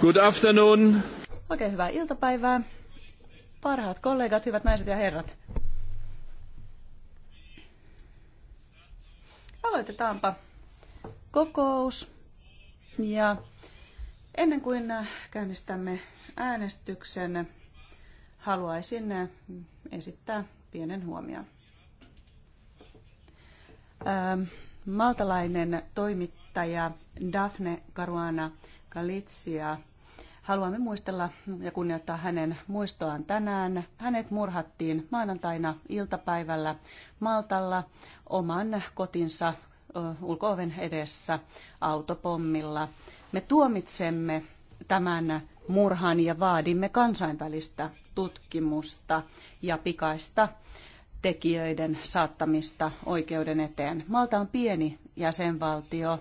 Good afternoon. Oikein hyvää iltapäivää. Parhaat kollegat, hyvät naiset ja herrat. Aloitetaanpa kokous. Ja ennen kuin käynnistämme äänestyksen, haluaisin esittää pienen huomion. Ähm, maltalainen toimittaja Daphne Caruana Kalitsia. Haluamme muistella ja kunnioittaa hänen muistoaan tänään. Hänet murhattiin maanantaina iltapäivällä Maltalla oman kotinsa ulkooven edessä autopommilla. Me tuomitsemme tämän murhan ja vaadimme kansainvälistä tutkimusta ja pikaista tekijöiden saattamista oikeuden eteen. Malta on pieni jäsenvaltio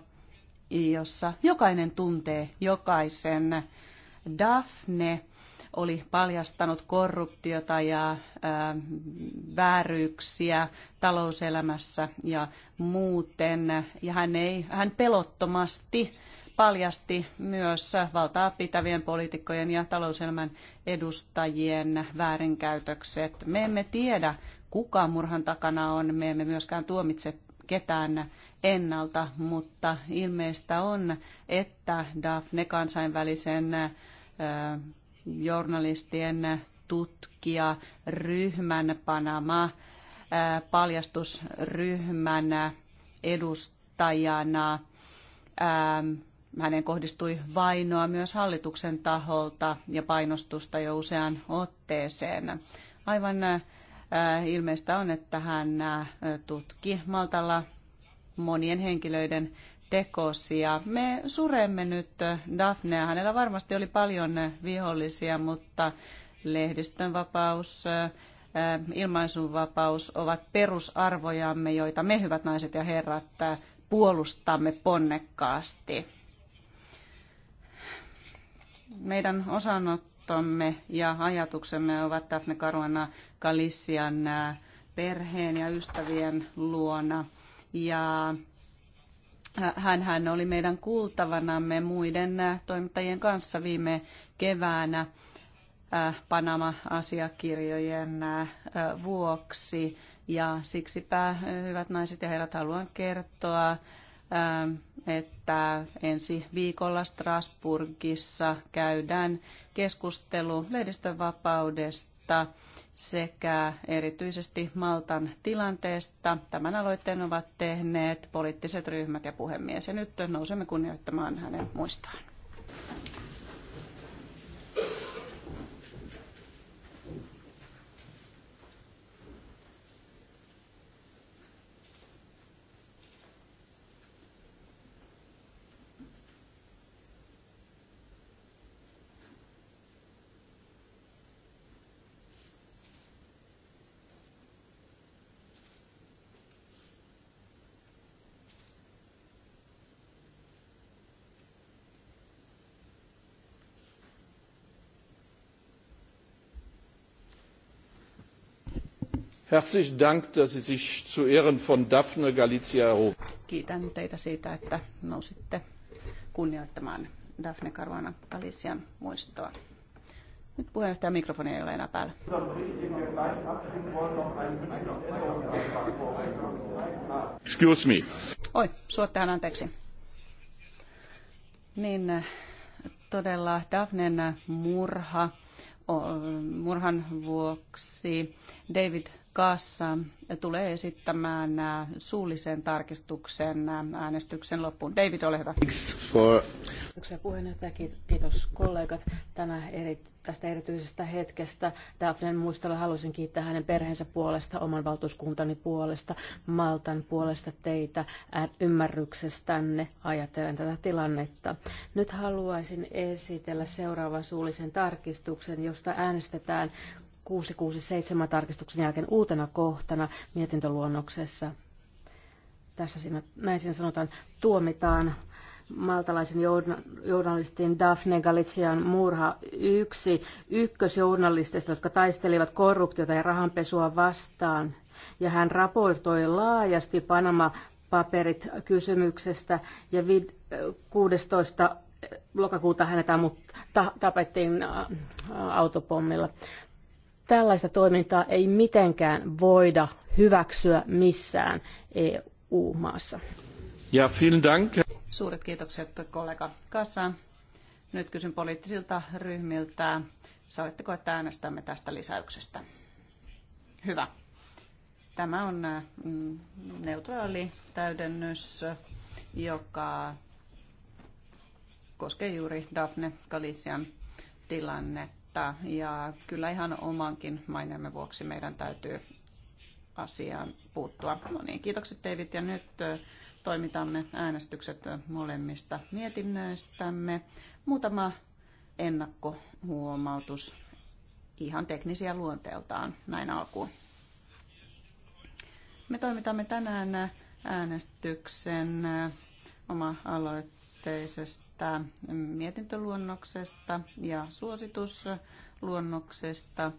jossa jokainen tuntee jokaisen. Daphne oli paljastanut korruptiota ja ää, vääryyksiä talouselämässä ja muuten. Ja hän, ei, hän pelottomasti paljasti myös valtaa pitävien poliitikkojen ja talouselämän edustajien väärinkäytökset. Me emme tiedä, kuka murhan takana on. Me emme myöskään tuomitse ketään ennalta, mutta ilmeistä on, että Daphne kansainvälisen journalistien tutkija ryhmän Panama paljastusryhmän edustajana. Hänen kohdistui vainoa myös hallituksen taholta ja painostusta jo usean otteeseen. Aivan ilmeistä on, että hän tutki Maltalla monien henkilöiden tekosia. Me suremme nyt Daphnea. Hänellä varmasti oli paljon vihollisia, mutta lehdistön vapaus, eh, ilmaisunvapaus ovat perusarvojamme, joita me hyvät naiset ja herrat eh, puolustamme ponnekkaasti. Meidän osanottomme ja ajatuksemme ovat Daphne karuana Galissian eh, perheen ja ystävien luona – ja äh, hän oli meidän kuultavanamme muiden äh, toimittajien kanssa viime keväänä äh, Panama-asiakirjojen vuoksi. Ja siksipä, hyvät naiset ja herrat, haluan kertoa, että ensi viikolla Strasburgissa käydään keskustelu lehdistönvapaudesta vapaudesta sekä erityisesti Maltan tilanteesta. Tämän aloitteen ovat tehneet poliittiset ryhmät ja puhemies. Ja nyt nousemme kunnioittamaan hänen muistaan. Herzlichen Dank, dass Sie sich zu Ehren von Daphne Galizia erhoben. Kiitän teitä siitä, että nousitte kunnioittamaan Daphne Caruana Galician muistoa. Nyt puheenjohtajan mikrofoni ei ole enää päällä. Excuse me. Oi, suottahan anteeksi. Niin todella Daphnen murha, murhan vuoksi David kanssa tulee esittämään äh, suullisen tarkistuksen äh, äänestyksen loppuun. David, ole hyvä. Kiitoksia puheenjohtaja, kiitos kollegat tänä eri, tästä erityisestä hetkestä. Daphne muistolla haluaisin kiittää hänen perheensä puolesta, oman valtuuskuntani puolesta, Maltan puolesta teitä ymmärryksestänne ajatellen tätä tilannetta. Nyt haluaisin esitellä seuraavan suullisen tarkistuksen, josta äänestetään 667 tarkistuksen jälkeen uutena kohtana mietintöluonnoksessa. Tässä siinä, näin siinä sanotaan, tuomitaan maltalaisen journalistin Daphne Galician murha yksi ykkösjournalisteista, jotka taistelivat korruptiota ja rahanpesua vastaan. Ja hän raportoi laajasti Panama-paperit kysymyksestä ja 16 lokakuuta hänet tapettiin äh, autopommilla. Tällaista toimintaa ei mitenkään voida hyväksyä missään EU-maassa. Ja vielen dank. Suuret kiitokset kollega Kassa. Nyt kysyn poliittisilta ryhmiltä, saatteko, että äänestämme tästä lisäyksestä? Hyvä. Tämä on mm, neutraali täydennys, joka koskee juuri Daphne Galician tilannetta että ja kyllä ihan omankin maineemme vuoksi meidän täytyy asiaan puuttua. No niin, kiitokset David ja nyt toimitamme äänestykset molemmista mietinnöistämme. Muutama ennakkohuomautus ihan teknisiä luonteeltaan näin alkuun. Me toimitamme tänään äänestyksen oma-aloitteisesta tästä mietintöluonnoksesta ja suositusluonnoksesta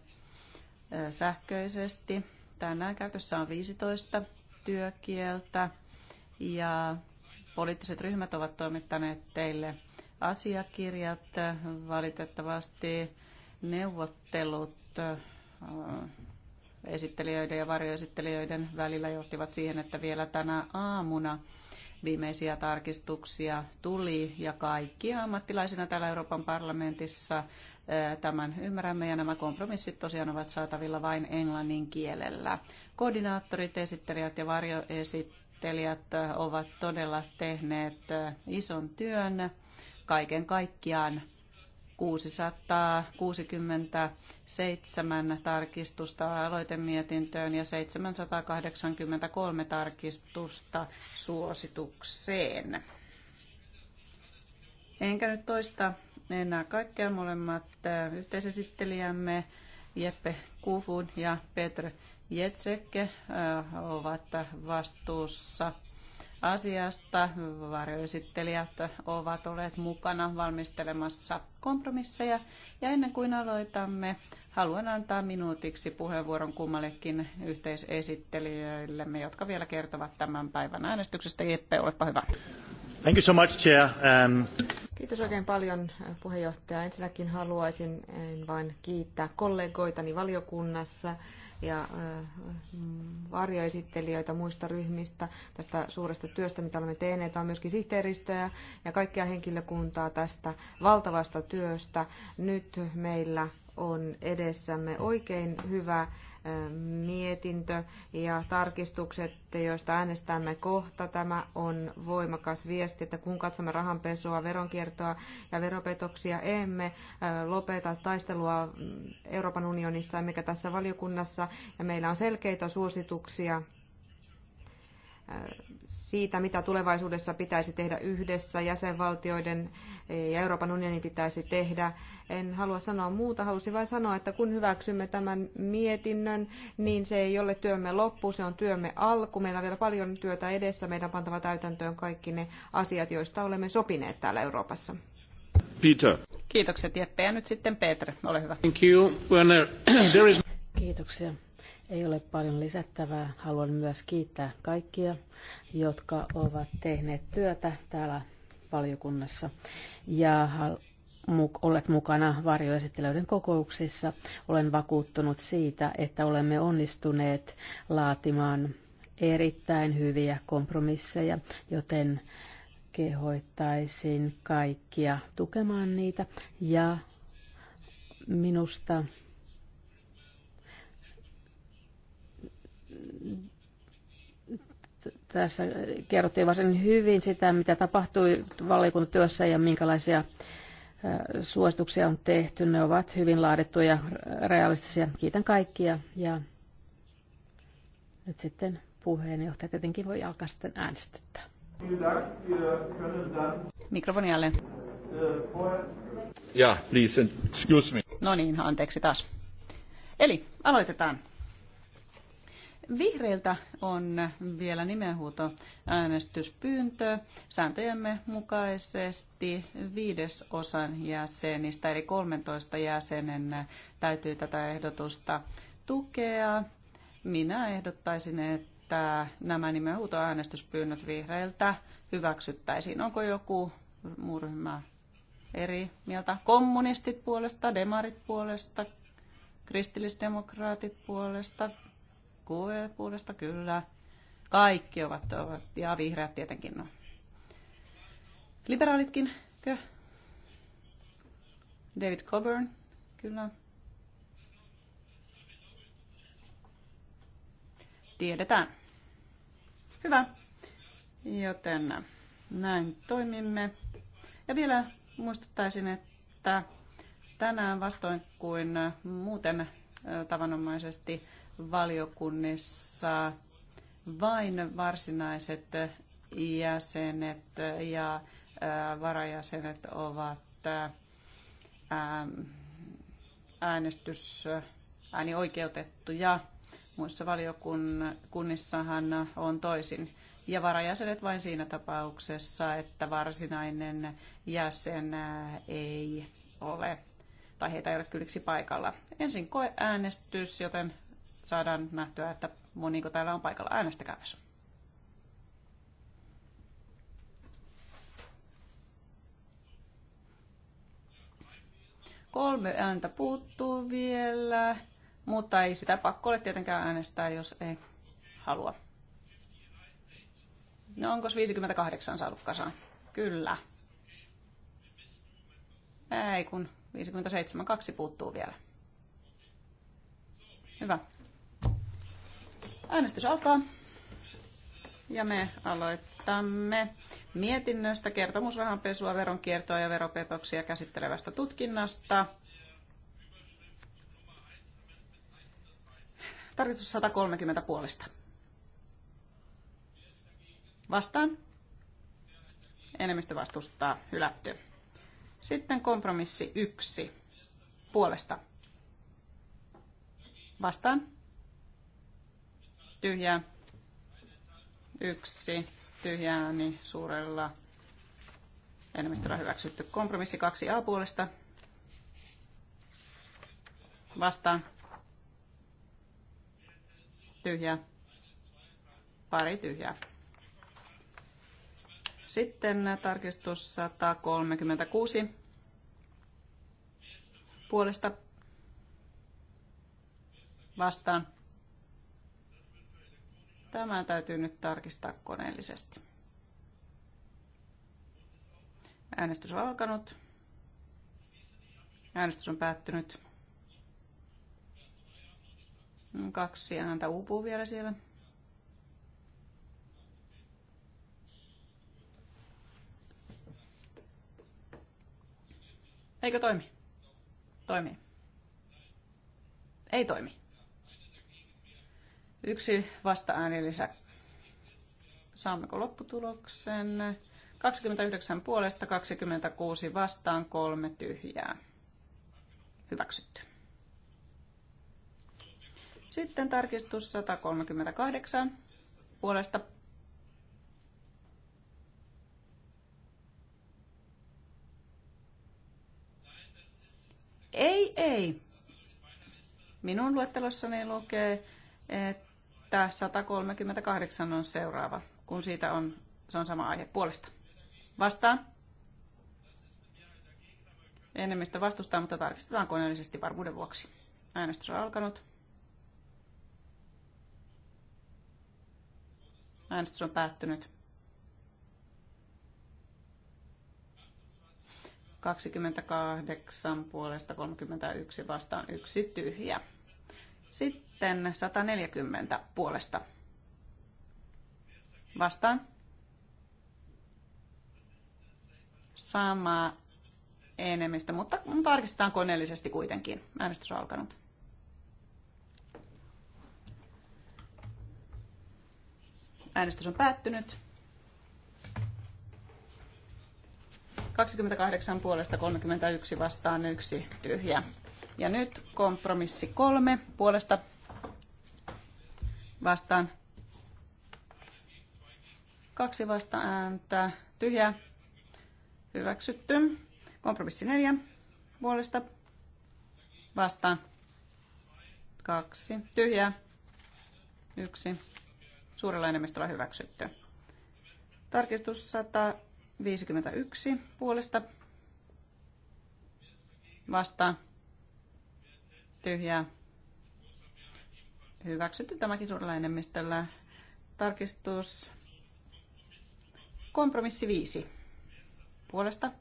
sähköisesti. Tänään käytössä on 15 työkieltä ja poliittiset ryhmät ovat toimittaneet teille asiakirjat. Valitettavasti neuvottelut esittelijöiden ja varjoesittelijöiden välillä johtivat siihen, että vielä tänä aamuna viimeisiä tarkistuksia tuli ja kaikki ammattilaisina täällä Euroopan parlamentissa tämän ymmärrämme ja nämä kompromissit tosiaan ovat saatavilla vain englannin kielellä. Koordinaattorit, esittelijät ja varjoesittelijät ovat todella tehneet ison työn kaiken kaikkiaan 667 tarkistusta aloitemietintöön ja 783 tarkistusta suositukseen. Enkä nyt toista enää kaikkea molemmat äh, yhteisesittelijämme Jeppe Kufun ja Petr Jetsekke äh, ovat vastuussa – asiasta. Varjoesittelijät ovat olleet mukana valmistelemassa kompromisseja. Ja ennen kuin aloitamme, haluan antaa minuutiksi puheenvuoron kummallekin yhteisesittelijöillemme, jotka vielä kertovat tämän päivän äänestyksestä. Jeppe, olepa hyvä. Thank you so much, Chair. Um... Kiitos oikein paljon puheenjohtaja. Ensinnäkin haluaisin vain kiittää kollegoitani valiokunnassa ja varjoesittelijöitä muista ryhmistä tästä suuresta työstä, mitä olemme tehneet, on myöskin sihteeristöjä ja kaikkia henkilökuntaa tästä valtavasta työstä. Nyt meillä on edessämme oikein hyvä mietintö ja tarkistukset, joista äänestämme kohta. Tämä on voimakas viesti, että kun katsomme rahanpesua, veronkiertoa ja veropetoksia, emme lopeta taistelua mm, Euroopan unionissa mikä tässä valiokunnassa. Ja meillä on selkeitä suosituksia siitä, mitä tulevaisuudessa pitäisi tehdä yhdessä, jäsenvaltioiden ja Euroopan unionin pitäisi tehdä. En halua sanoa muuta, halusin vain sanoa, että kun hyväksymme tämän mietinnön, niin se ei ole työmme loppu, se on työmme alku. Meillä on vielä paljon työtä edessä, meidän pantava täytäntöön kaikki ne asiat, joista olemme sopineet täällä Euroopassa. Peter. Kiitokset Jeppe ja nyt sitten Peter, ole hyvä. Thank you. is... Kiitoksia. Ei ole paljon lisättävää. Haluan myös kiittää kaikkia, jotka ovat tehneet työtä täällä valiokunnassa ja olet mukana varjoesittelyiden kokouksissa. Olen vakuuttunut siitä, että olemme onnistuneet laatimaan erittäin hyviä kompromisseja, joten kehoittaisin kaikkia tukemaan niitä. Ja minusta tässä kerrottiin varsin hyvin sitä, mitä tapahtui valiokuntatyössä ja minkälaisia suosituksia on tehty. Ne ovat hyvin laadittuja ja realistisia. Kiitän kaikkia ja nyt sitten puheenjohtaja tietenkin voi alkaa sitten äänestyttää. Mikrofoni jälleen. Ja, please, excuse me. No niin, anteeksi taas. Eli aloitetaan. Vihreiltä on vielä nimenhuuto äänestyspyyntö sääntöjemme mukaisesti viides osan jäsenistä, eli 13 jäsenen täytyy tätä ehdotusta tukea. Minä ehdottaisin, että nämä äänestyspyynnöt vihreiltä hyväksyttäisiin. Onko joku muu ryhmä eri mieltä? Kommunistit puolesta, demarit puolesta, kristillisdemokraatit puolesta, QE puolesta kyllä. Kaikki ovat, ovat ja vihreät tietenkin. No. Liberaalitkin, kö? David Coburn, kyllä. Tiedetään. Hyvä. Joten näin toimimme. Ja vielä muistuttaisin, että tänään vastoin kuin muuten tavanomaisesti valiokunnissa vain varsinaiset jäsenet ja äh, varajäsenet ovat äh, äänestys äänioikeutettuja. Muissa valiokunnissahan on toisin. Ja varajäsenet vain siinä tapauksessa, että varsinainen jäsen ei ole tai heitä ei ole kylliksi paikalla. Ensin koeäänestys, joten saadaan nähtyä, että moniko niin täällä on paikalla. Äänestäkääpäs. Kolme ääntä puuttuu vielä, mutta ei sitä pakko ole tietenkään äänestää, jos ei halua. No onko 58 saatu kasaan? Kyllä. Ei kun 57, kaksi puuttuu vielä. Hyvä, Äänestys alkaa. Ja me aloitamme mietinnöstä kertomusrahanpesua, veronkiertoa ja veropetoksia käsittelevästä tutkinnasta. Tarkistus 130 puolesta. Vastaan. Enemmistö vastustaa. Hylätty. Sitten kompromissi 1 puolesta. Vastaan tyhjä, yksi, tyhjä ääni suurella enemmistöllä hyväksytty. Kompromissi kaksi, a puolesta vastaan tyhjä, pari tyhjää. Sitten tarkistus 136 puolesta vastaan Tämä täytyy nyt tarkistaa koneellisesti. Äänestys on alkanut. Äänestys on päättynyt. Kaksi ääntä uupuu vielä siellä. Eikö toimi? Toimii. Ei toimi. Yksi vasta-ääni lisä. Saammeko lopputuloksen? 29 puolesta, 26 vastaan, kolme tyhjää. Hyväksytty. Sitten tarkistus 138 puolesta Ei, ei. Minun luettelossani lukee, että tämä 138 on seuraava, kun siitä on, se on sama aihe puolesta. Vastaa? Enemmistö vastustaa, mutta tarkistetaan koneellisesti varmuuden vuoksi. Äänestys on alkanut. Äänestys on päättynyt. 28 puolesta 31 vastaan yksi tyhjä. Sitten sitten 140 puolesta. Vastaan. Sama enemmistö, mutta tarkistetaan koneellisesti kuitenkin. Äänestys on alkanut. Äänestys on päättynyt. 28 puolesta 31 vastaan yksi tyhjä. Ja nyt kompromissi kolme puolesta vastaan. Kaksi vasta ääntä. Tyhjä. Hyväksytty. Kompromissi neljä. Puolesta. Vastaan. Kaksi. Tyhjä. Yksi. Suurella enemmistöllä hyväksytty. Tarkistus 151 puolesta. Vastaan. Tyhjää. Hyväksytty tämäkin suurella enemmistöllä. Tarkistus. Kompromissi 5. Puolesta.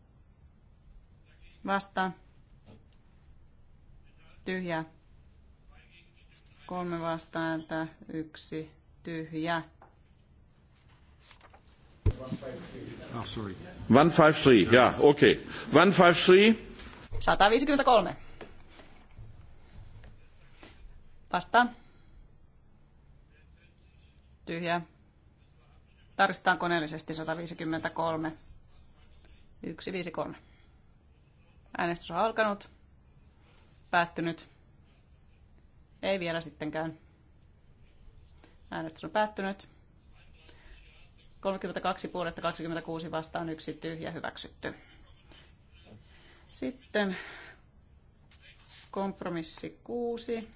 Vastaan. Tyhjä. Kolme vastaääntä. Yksi tyhjä. Oh, sorry. 153, yeah, okay. 153. 153. Vastaan tyhjää. Tarvitaan koneellisesti 153. 153. Äänestys on alkanut. Päättynyt. Ei vielä sittenkään. Äänestys on päättynyt. 32 puolesta 26 vastaan yksi tyhjä hyväksytty. Sitten kompromissi 6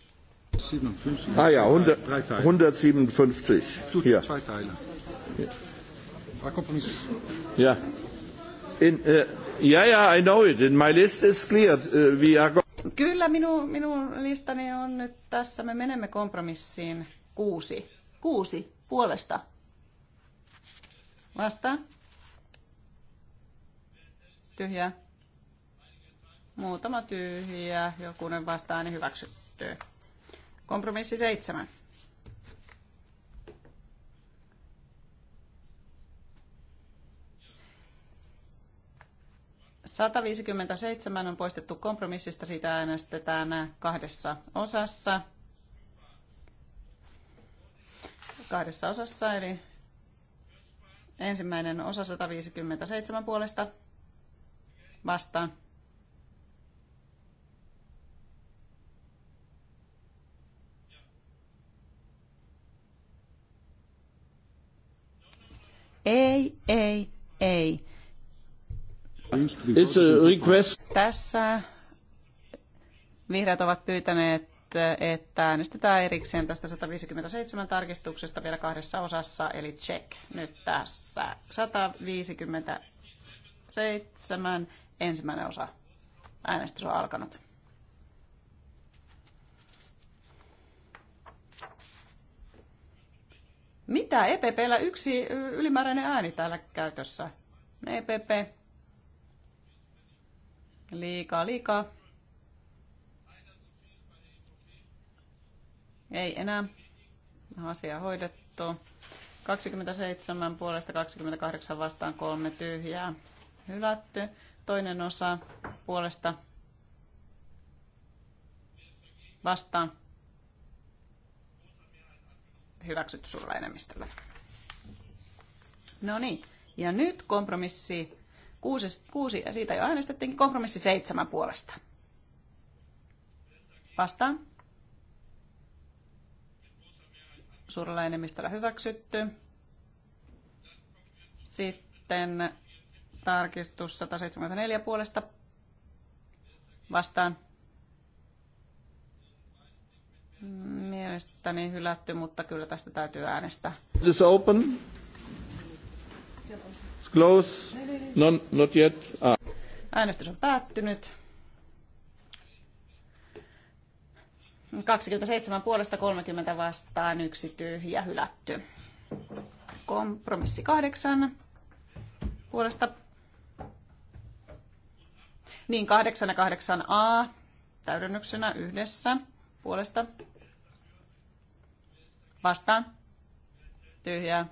Ah ja, 100, 157. Hier. Ja. In, uh, ja, ja, I know it. In my list is clear. Uh, äh, we are Kyllä, minu, minun listani on nyt tässä. Me menemme kompromissiin kuusi. Kuusi puolesta. Vastaan. Tyhjä. Muutama tyhjä. Jokunen vastaan, niin hyväksytty. Kompromissi seitsemän. Sata on poistettu kompromissista, sitä äänestetään kahdessa osassa. Kahdessa osassa, eli ensimmäinen osa 157 puolesta vastaan Ei, ei, ei. Tässä vihreät ovat pyytäneet, että äänestetään erikseen tästä 157 tarkistuksesta vielä kahdessa osassa, eli check nyt tässä. 157 ensimmäinen osa. Äänestys on alkanut. Mitä? EPPllä yksi ylimääräinen ääni täällä käytössä. EPP. Liikaa, liikaa. Ei enää. Asia hoidettu. 27 puolesta 28 vastaan kolme tyhjää. Hylätty. Toinen osa puolesta vastaan hyväksytty suurella enemmistöllä. No niin, ja nyt kompromissi 6, ja siitä jo äänestettiin kompromissi 7 puolesta. Vastaan. Suurella enemmistöllä hyväksytty. Sitten tarkistus 174 puolesta vastaan mielestäni hylätty, mutta kyllä tästä täytyy äänestää. This open. It's close. No, not yet. Ah. Äänestys on päättynyt. 27 puolesta 30 vastaan, yksi tyhjä hylätty. Kompromissi kahdeksan, puolesta. Niin, kahdeksan ja kahdeksan a täydennyksenä yhdessä puolesta Vastaan. Tyhjää.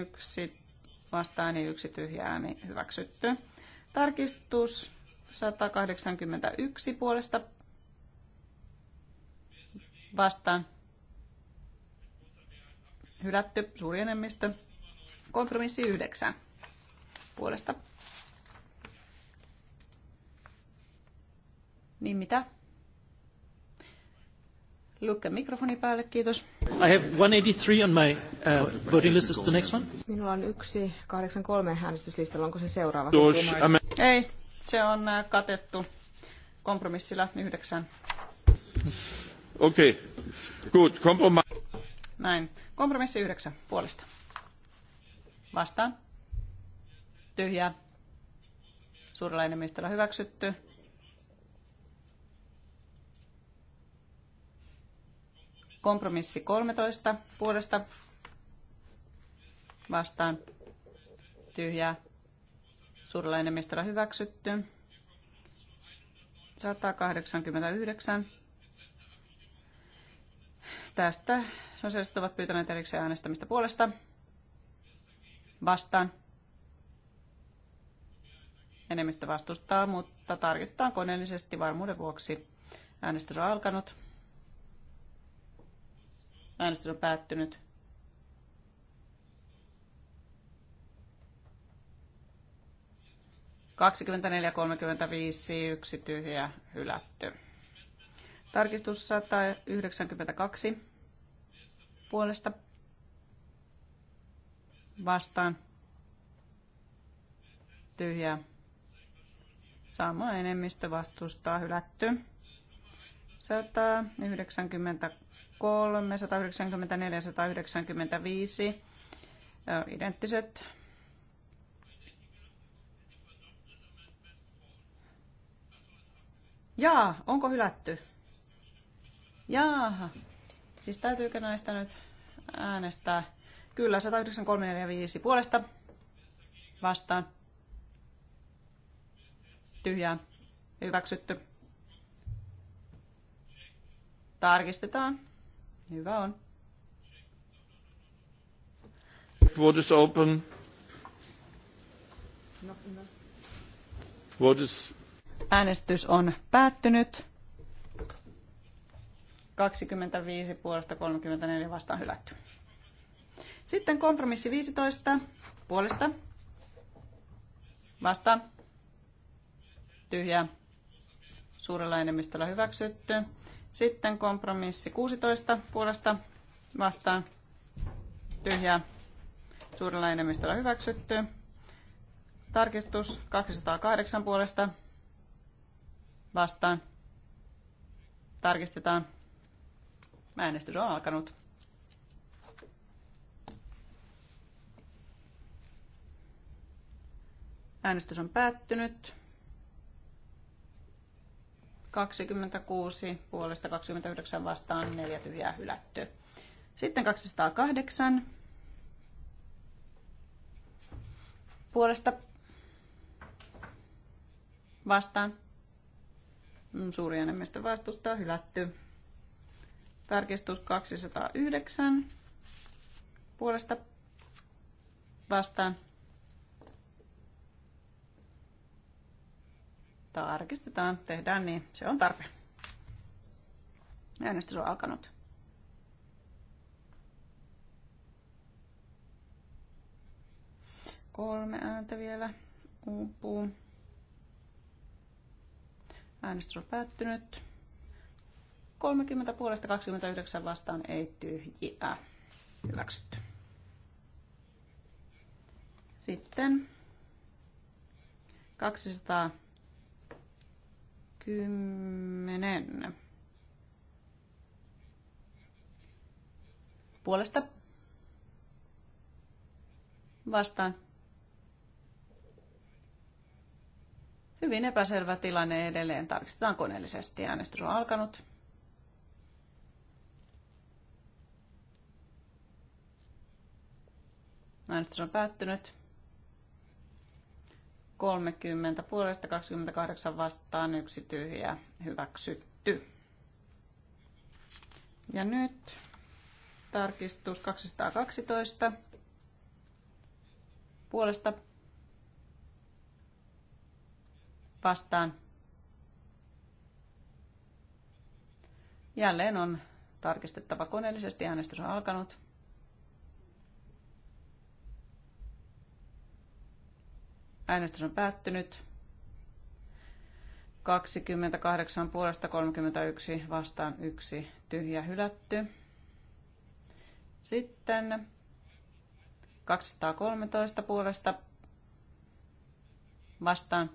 Yksi vastaan niin yksi tyhjää, niin hyväksytty. Tarkistus 181 puolesta vastaan. Hylätty, suuri enemmistö. Kompromissi 9 puolesta. Niin mitä? Lukke mikrofoni päälle, kiitos. I have 183 on my uh, voting list. Is the next one? Minulla on yksi 83 äänestyslistalla. Onko se seuraava? Ei, se on äh, katettu kompromissilla yhdeksän. Okei, okay. good. Kompromissi. Näin. Kompromissi yhdeksän puolesta. Vastaan. Tyhjää. Suurella enemmistöllä hyväksytty. Kompromissi 13 puolesta vastaan tyhjää. Suurella enemmistöllä hyväksytty. 189. Tästä sosiaaliset ovat pyytäneet erikseen äänestämistä puolesta. Vastaan. Enemmistö vastustaa, mutta tarkistetaan koneellisesti varmuuden vuoksi. Äänestys on alkanut. Äänestys on päättynyt. Kaksikymmentäneljä, viisi yksi tyhjä, hylätty. Tarkistus 192 puolesta vastaan tyhjä. Sama enemmistö vastustaa hylätty. yhdeksänkymmentä 193, 194 ja 195 identtiset. Jaa, onko hylätty? Jaaha. Siis täytyykö näistä nyt äänestää? Kyllä, 19345 puolesta vastaan. Tyhjää. Hyväksytty. Tarkistetaan. Hyvä on. What is open. What is... Äänestys on päättynyt. 25 puolesta 34 vastaan hylätty. Sitten kompromissi 15 puolesta Vasta. Tyhjä. suurella enemmistöllä hyväksytty. Sitten kompromissi 16 puolesta vastaan tyhjää suurella enemmistöllä hyväksytty. Tarkistus 208 puolesta vastaan. Tarkistetaan. Äänestys on alkanut. Äänestys on päättynyt. 26 puolesta 29 vastaan 4 tyhjää hylätty. Sitten 208 puolesta vastaan. Mm, suuri enemmistö vastustaa hylätty. Tarkistus 209 puolesta vastaan Tarkistetaan, tehdään niin, se on tarpeen. Äänestys on alkanut. Kolme ääntä vielä uupuu. Äänestys on päättynyt. 30 puolesta 29 vastaan ei tyhjiä. Hyväksytty. Sitten 200 kymmenen. Puolesta. Vastaan. Hyvin epäselvä tilanne edelleen. Tarkistetaan koneellisesti. Äänestys on alkanut. Äänestys on päättynyt. 30 puolesta 28 vastaan yksi tyhjä hyväksytty. Ja nyt tarkistus 212 puolesta vastaan. Jälleen on tarkistettava koneellisesti. Äänestys on alkanut. Äänestys on päättynyt. 28 puolesta 31 vastaan 1 tyhjä hylätty. Sitten 213 puolesta vastaan.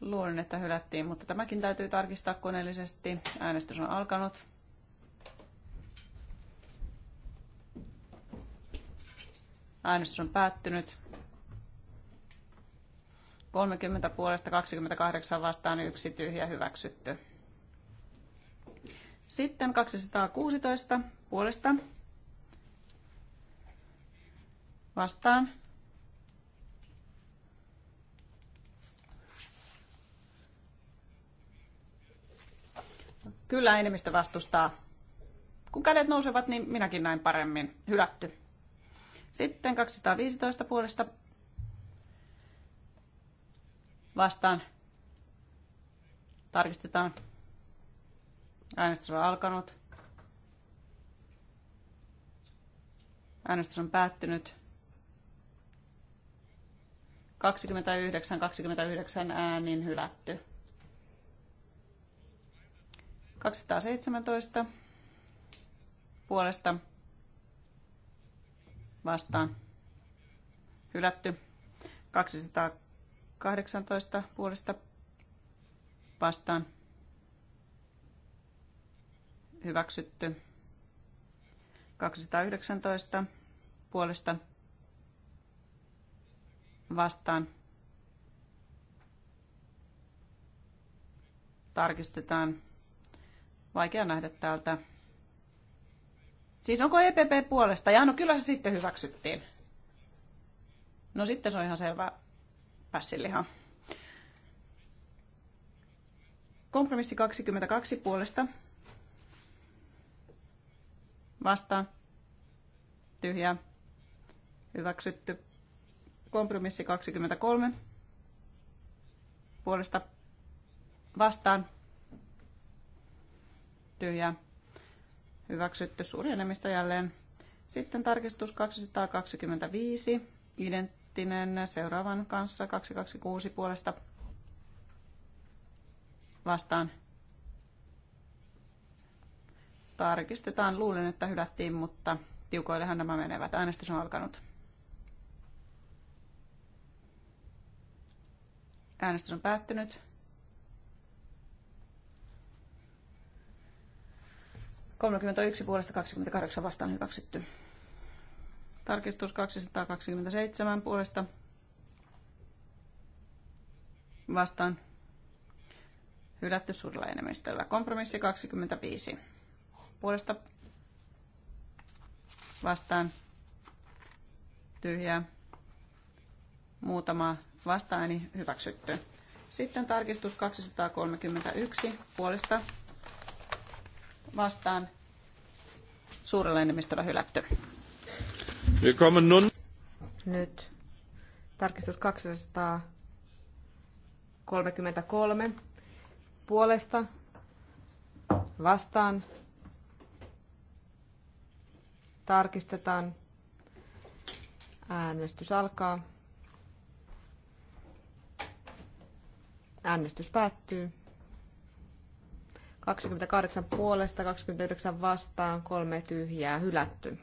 Luulen, että hylättiin, mutta tämäkin täytyy tarkistaa koneellisesti. Äänestys on alkanut. Äänestys on päättynyt. 30 puolesta 28 vastaan yksi tyhjä hyväksytty. Sitten 216 puolesta vastaan. Kyllä enemmistö vastustaa. Kun kädet nousevat, niin minäkin näin paremmin. Hylätty. Sitten 215 puolesta vastaan. Tarkistetaan. Äänestys on alkanut. Äänestys on päättynyt. 29, 29 äänin hylätty. 217 puolesta vastaan hylätty. 218 puolesta vastaan hyväksytty. 219 puolesta vastaan tarkistetaan. Vaikea nähdä täältä Siis onko EPP puolesta? Ja no kyllä se sitten hyväksyttiin. No sitten se on ihan selvä pässiliha. Kompromissi 22 puolesta. vasta tyhjä. Hyväksytty. Kompromissi 23 puolesta. Vastaan. Tyhjää hyväksytty suuri enemmistö jälleen. Sitten tarkistus 225, identtinen seuraavan kanssa 226 puolesta vastaan. Tarkistetaan, luulen, että hylättiin, mutta tiukoillehan nämä menevät. Äänestys on alkanut. Äänestys on päättynyt. 31 puolesta 28 vastaan hyväksytty. Tarkistus 227 puolesta vastaan hylätty suurella enemmistöllä. Kompromissi 25 puolesta vastaan tyhjää. Muutama vastaani hyväksytty. Sitten tarkistus 231 puolesta vastaan suurella enemmistöllä hylätty. Nyt tarkistus 233 puolesta vastaan tarkistetaan. Äänestys alkaa. Äänestys päättyy. 28 puolesta, 29 vastaan, kolme tyhjää hylätty.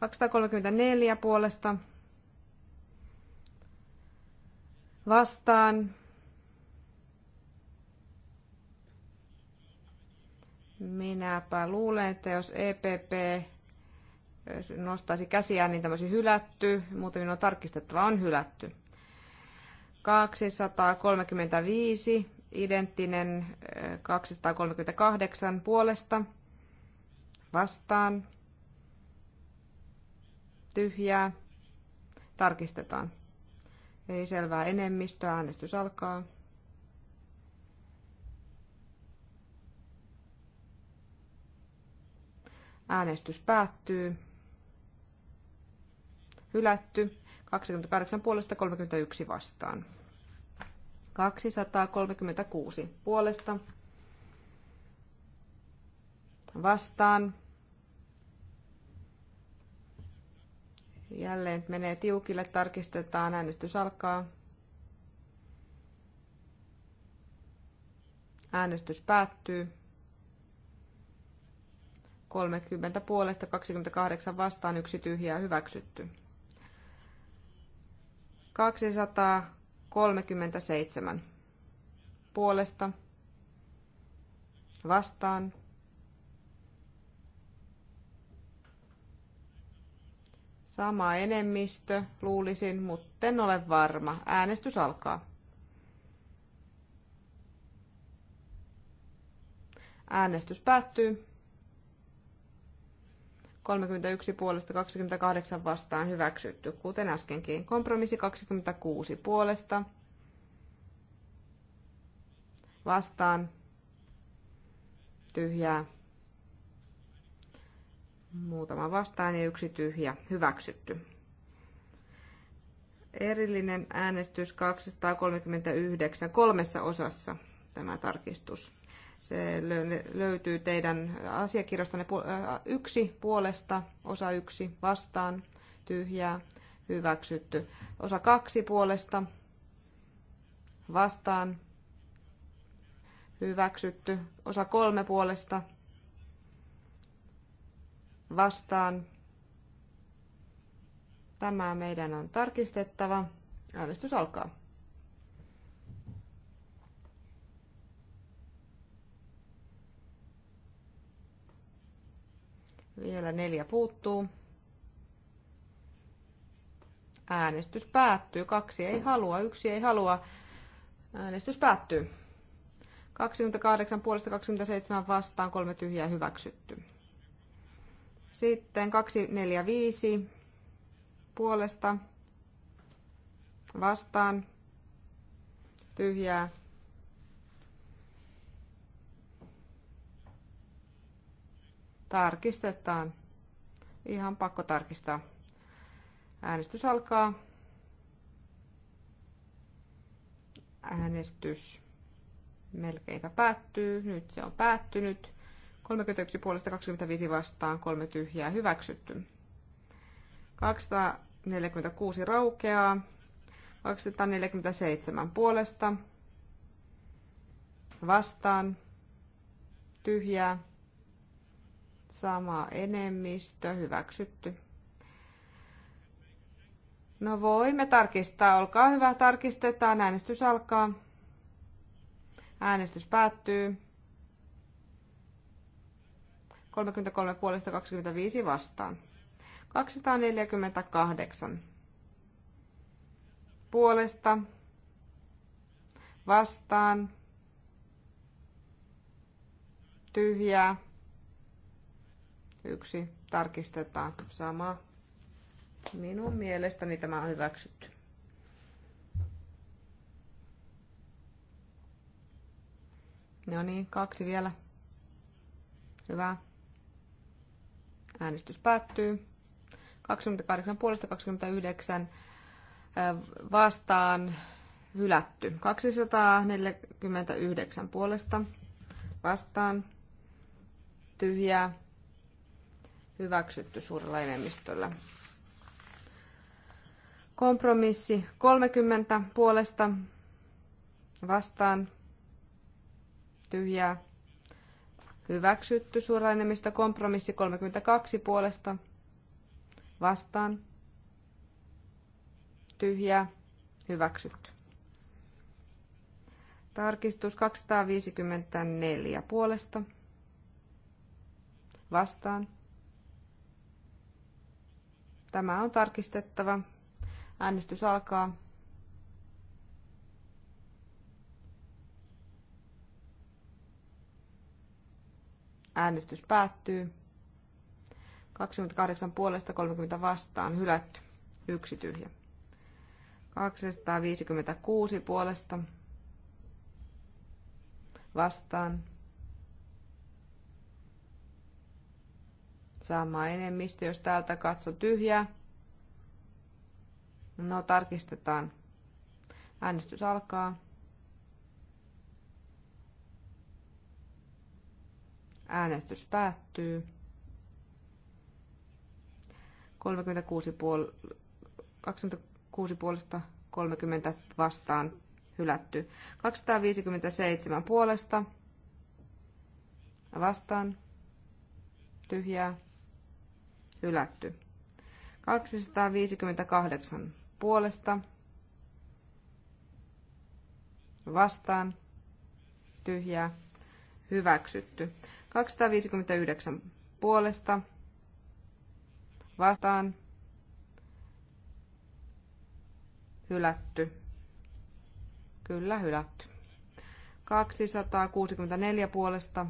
234 puolesta vastaan. Minäpä luulen, että jos EPP nostaisi käsiään, niin tämmöisi hylätty, mutta minun on tarkistettava on hylätty. 235 Identtinen 238 puolesta vastaan. Tyhjää. Tarkistetaan. Ei selvää enemmistö. Äänestys alkaa. Äänestys päättyy. Hylätty. 28 puolesta 31 vastaan. 236 puolesta vastaan. Jälleen menee tiukille, tarkistetaan, äänestys alkaa. Äänestys päättyy. 30 puolesta 28 vastaan yksi tyhjää hyväksytty. 200 37 puolesta vastaan Sama enemmistö, luulisin, mutta en ole varma. Äänestys alkaa. Äänestys päättyy. 31 puolesta 28 vastaan hyväksytty, kuten äskenkin. Kompromissi 26 puolesta vastaan tyhjää. Muutama vastaan ja yksi tyhjä hyväksytty. Erillinen äänestys 239 kolmessa osassa tämä tarkistus. Se löytyy teidän asiakirjastanne äh, yksi puolesta, osa yksi vastaan, tyhjää, hyväksytty. Osa kaksi puolesta, vastaan, hyväksytty. Osa kolme puolesta, vastaan. Tämä meidän on tarkistettava. Äänestys alkaa. Vielä neljä puuttuu. Äänestys päättyy. Kaksi ei halua, yksi ei halua. Äänestys päättyy. 28 puolesta 27 vastaan, kolme tyhjää hyväksytty. Sitten 245 puolesta vastaan, tyhjää Tarkistetaan. Ihan pakko tarkistaa. Äänestys alkaa. Äänestys melkeinpä päättyy. Nyt se on päättynyt. 31 puolesta 25 vastaan, kolme tyhjää hyväksytty. 246 raukeaa, 247 puolesta, vastaan, tyhjää, Sama enemmistö hyväksytty. No voimme tarkistaa. Olkaa hyvä, tarkistetaan. Äänestys alkaa. Äänestys päättyy. 33 puolesta 25 vastaan. 248 puolesta vastaan tyhjää Yksi tarkistetaan. Sama. Minun mielestäni tämä on hyväksytty. No niin, kaksi vielä. Hyvä. Äänestys päättyy. 28 puolesta 29 vastaan hylätty. 249 puolesta vastaan tyhjää hyväksytty suurella enemmistöllä. Kompromissi 30 puolesta vastaan tyhjää hyväksytty suurella enemmistö. Kompromissi 32 puolesta vastaan tyhjää hyväksytty. Tarkistus 254 puolesta vastaan Tämä on tarkistettava. Äänestys alkaa. Äänestys päättyy. 28 puolesta 30 vastaan hylätty. Yksi tyhjä. 256 puolesta vastaan sama enemmistö, jos täältä katso tyhjää. No tarkistetaan. Äänestys alkaa. Äänestys päättyy. 36 puol- 26 puolesta 30 vastaan hylätty. 257 puolesta vastaan tyhjää hylätty. 258 puolesta vastaan tyhjää hyväksytty. 259 puolesta vastaan hylätty. Kyllä hylätty. 264 puolesta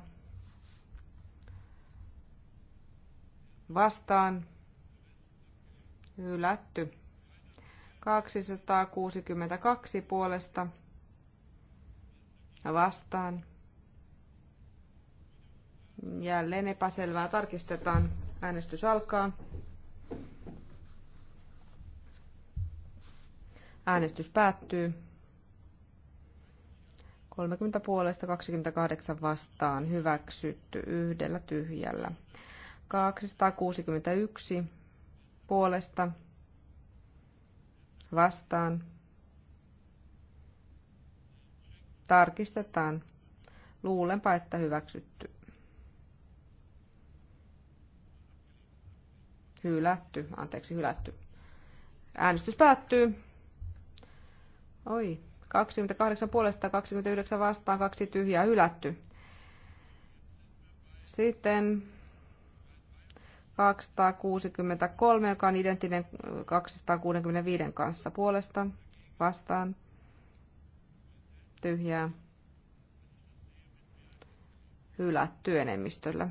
vastaan hylätty. 262 puolesta vastaan. Jälleen epäselvää tarkistetaan. Äänestys alkaa. Äänestys päättyy. 30 puolesta 28 vastaan hyväksytty yhdellä tyhjällä. 261 puolesta vastaan. Tarkistetaan. Luulenpa, että hyväksytty. Hylätty, anteeksi, hylätty. Äänestys päättyy. Oi, 28 puolesta, 29 vastaan, kaksi tyhjää, hylätty. Sitten 263, joka on identtinen 265 kanssa puolesta vastaan. Tyhjää. Hylätty enemmistöllä.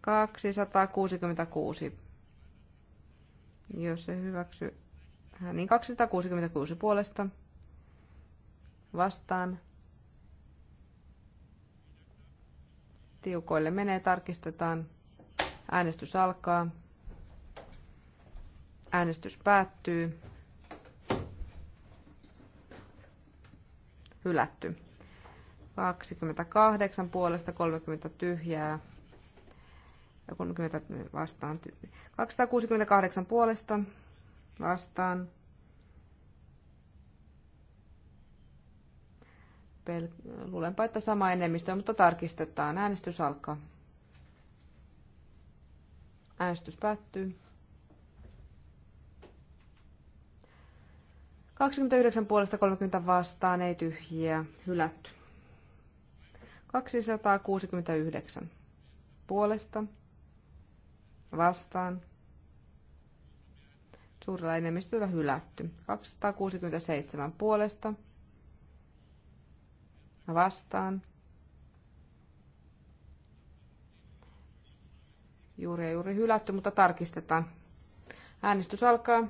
266. Jos se hyväksy, äh, niin 266 puolesta vastaan. Tiukoille menee, tarkistetaan. Äänestys alkaa. Äänestys päättyy. Hylätty. 28 puolesta 30 tyhjää. 30 vastaan. 268 puolesta vastaan. Pel- Luulenpa, että sama enemmistö, mutta tarkistetaan. Äänestys alkaa. Äänestys päättyy. 29 puolesta 30 vastaan, ei tyhjiä, hylätty. 269 puolesta vastaan, suurella enemmistöllä hylätty. 267 puolesta vastaan, Juuri ja juuri hylätty, mutta tarkistetaan. Äänestys alkaa.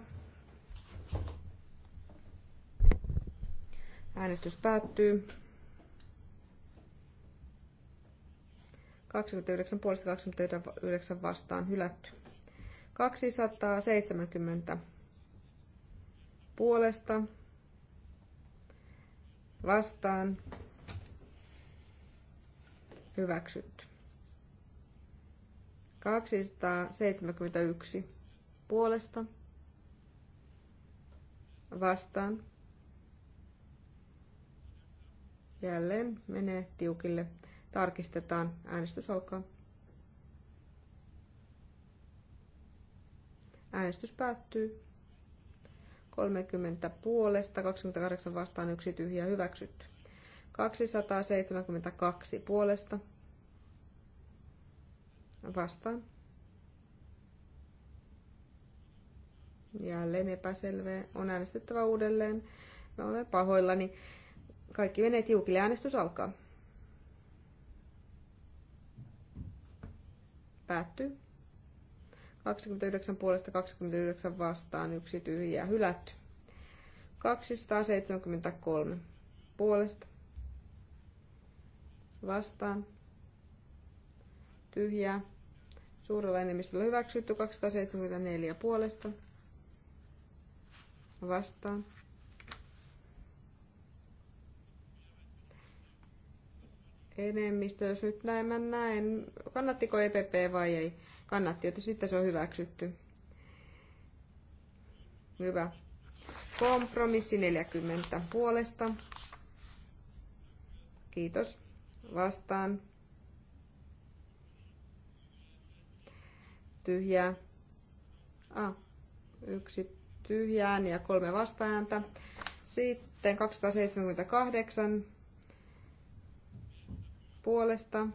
Äänestys päättyy. 29 puolesta 29 vastaan hylätty. 270 puolesta vastaan hyväksytty. 271 puolesta vastaan. Jälleen menee tiukille. Tarkistetaan. Äänestys alkaa. Äänestys päättyy. 30 puolesta, 28 vastaan, yksi tyhjä hyväksytty. 272 puolesta vastaan. Jälleen epäselvä. On äänestettävä uudelleen. Mä olen pahoillani. Kaikki menee tiukille. Äänestys alkaa. Päättyy. 29 puolesta 29 vastaan, yksi tyhjä, hylätty. 273 puolesta vastaan, tyhjää, Suurella enemmistöllä hyväksytty 274 puolesta. Vastaan. Enemmistö, jos nyt näin mä näen. Kannattiko EPP vai ei? Kannatti, joten sitten se on hyväksytty. Hyvä. Kompromissi 40 puolesta. Kiitos. Vastaan. tyhjää. Ah, yksi tyhjään ja kolme vastaääntä. Sitten 278 puolesta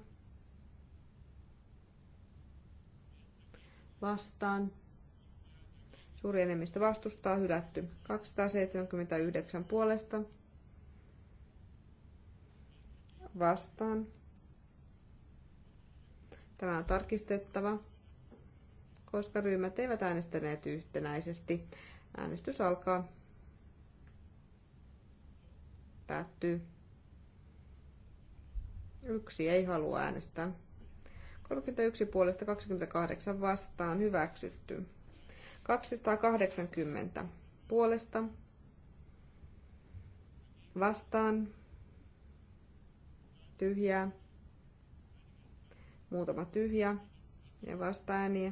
vastaan. Suuri enemmistö vastustaa, hylätty. 279 puolesta vastaan. Tämä on tarkistettava koska ryhmät eivät äänestäneet yhtenäisesti. Äänestys alkaa. Päättyy. Yksi ei halua äänestää. 31 puolesta 28 vastaan hyväksytty. 280 puolesta vastaan tyhjää. Muutama tyhjä ja vastaääniä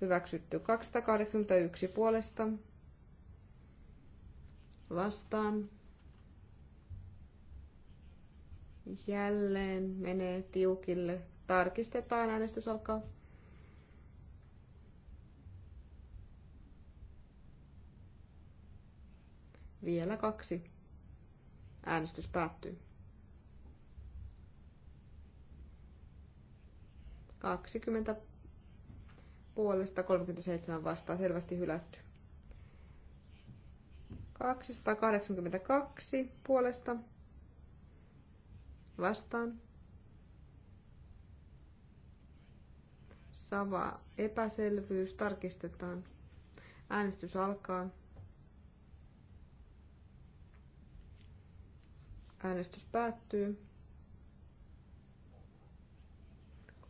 hyväksytty 281 puolesta vastaan. Jälleen menee tiukille. Tarkistetaan, äänestys alkaa. Vielä kaksi. Äänestys päättyy. 20 puolesta 37 vastaan selvästi hylätty. 282 puolesta vastaan. Sama epäselvyys tarkistetaan. Äänestys alkaa. Äänestys päättyy.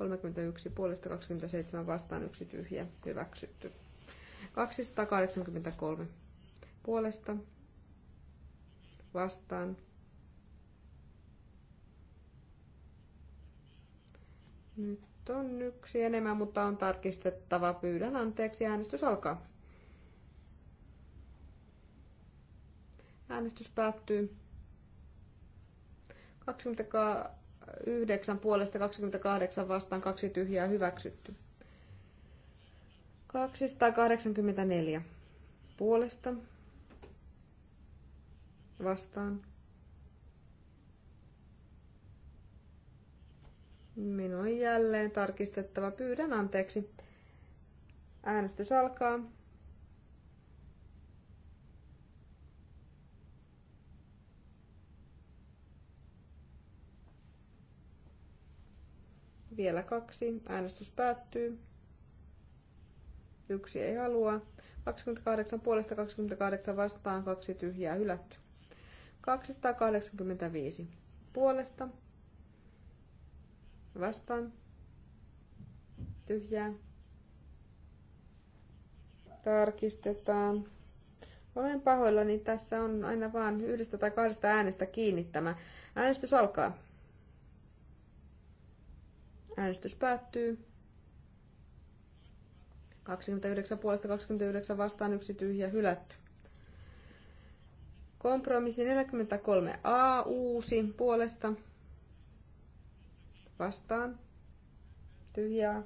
31 puolesta 27 vastaan yksi tyhjä hyväksytty. 283 puolesta vastaan. Nyt on yksi enemmän, mutta on tarkistettava. Pyydän anteeksi. Äänestys alkaa. Äänestys päättyy. 22 9 puolesta 28 vastaan kaksi tyhjää hyväksytty. 284 puolesta vastaan. Minun on jälleen tarkistettava. Pyydän anteeksi. Äänestys alkaa. Vielä kaksi. Äänestys päättyy. Yksi ei halua. 28 puolesta 28 vastaan, kaksi tyhjää hylätty. 285 puolesta vastaan tyhjää. Tarkistetaan. Olen pahoillani, tässä on aina vain yhdestä tai kahdesta äänestä kiinnittämä Äänestys alkaa. Äänestys päättyy. 29 puolesta 29 vastaan yksi tyhjä hylätty. Kompromissi 43a uusi puolesta vastaan tyhjää.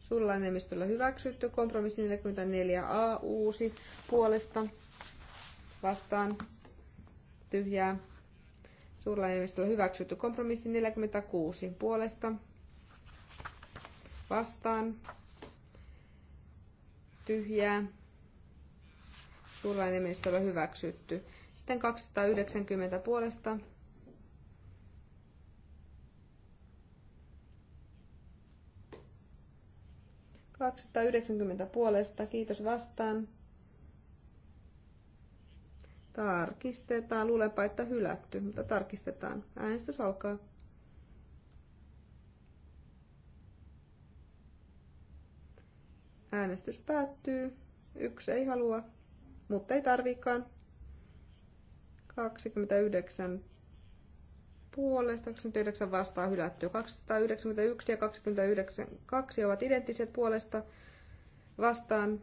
Sulla enemmistöllä hyväksytty. Kompromissi 44a uusi puolesta vastaan tyhjää Suurella enemmistöllä hyväksytty kompromissi 46 puolesta. Vastaan. Tyhjää. Suurella enemmistöllä hyväksytty. Sitten 290 puolesta. Kaksisataayhdeksänkymmentä puolesta. Kiitos vastaan. Tarkistetaan. Luulepa, että hylätty, mutta tarkistetaan. Äänestys alkaa. Äänestys päättyy. Yksi ei halua, mutta ei tarvikaan. 29 puolesta, 29 vastaan hylättyä. 291 ja 29 2 ovat identtiset puolesta vastaan.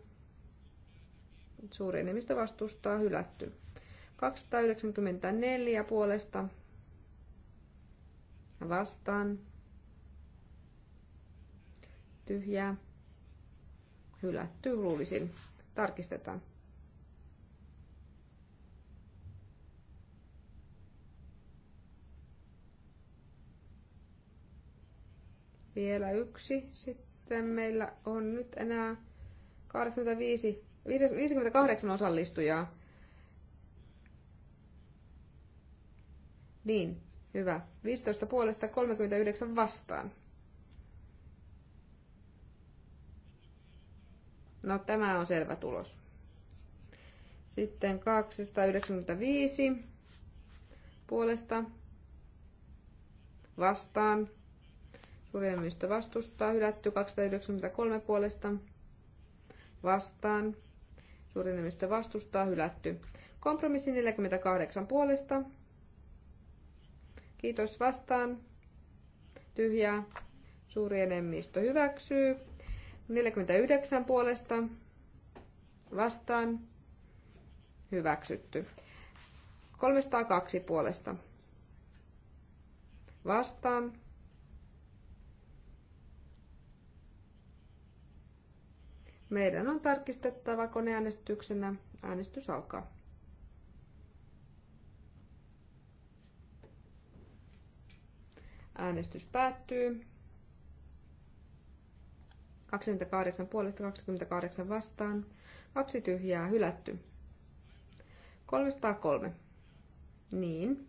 Suuri enemmistö vastustaa hylättyä. 294 puolesta vastaan tyhjää hylätty luulisin. Tarkistetaan. Vielä yksi. Sitten meillä on nyt enää 85, 58 osallistujaa. Niin, hyvä. 15 puolesta 39 vastaan. No tämä on selvä tulos. Sitten 295 puolesta vastaan. Suurenemmistö vastustaa. Hylätty 293 puolesta vastaan. Suurenemmistö vastustaa. Hylätty. Kompromissi 48 puolesta Kiitos vastaan. Tyhjää. Suuri enemmistö hyväksyy. 49 puolesta vastaan. Hyväksytty. 302 puolesta vastaan. Meidän on tarkistettava koneäänestyksenä. Äänestys alkaa. Äänestys päättyy. 28 puolesta 28 vastaan. Kaksi tyhjää hylätty. 303. Niin.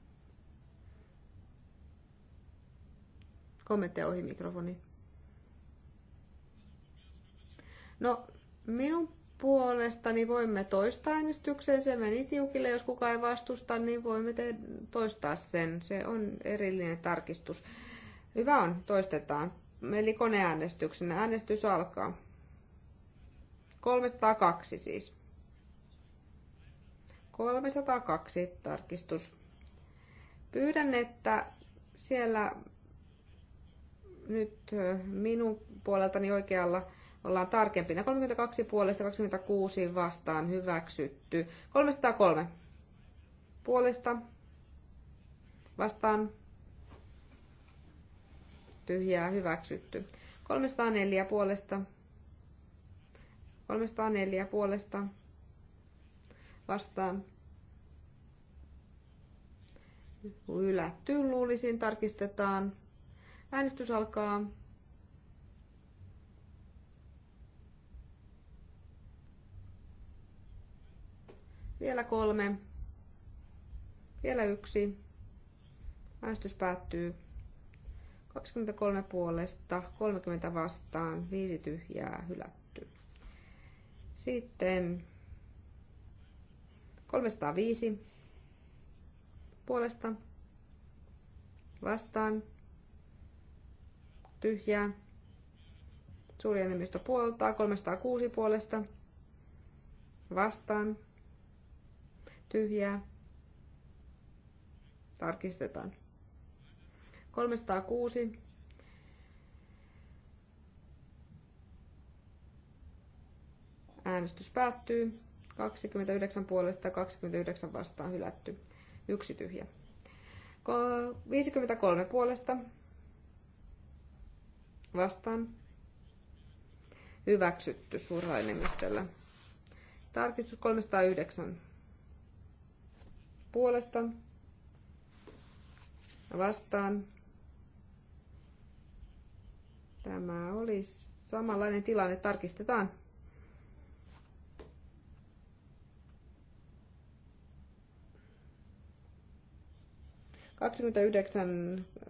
Kommentteja ohi mikrofoni. No, minun puolesta, niin voimme toistaa äänestyksen. Se meni tiukille. Jos kukaan ei vastusta, niin voimme te- toistaa sen. Se on erillinen tarkistus. Hyvä on, toistetaan. Eli koneäänestyksenä. Äänestys alkaa. 302 siis. 302 tarkistus. Pyydän, että siellä nyt minun puoleltani oikealla ollaan tarkempina. 32 puolesta 26 vastaan hyväksytty. 303 puolesta vastaan tyhjää hyväksytty. 304 puolesta 304 puolesta vastaan hylätty luulisin tarkistetaan. Äänestys alkaa. Vielä kolme. Vielä yksi. Äänestys päättyy. 23 puolesta, 30 vastaan, 5 tyhjää, hylätty. Sitten 305 puolesta, vastaan, tyhjää, suuri enemmistö puoltaa, 306 puolesta, vastaan, tyhjää. Tarkistetaan. 306. Äänestys päättyy. 29 puolesta 29 vastaan hylätty. Yksi tyhjä. 53 puolesta vastaan hyväksytty suurella enemmistöllä. Tarkistus 309 puolesta vastaan. Tämä oli samanlainen tilanne. Tarkistetaan.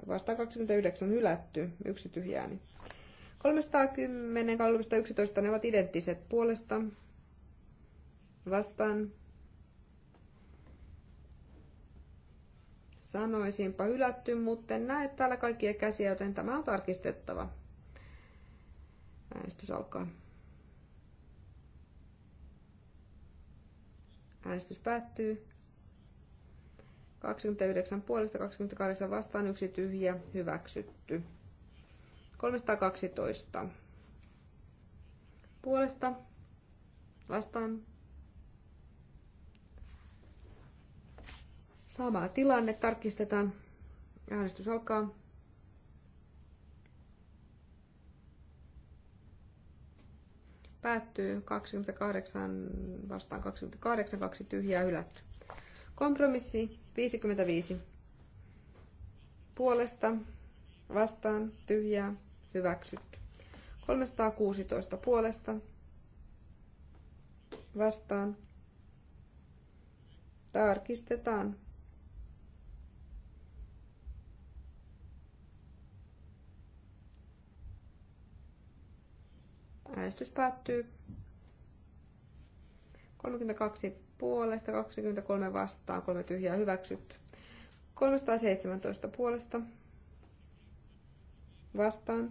vastaan 29 hylätty, yksi tyhjääni. 310, 311, ne ovat identtiset puolesta. Vastaan Sanoisinpa hylätty, mutta en näe täällä kaikkia käsiä, joten tämä on tarkistettava. Äänestys alkaa. Äänestys päättyy. 29 puolesta 28 vastaan yksi tyhjä hyväksytty. 312 puolesta vastaan Sama tilanne tarkistetaan. Äänestys alkaa. Päättyy 28 vastaan 28, kaksi tyhjää hylätty. Kompromissi 55. Puolesta vastaan tyhjää hyväksytty. 316 puolesta vastaan. Tarkistetaan. Äänestys päättyy. 32 puolesta, 23 vastaan, 3 tyhjää hyväksytty. 317 puolesta vastaan.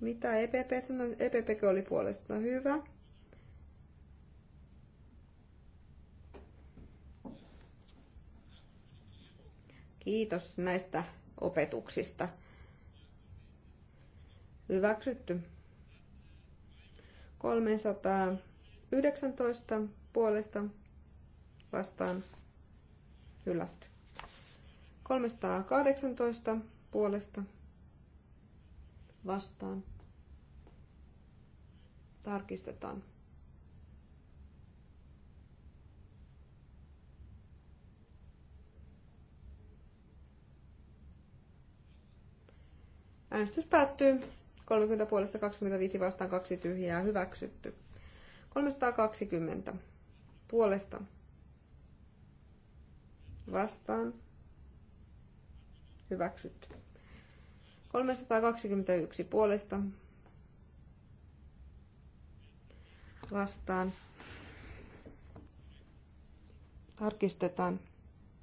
Mitä EPP sanoi? EPP oli puolesta no hyvä. Kiitos näistä opetuksista. Hyväksytty. 319 puolesta vastaan hylätty. 318 puolesta vastaan tarkistetaan. Äänestys päättyy. 30 puolesta 25 vastaan 2 tyhjää hyväksytty. 320 puolesta vastaan hyväksytty. 321 puolesta vastaan. Tarkistetaan.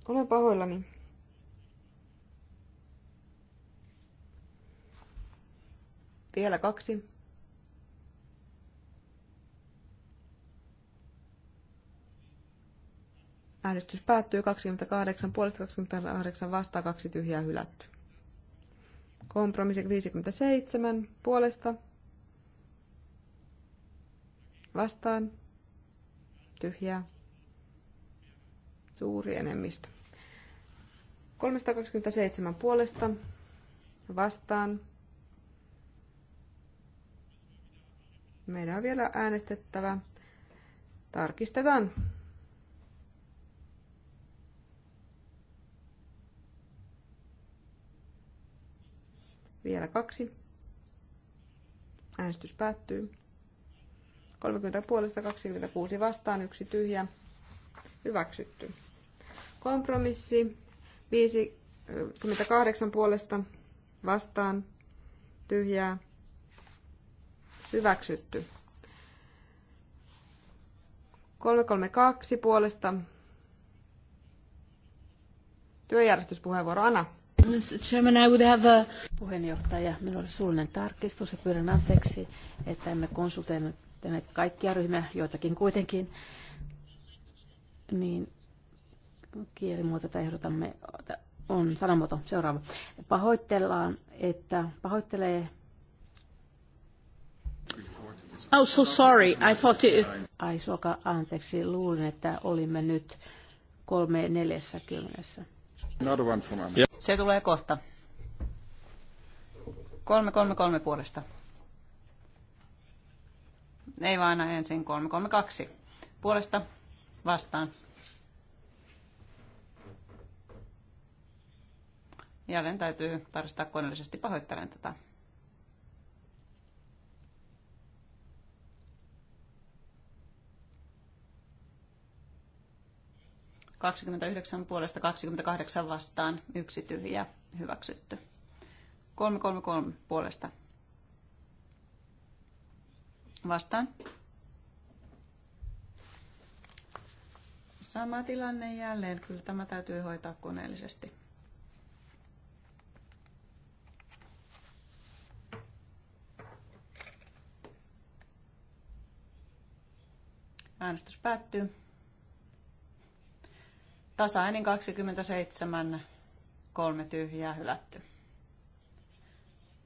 Olen pahoillani. Vielä kaksi. Äänestys päättyy 28, puolesta 28, vastaa kaksi tyhjää hylätty. Kompromissi 57, puolesta, vastaan, tyhjää, suuri enemmistö. 327 puolesta, vastaan, Meidän on vielä äänestettävä. Tarkistetaan. Vielä kaksi. Äänestys päättyy. 30 puolesta 26 vastaan, yksi tyhjä. Hyväksytty. Kompromissi 58 puolesta vastaan, tyhjää, Hyväksytty. 332 puolesta. Työjärjestyspuheenvuoro Anna. Mr. Chairman, I would have a... Puheenjohtaja, minulla oli suullinen tarkistus ja pyydän anteeksi, että emme konsultoineet kaikkia ryhmiä, joitakin kuitenkin. Niin kielimuoto, jota ehdotamme, on sanamuoto. Seuraava. Pahoitellaan, että pahoittelee Oh, so sorry. I thought it... Ai, suoka, anteeksi. Luulin, että olimme nyt kolme neljässä kymmenessä. Se tulee kohta. Kolme, kolme, kolme puolesta. Ei vaan aina ensin kolme, kolme, kaksi. Puolesta vastaan. Jälleen täytyy tarkistaa koneellisesti. Pahoittelen tätä. 29 puolesta 28 vastaan, yksi tyhjä, hyväksytty. 333 puolesta vastaan. Sama tilanne jälleen, kyllä tämä täytyy hoitaa koneellisesti. Äänestys päättyy. Tasainen 27, kolme tyhjää hylätty.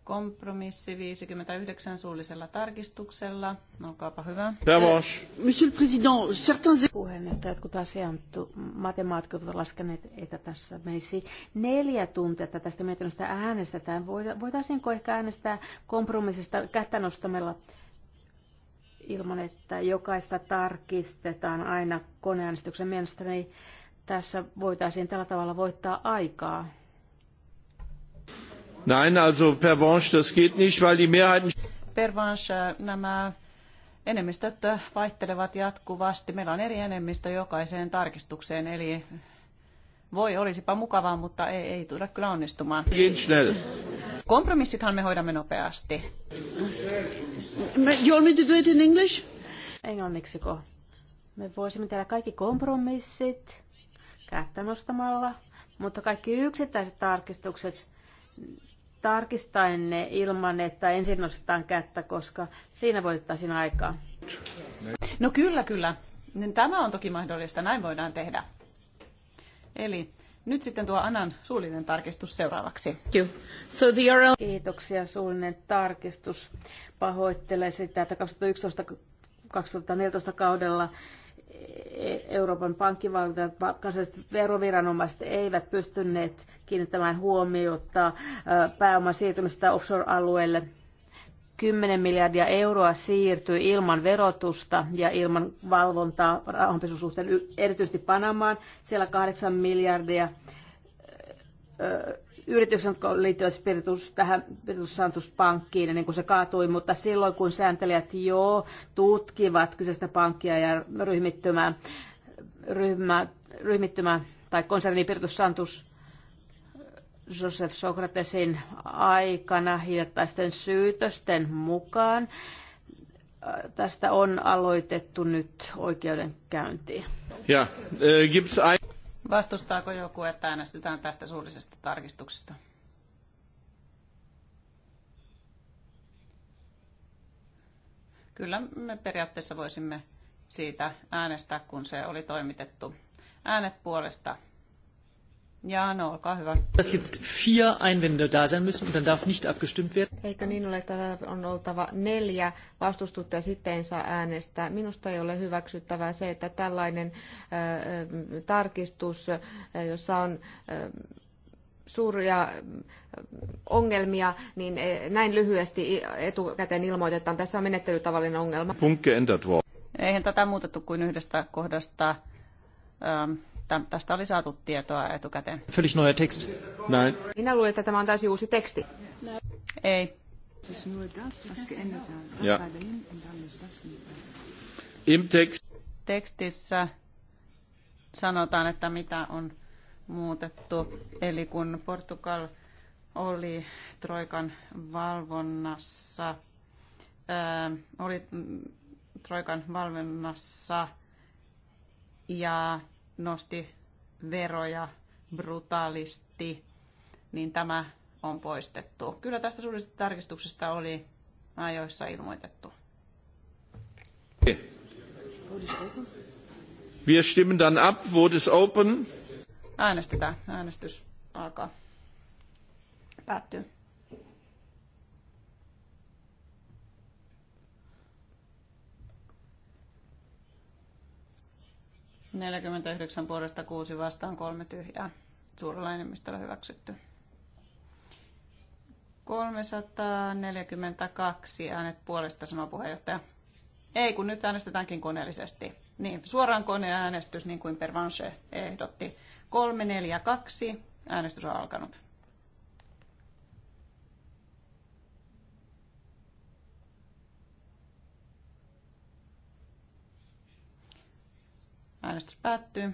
Kompromissi 59 suullisella tarkistuksella. Olkaapa hyvä. Äh, monsieur le Président, certains... Puheenjohtaja, jotkut asiantuntijat matemaatikot ovat laskeneet, että tässä menisi neljä tuntia, että tästä mietinnöstä äänestetään. Voitaisiinko ehkä äänestää kompromissista kättä nostamalla ilman, että jokaista tarkistetaan aina koneäänestyksen mielestäni? Niin tässä voitaisiin tällä tavalla voittaa aikaa. Nein, also Pervenche, das geht nicht, weil die Mehrheiten... Pervenche, äh, nämä enemmistöt vaihtelevat jatkuvasti. Meillä on eri enemmistö jokaiseen tarkistukseen, eli voi, olisipa mukavaa, mutta ei, ei tule kyllä onnistumaan. Kompromissithan me hoidamme nopeasti. You want me to do it in English? Englanniksi Me voisimme tehdä kaikki kompromissit kättä nostamalla, mutta kaikki yksittäiset tarkistukset tarkistaen ne ilman, että ensin nostetaan kättä, koska siinä voitettaisiin aikaa. No kyllä, kyllä. Niin tämä on toki mahdollista, näin voidaan tehdä. Eli nyt sitten tuo Anan suullinen tarkistus seuraavaksi. So the oral... Kiitoksia suullinen tarkistus. Pahoittelen sitä, että 2011-2014 kaudella Euroopan pankkivaltiot, kansalliset veroviranomaiset eivät pystyneet kiinnittämään huomiota pääoman siirtymistä offshore-alueelle. 10 miljardia euroa siirtyi ilman verotusta ja ilman valvontaa rahanpesusuhteen, erityisesti Panamaan. Siellä 8 miljardia yritykset, jotka liittyvät spiritus, tähän spiritussaantuspankkiin ennen kuin se kaatui, mutta silloin kun sääntelijät jo tutkivat kyseistä pankkia ja ryhmittymää, ryhmä, ryhmittymä, tai konserni Santus Joseph Sokratesin aikana hiljattaisten syytösten mukaan. Äh, tästä on aloitettu nyt oikeudenkäynti. Ja, äh, Vastustaako joku, että äänestetään tästä suullisesta tarkistuksesta? Kyllä me periaatteessa voisimme siitä äänestää, kun se oli toimitettu. Äänet puolesta ja, no, olkaa hyvä. jetzt vier Einwände da sein müssen und dann darf nicht abgestimmt werden. Eikö niin ole, että on oltava neljä vastustutta ja sitten ei saa äänestää? Minusta ei ole hyväksyttävää se, että tällainen tarkistus, jossa on suuria ongelmia, niin näin lyhyesti etukäteen ilmoitetaan. Tässä on menettelytavallinen ongelma. Eihän tätä muutettu kuin yhdestä kohdasta ähm, tästä oli saatu tietoa etukäteen. Völlig neuer Text. Nein. Minä luulen, että tämä on täysin uusi teksti. Ei. Ja. Im text. Tekstissä sanotaan, että mitä on muutettu. Eli kun Portugal oli Troikan valvonnassa, ää, oli Troikan valvonnassa ja nosti veroja brutaalisti, niin tämä on poistettu. Kyllä tästä suurista tarkistuksesta oli ajoissa ilmoitettu. Wir stimmen dann ab, vote is open. Äänestetään. Äänestys alkaa. Päättyy. 49 puolesta 6 vastaan 3 tyhjää. Suurella enemmistöllä hyväksytty. 342 äänet puolesta, sama puheenjohtaja. Ei, kun nyt äänestetäänkin koneellisesti. Niin, suoraan koneäänestys, niin kuin Pervanche ehdotti. 342, äänestys on alkanut. Äänestys päättyy.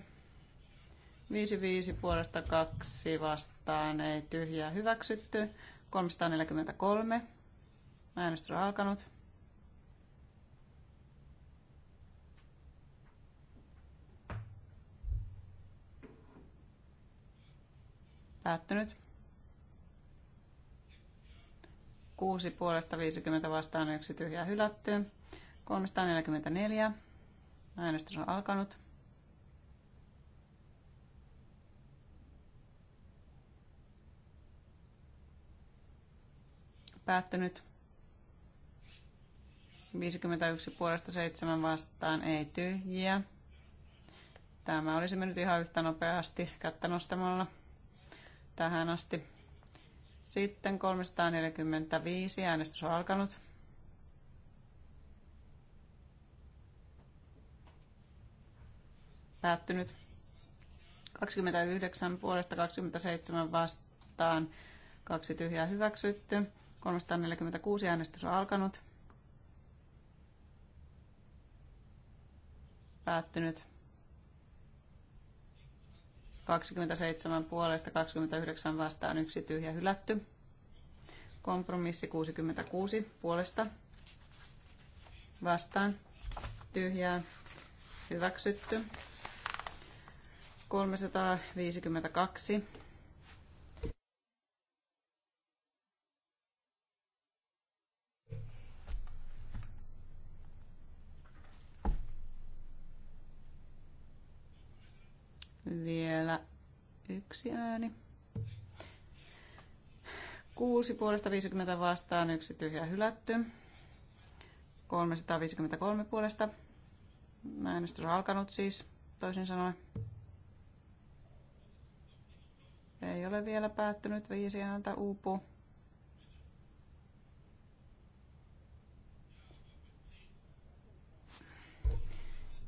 5-5 puolesta 2 vastaan, ei tyhjää hyväksytty. 343. Äänestys on alkanut. Päättynyt. 6 puolesta 50 vastaan, yksi tyhjää hylätty. 344. Äänestys on alkanut. päättynyt. 51 puolesta 7 vastaan, ei tyhjiä. Tämä olisi mennyt ihan yhtä nopeasti kättä nostamalla tähän asti. Sitten 345 äänestys on alkanut. Päättynyt. 29 puolesta 27 vastaan, kaksi tyhjää hyväksytty. 346 äänestys on alkanut. Päättynyt. 27 puolesta, 29 vastaan, yksi tyhjä hylätty. Kompromissi 66 puolesta, vastaan, tyhjää, hyväksytty. 352 Vielä yksi ääni. Kuusi puolesta 50 vastaan, yksi tyhjä hylätty. 353 puolesta. Äänestys on alkanut siis, toisin sanoen. Ei ole vielä päättynyt, viisi ääntä uupuu.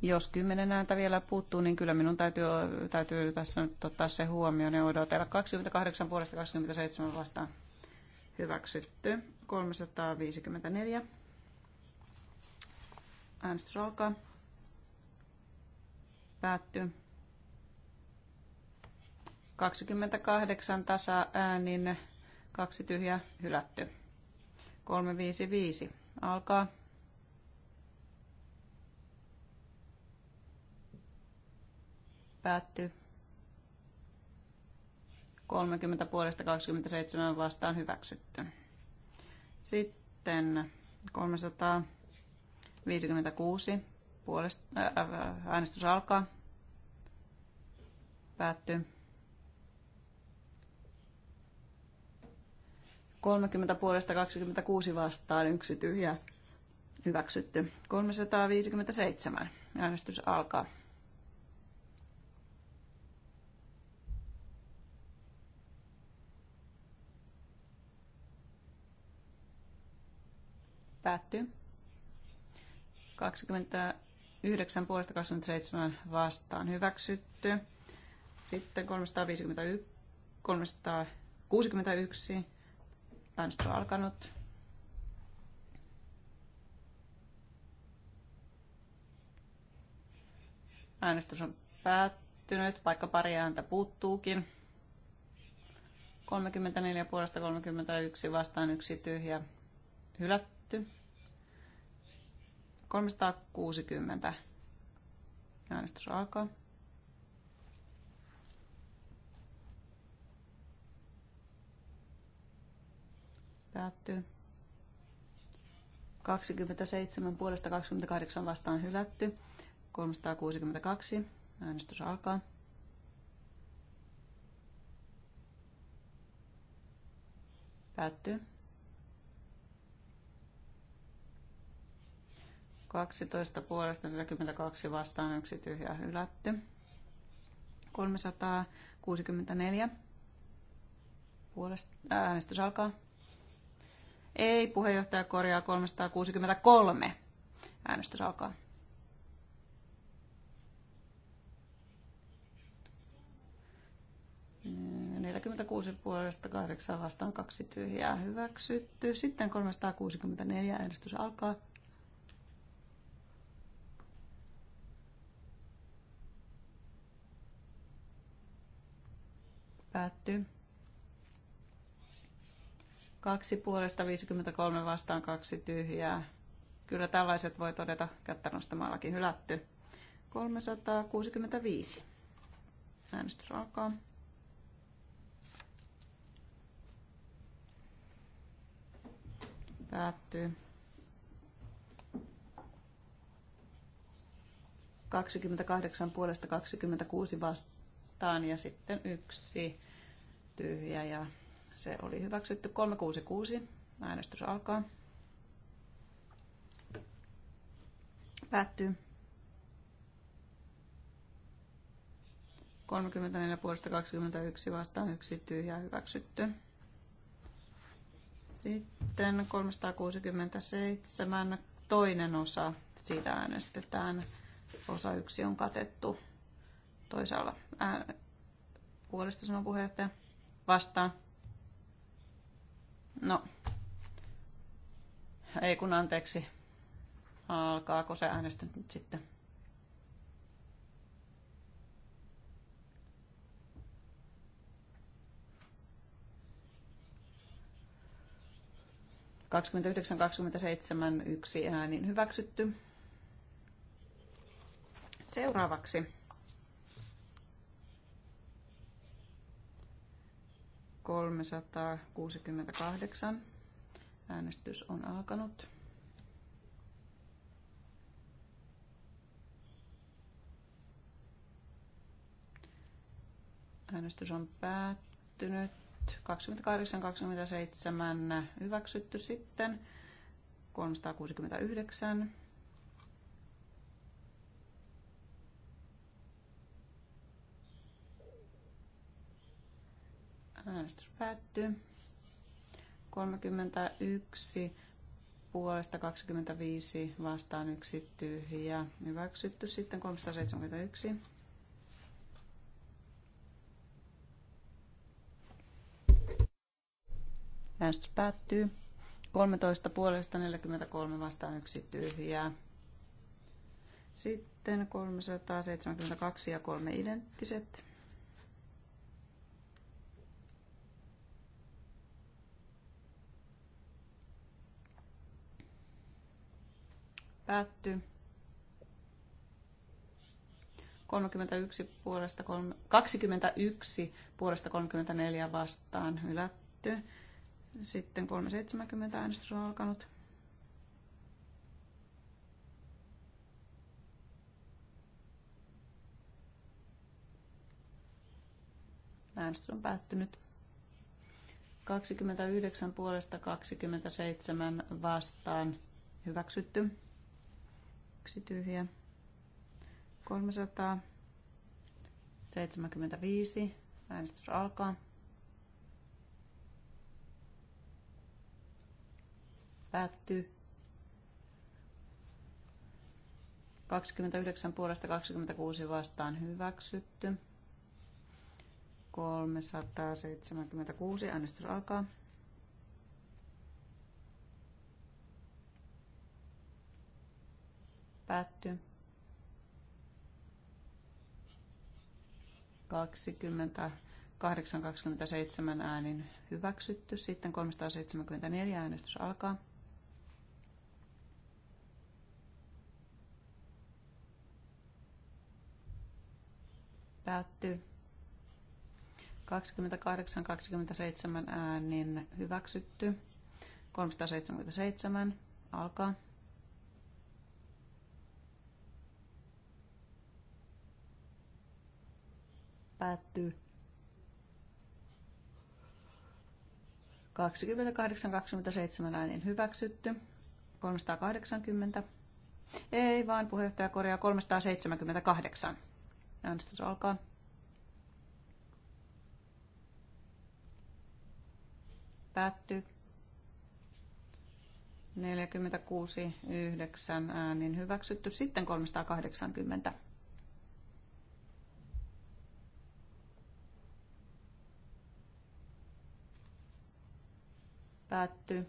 Jos kymmenen ääntä vielä puuttuu, niin kyllä minun täytyy, täytyy tässä nyt ottaa se huomioon ja odotella 28 vuodesta 27 vastaan hyväksytty. 354. Äänestys alkaa. Päättyy. 28 tasa-äänin, kaksi tyhjää hylätty. 355 alkaa. päättyy. 30 puolesta 27 vastaan hyväksytty. Sitten 356 puolesta, ää, äh, äh, äänestys alkaa. Päättyy. 30 puolesta 26 vastaan yksi tyhjä hyväksytty. 357 äänestys alkaa. Päättyy. 29 puolesta 27 vastaan hyväksytty. Sitten 351, 361 äänestys on alkanut. Äänestys on päättynyt, paikka pari ääntä puuttuukin. 34 puolesta 31 vastaan yksi tyhjä hylätty. 360. Äänestys alkaa. Päättyy. 27 puolesta 28 vastaan hylätty. 362. Äänestys alkaa. Päättyy. 12 puolesta 42 vastaan yksi tyhjä hylätty. 364 puolesta äänestys alkaa. Ei, puheenjohtaja korjaa 363. Äänestys alkaa. Mm. 46 puolesta, 8 vastaan, 2 tyhjää hyväksytty. Sitten 364 äänestys alkaa. Päättyy. Kaksi puolesta 53 vastaan kaksi tyhjää. Kyllä tällaiset voi todeta kättä nostamallakin hylätty. 365. Äänestys alkaa. Päättyy. 28 puolesta 26 vastaan ja sitten yksi tyhjä ja se oli hyväksytty 366. Äänestys alkaa. Päättyy. 34 puolesta 21 vastaan yksi tyhjä hyväksytty. Sitten 367 toinen osa. Siitä äänestetään. Osa yksi on katettu toisaalla. Ää, Puolesta sanon puheenjohtaja vastaan. No, ei kun anteeksi. Alkaako se äänestys nyt sitten? Kaksikymmentäyhdeksän, kaksikymmentäseitsemän, yksi äänin hyväksytty. Seuraavaksi 368. Äänestys on alkanut. Äänestys on päättynyt. 28-27 hyväksytty sitten. 369. Äänestys päättyy. 31 puolesta 25 vastaan yksi tyhjä. Hyväksytty sitten 371. Äänestys päättyy. 13 puolesta 43 vastaan yksi tyhjää. Sitten 372 ja 3 identtiset. Päättyy. 31 puolesta, 21 puolesta 34 vastaan hylätty. Sitten 370 äänestys on alkanut. Äänestys on päättynyt. 29 puolesta 27 vastaan hyväksytty. Yksi tyhjä. 375. Äänestys alkaa. Päättyy. 29 puolesta 26 vastaan hyväksytty. 376 äänestys alkaa. Päättyy. 20, 827 äänin hyväksytty. Sitten 374 äänestys alkaa. Päättyy. 28-27 äänin hyväksytty. 377 alkaa. päättyy. 28-27 äänen hyväksytty. 380. Ei, vaan puheenjohtaja korjaa 378. Äänestys alkaa. Päättyy. 46, 9 äänin hyväksytty. Sitten 380 Päättyy.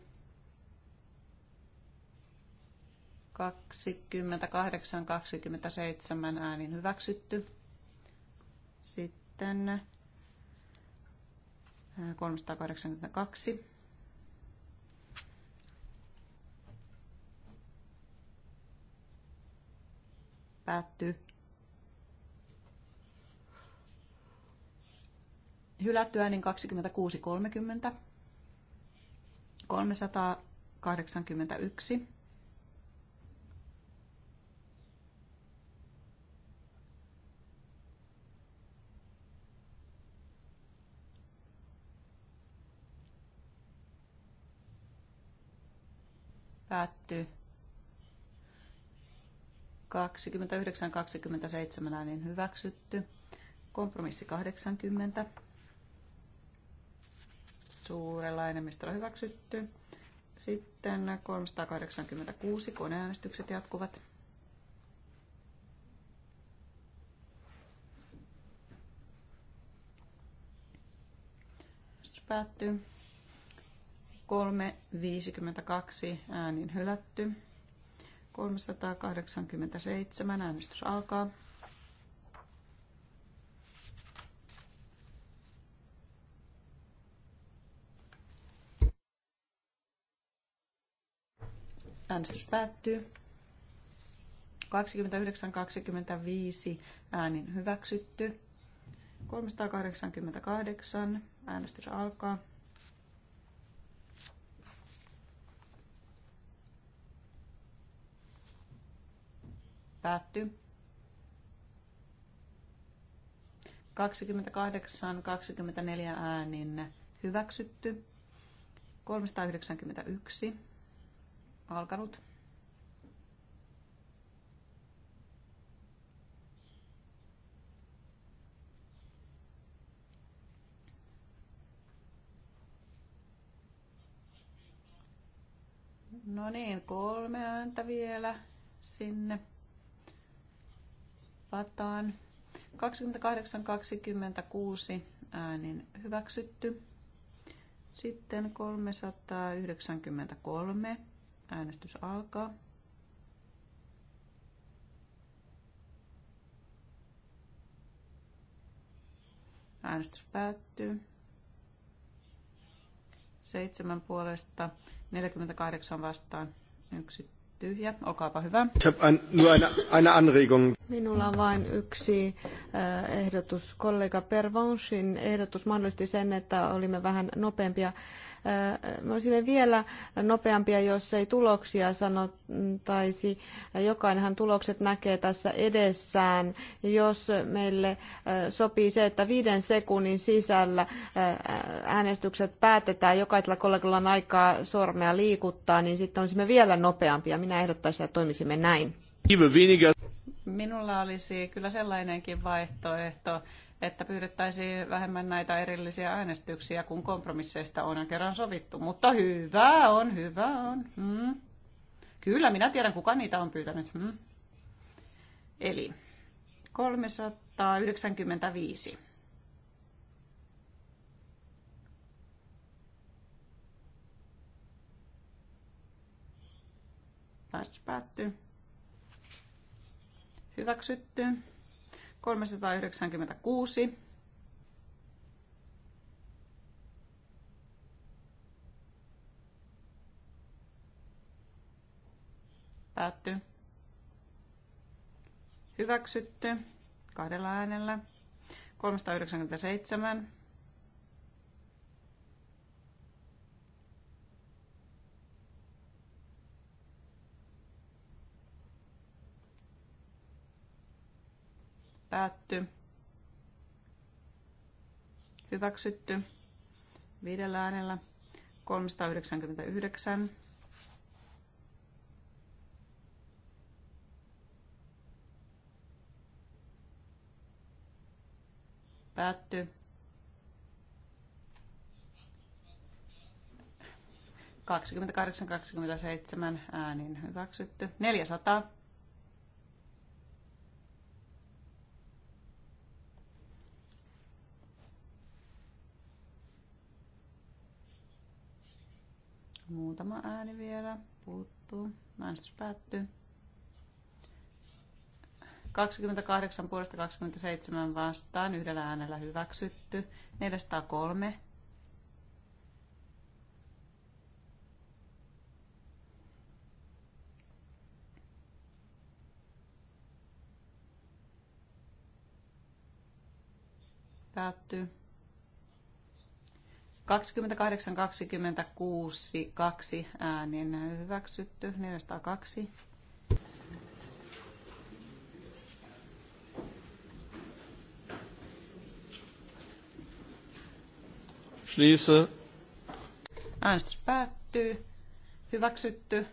28-27 äänin hyväksytty. Sitten 382. Päättyy. Hylätty äänin 30 381. Päättyy 29-27 niin hyväksytty. Kompromissi 80 suurella enemmistöllä hyväksytty. Sitten 386 koneäänestykset jatkuvat. Äänestys päättyy. 352 äänin hylätty. 387 äänestys alkaa. Äänestys päättyy. 29-25 äänin hyväksytty. 388. Äänestys alkaa. Päättyy. 28-24 äänin hyväksytty. 391 alkanut. No niin, kolme ääntä vielä sinne lataan. 28-26 äänin hyväksytty. Sitten 393 Äänestys alkaa. Äänestys päättyy. Seitsemän puolesta, 48 vastaan, yksi tyhjä. Olkaapa hyvä. Minulla on vain yksi äh, ehdotus. Kollega Pervonsin ehdotus mahdollisti sen, että olimme vähän nopeampia Äh, me olisimme vielä nopeampia, jos ei tuloksia sanotaisi. Jokainenhan tulokset näkee tässä edessään. Jos meille äh, sopii se, että viiden sekunnin sisällä äh, äänestykset päätetään, jokaisella kollegalla on aikaa sormea liikuttaa, niin sitten olisimme vielä nopeampia. Minä ehdottaisin, että toimisimme näin. Minulla olisi kyllä sellainenkin vaihtoehto, että pyydettäisiin vähemmän näitä erillisiä äänestyksiä, kun kompromisseista on kerran sovittu. Mutta hyvä on, hyvä on. Hmm. Kyllä, minä tiedän, kuka niitä on pyytänyt. Hmm. Eli 395. Päästys päättyy. Hyväksytty. 396. Päätty. Hyväksytty kahdella äänellä. 397 Päätty. Hyväksytty. Viidellä äänellä. 399. Päätty. kaksikymmentä seitsemän äänin hyväksytty. 400 Muutama ääni vielä puuttuu. Äänestys päättyy. 28 puolesta 27 vastaan, yhdellä äänellä hyväksytty. 403 päättyy. 28-26, 2 äänin hyväksytty, 402. Schließe. Äänestys päättyy. Hyväksytty.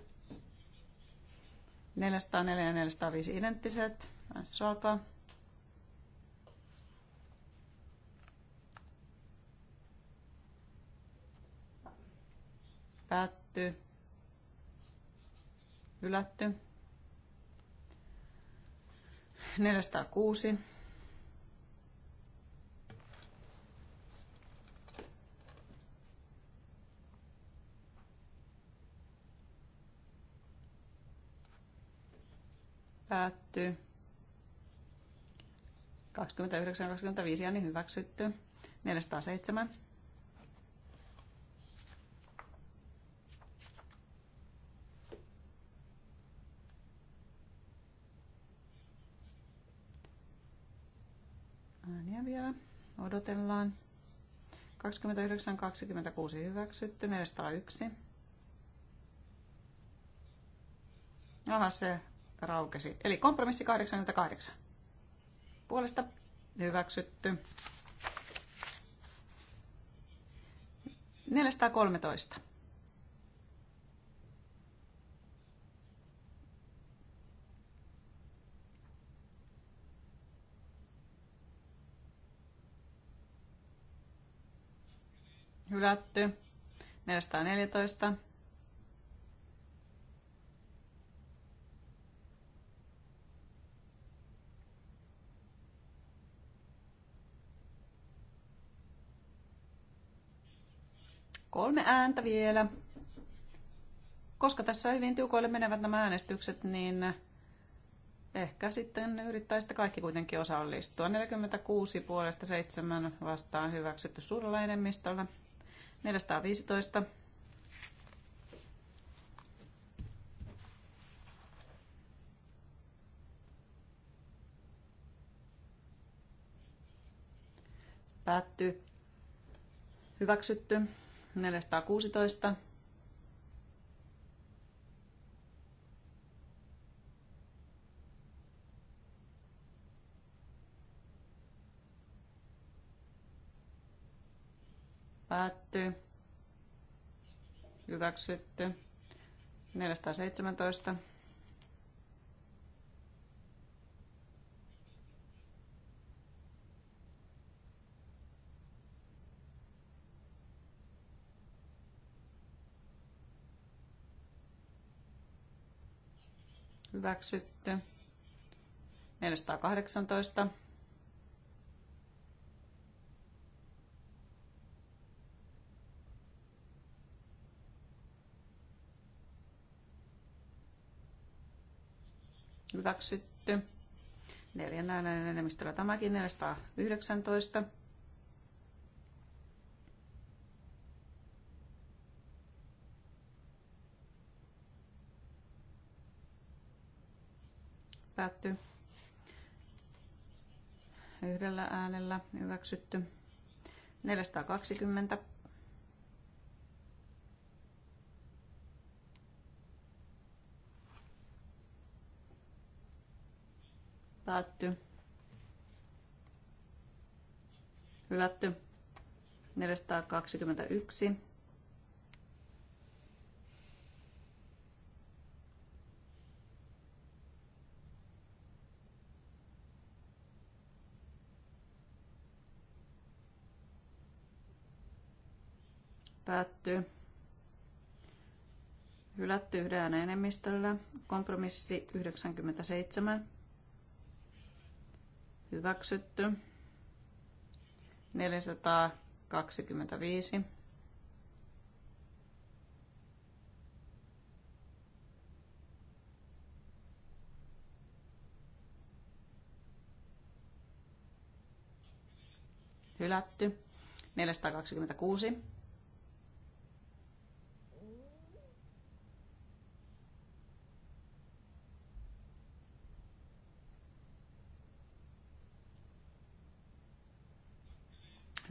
404 ja 405 identtiset. Äänestys alkaa. päättyy. Hylätty. 406. Päättyy. 29-25 niin hyväksytty. 407. vielä. Odotellaan. 29.26 hyväksytty. 401. Aha, se raukesi. Eli kompromissi 88. Puolesta hyväksytty. 413. hylätty. 414. Kolme ääntä vielä. Koska tässä hyvin tiukoille menevät nämä äänestykset, niin ehkä sitten yrittäisitte kaikki kuitenkin osallistua. 46 puolesta 7 vastaan hyväksytty suurella enemmistöllä. 415. Päätty. Hyväksytty. 416. Päättyy. Hyväksytty. 417. Hyväksytty. 418. hyväksytty. Neljän äänen enemmistöllä tämäkin 419. Päättyy. Yhdellä äänellä hyväksytty. 420. Päättyy. Hylätty. 421. Päättyy. Hylätty yhden enemmistöllä. Kompromissi 97. Hyväksytty. 425. Hylätty. 426.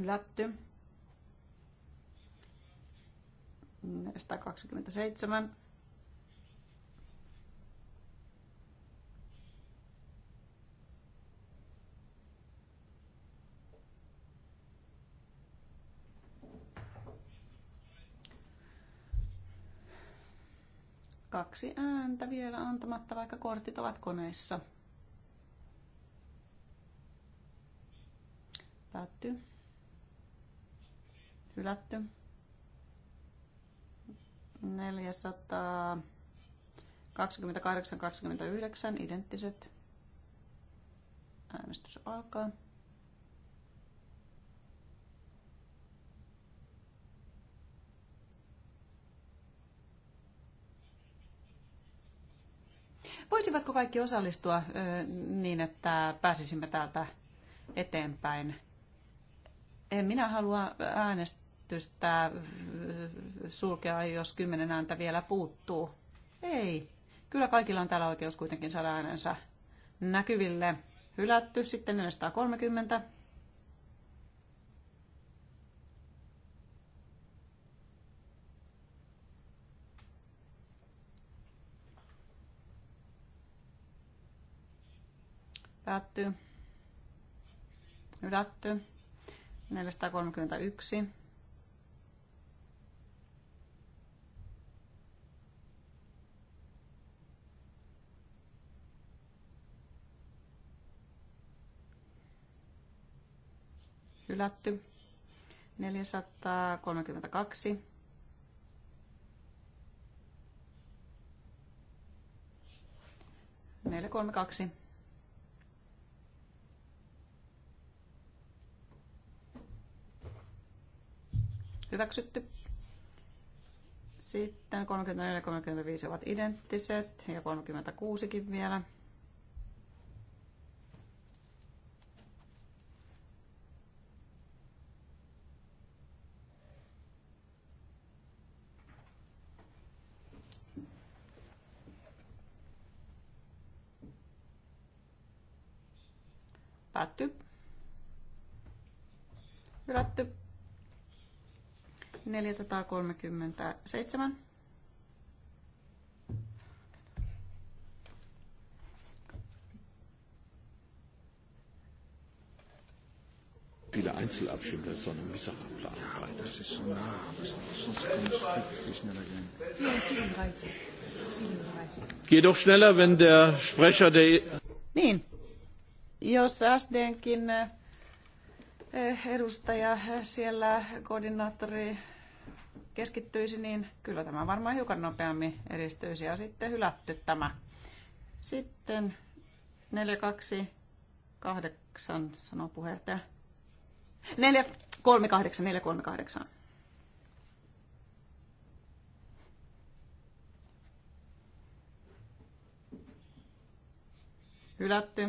hylätty. 427. Kaksi ääntä vielä antamatta, vaikka kortit ovat koneissa. Päättyy. Hylätty. 428-29 identtiset. Äänestys alkaa. Voisivatko kaikki osallistua niin, että pääsisimme täältä eteenpäin? En minä halua äänestää äänestystä äh, sulkea, jos kymmenen ääntä vielä puuttuu. Ei. Kyllä kaikilla on täällä oikeus kuitenkin saada äänensä näkyville. Hylätty sitten 430. Päättyy. Hylätty. 431. hylätty. 432. Neljä kolme kaksi. Hyväksytty. Sitten 34 ja 35 ovat identtiset ja 36kin vielä. hylätty. Hylätty. 437. viele Einzelabstimmungen, das ist so eine miserable Arbeit. Ja, das ist so nah, aber sonst kann es schneller gehen. Ja, 37. 37. Geh doch schneller, wenn der Sprecher der... E- Nein. Jos SDnkin eh, edustaja eh, siellä koordinaattori keskittyisi, niin kyllä tämä varmaan hiukan nopeammin edistyisi ja sitten hylätty tämä. Sitten 428, sanoo puheenjohtaja. 438, 438. Hylätty.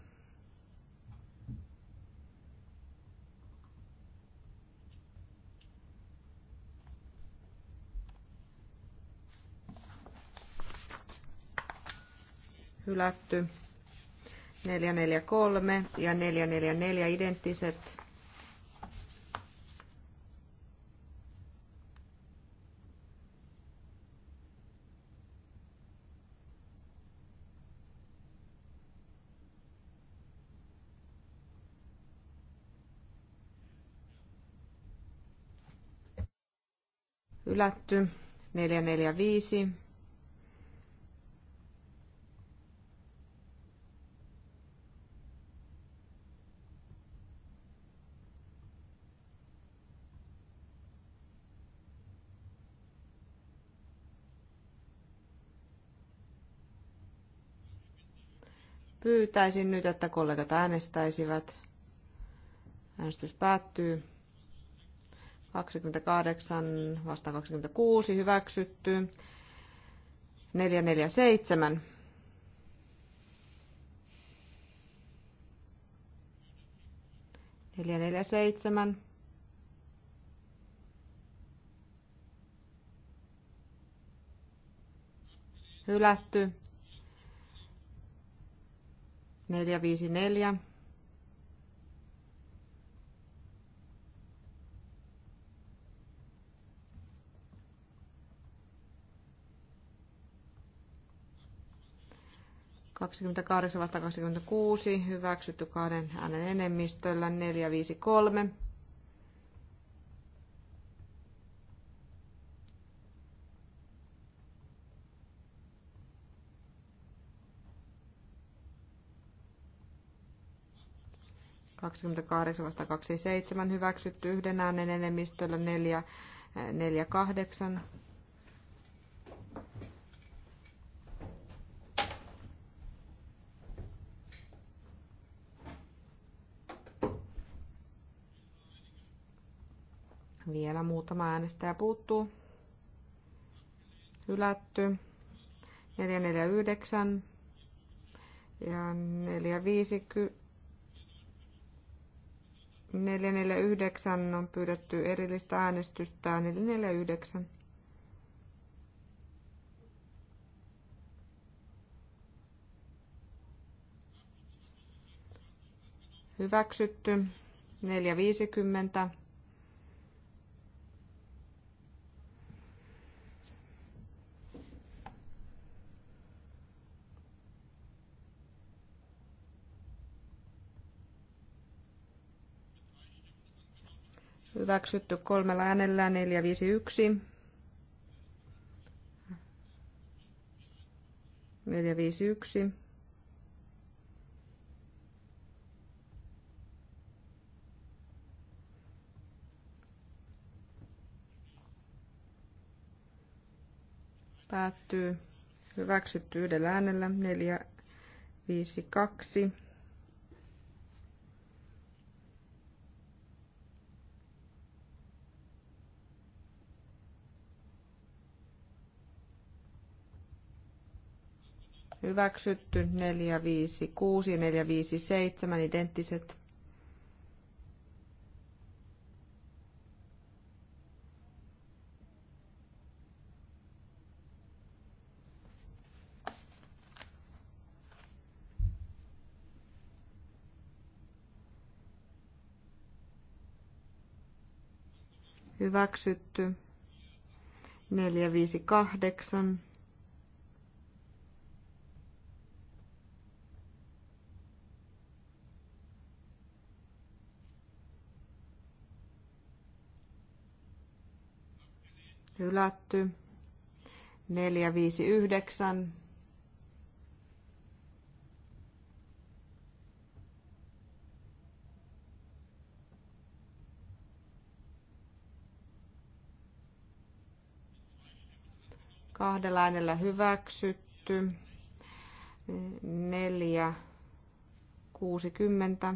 hylätty. 443 ja 444 identtiset. Hylätty. 445 Pyytäisin nyt, että kollegat äänestäisivät. Äänestys päättyy. 28 vasta 26 hyväksytty. 447. Neljä, neljä, seitsemän. Hylätty. 454. Kaksikymmentäkahdeksan vasta kaksikymmentäkuusi hyväksytty kahden äänen enemmistöllä neljä viisi kolme. 28 vasta 27 hyväksytty yhden äänen enemmistöllä 4, 4 8. Vielä muutama äänestäjä puuttuu. Hylätty. 449 ja 450 449 on pyydetty erillistä äänestystä. 449. Hyväksytty. 450. Hyväksytty kolmella äänellä 451. 451. Päättyy. Hyväksytty yhdellä äänellä 452. hyväksytty. 456 ja 457 identtiset. Hyväksytty. 458. Hylätty. 9. Kahdella äänellä hyväksytty. 60.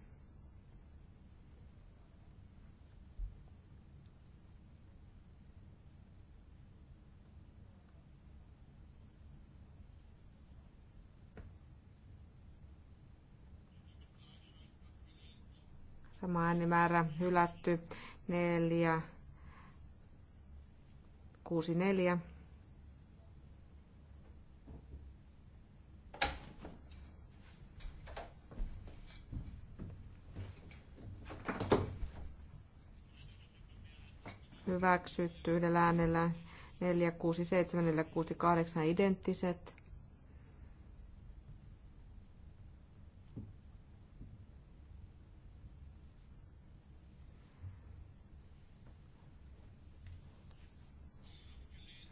äänimäärä hylätty 4, 6, 4. Hyväksytty yhdellä äänellä 6, 8 identtiset.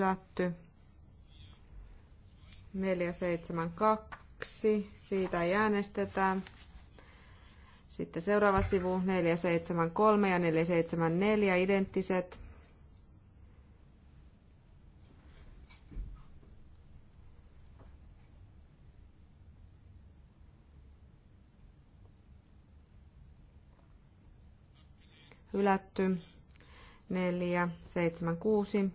hylätty. 472, siitä ei äänestetä. Sitten seuraava sivu 473 ja 474 identtiset. Hylätty 476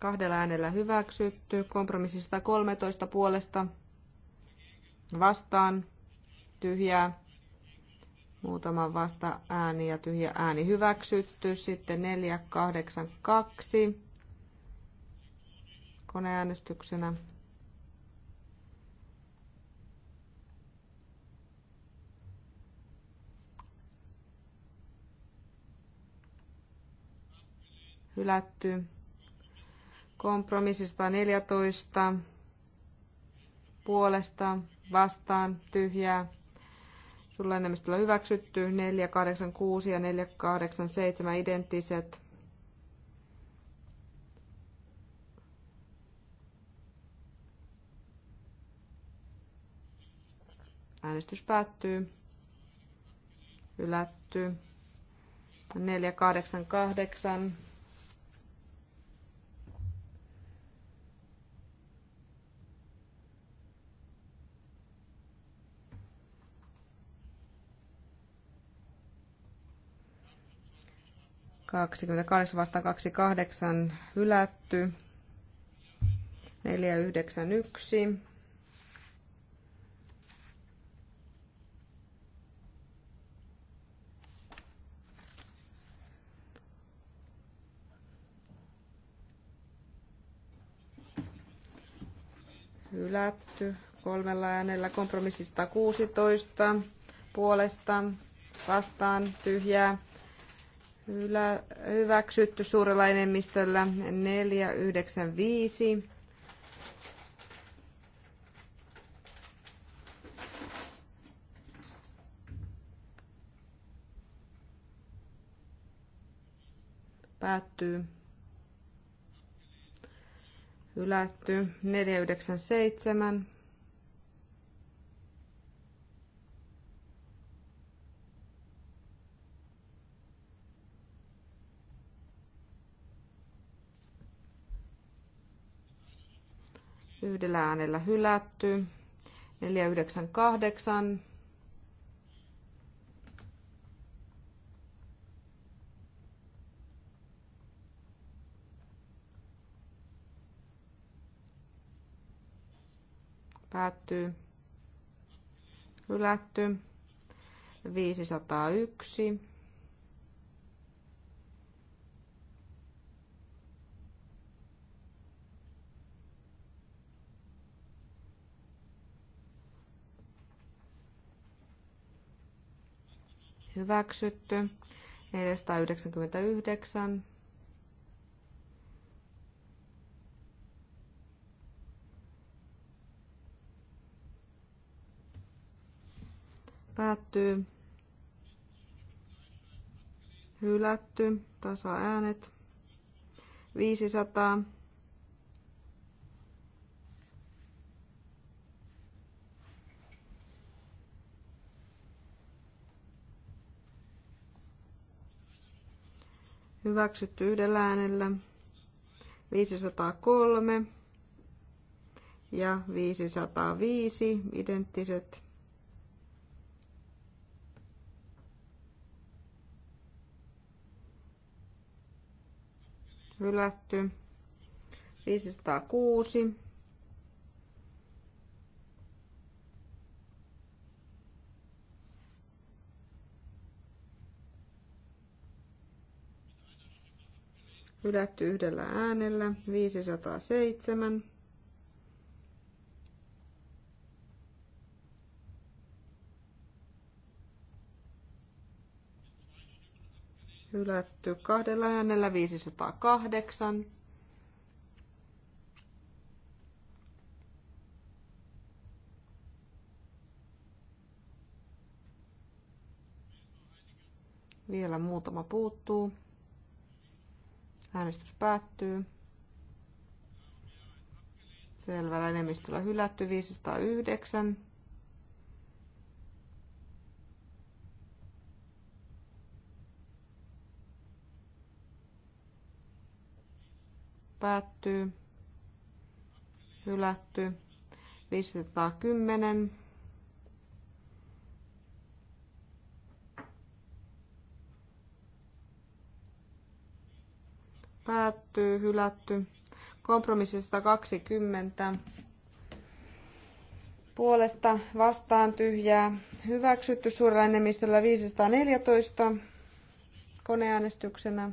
kahdella äänellä hyväksytty. Kompromissi 113 puolesta vastaan tyhjää. Muutama vasta ääni ja tyhjä ääni hyväksytty. Sitten 482 koneäänestyksenä. Hylätty kompromissi 114, puolesta vastaan tyhjää. Sulla enemmistöllä hyväksytty 486 ja 487 identtiset. Äänestys päättyy. Hylätty. 488 28 vastaan 28 hylätty. 491. Hylätty kolmella äänellä kompromissista 16 puolesta vastaan tyhjää Hylä, hyväksytty suurella enemmistöllä 495. Päättyy. Hylätty 497. yhdellä äänellä hylätty. 498. Päättyy. Hylätty. 501. hyväksytty. 499 päättyy. Hylätty, tasaäänet. 500 Hyväksytty yhdellä äänellä. 503 ja 505 identtiset. Hylätty. 506 Hylätty yhdellä äänellä 507. Hylätty kahdella äänellä 508. Vielä muutama puuttuu. Äänestys päättyy. Selvällä enemmistöllä hylätty 509. Päättyy. Hylätty 510. päättyy, hylätty. Kompromissi 120. Puolesta vastaan tyhjää, hyväksytty suurella enemmistöllä 514 koneäänestyksenä.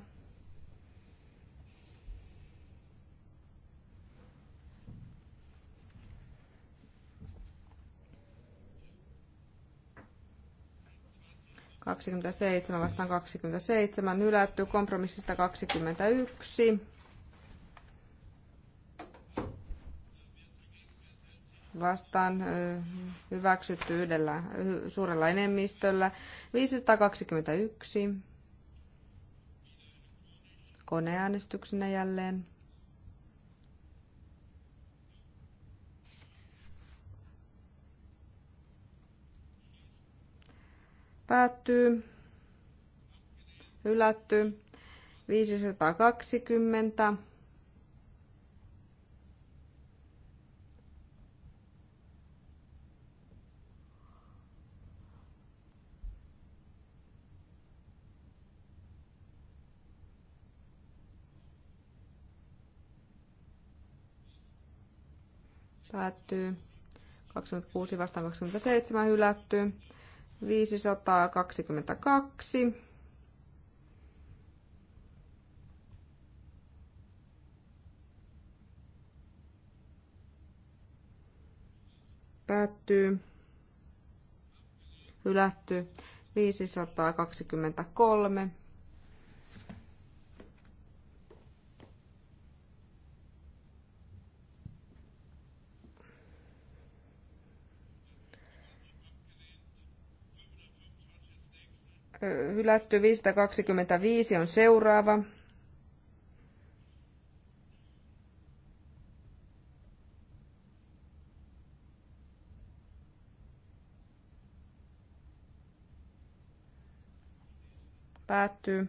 27 vastaan 27, hylätty kompromissista 21. vastaan hyväksytty yhdellä suurella enemmistöllä. 521 koneäänestyksenä jälleen. Päättyy. Hylätty. 520. päättyy. 26 vastaan 27 hylättyy. 522. Päättyy. Hylätty. 523. hylätty, 525 on seuraava. Päättyy.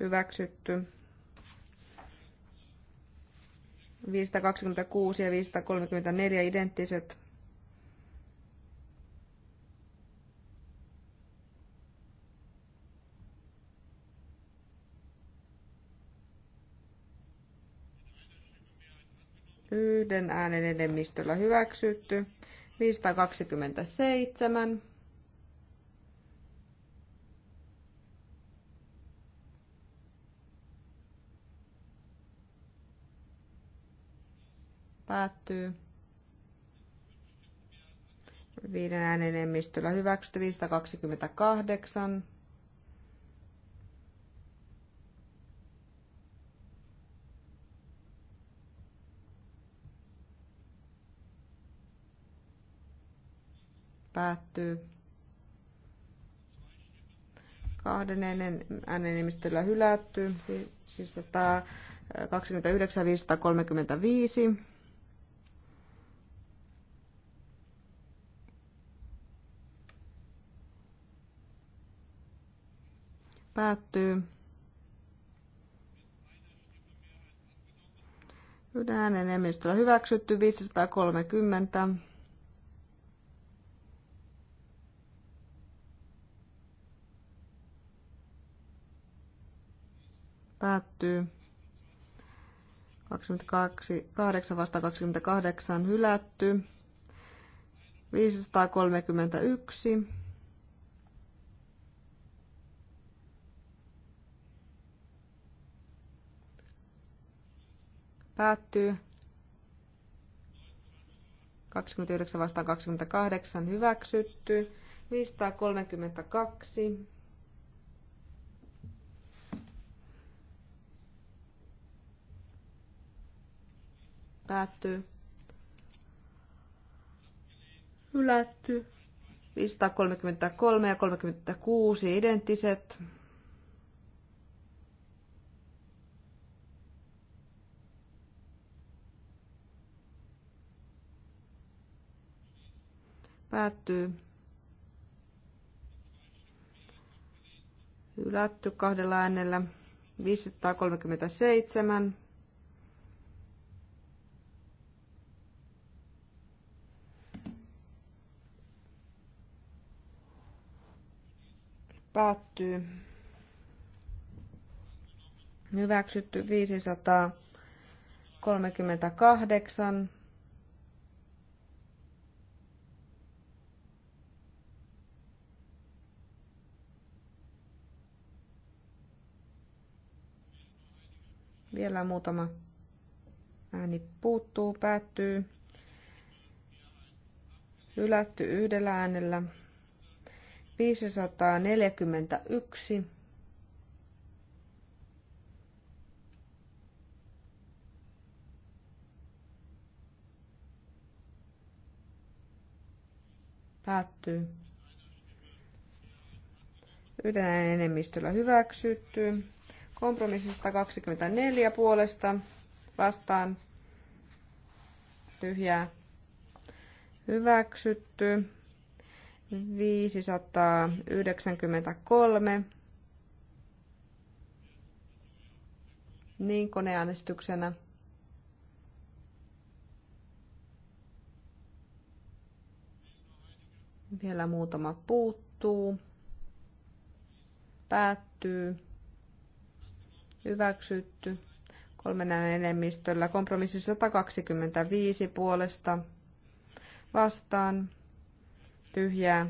Hyväksytty. 526 ja 534 identtiset yhden äänen enemmistöllä hyväksytty. 527. Päättyy. Viiden äänen enemmistöllä hyväksytty 528. päättyy. Kahden äänenemistöllä hylätty, siis 129 535. päättyy. Yhden äänen enemmistöllä hyväksytty 530. päättyy. 22, 8 vasta 28 hylätty. 531. Päättyy. 29 vastaan 28 hyväksytty. 532. Päättyy. Hylätty. 533 ja 36 identtiset. Päättyy. Hylätty kahdella äänellä. 537. Päättyy. Hyväksytty 538. Vielä muutama ääni puuttuu, päättyy. Ylätty yhdellä äänellä. 541. Päättyy. Yhden enemmistöllä hyväksytty. Kompromissi 124 puolesta vastaan tyhjää hyväksytty. 593 niin koneäänestyksenä. Vielä muutama puuttuu. Päättyy. Hyväksytty. Kolmen enemmistöllä. Kompromissi 125 puolesta. Vastaan tyhjää,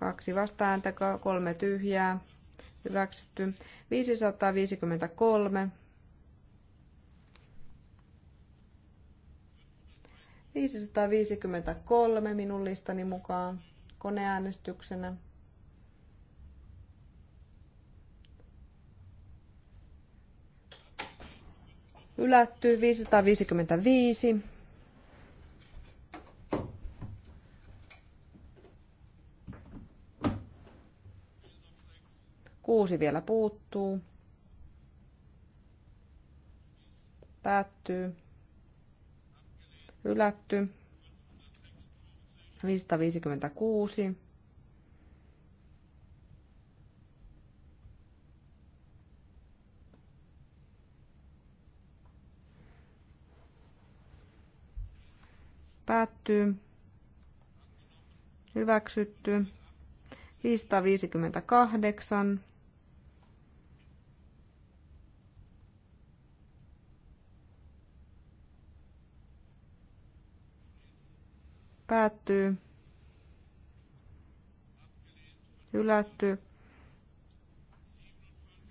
kaksi vastaääntä, kolme tyhjää, hyväksytty, 553, 553 minun listani mukaan koneäänestyksenä. Ylätty 555. Kuusi vielä puuttuu. Päättyy. Ylätty. 556. Päättyy. Hyväksytty. 558. päättyy. Hylätty.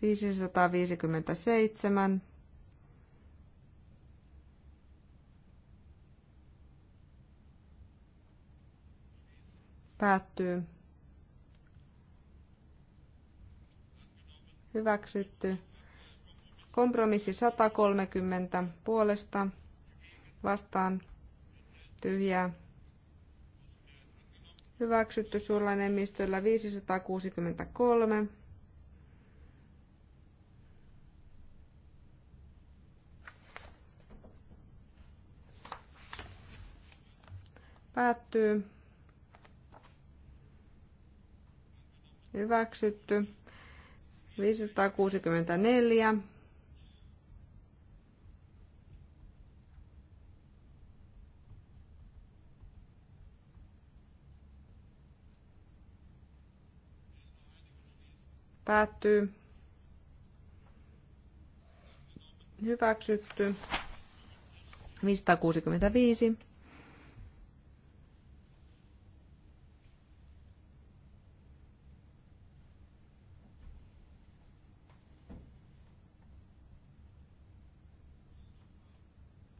557. Päättyy. Hyväksytty. Kompromissi 130 puolesta vastaan tyhjää Hyväksytty suullinen enemmistöllä 563. Päättyy. Hyväksytty. 564. Päättyy. Hyväksytty. 565.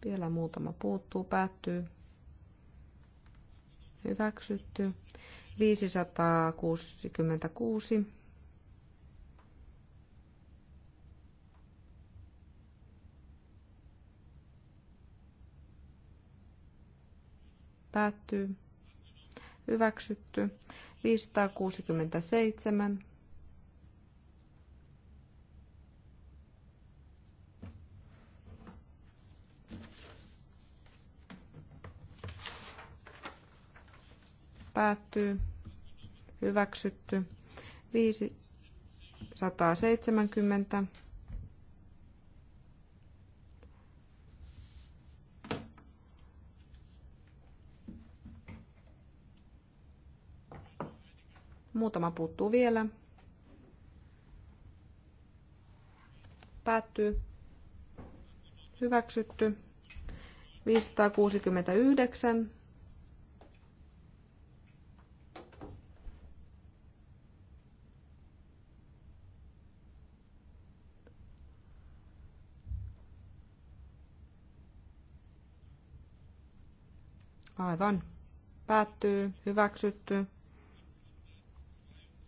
Vielä muutama puuttuu, päättyy. Hyväksytty. 566. päättyy, hyväksytty, 567, päättyy, hyväksytty, 570, Muutama puuttuu vielä. Päättyy. Hyväksytty. 569. Aivan. Päättyy. Hyväksytty.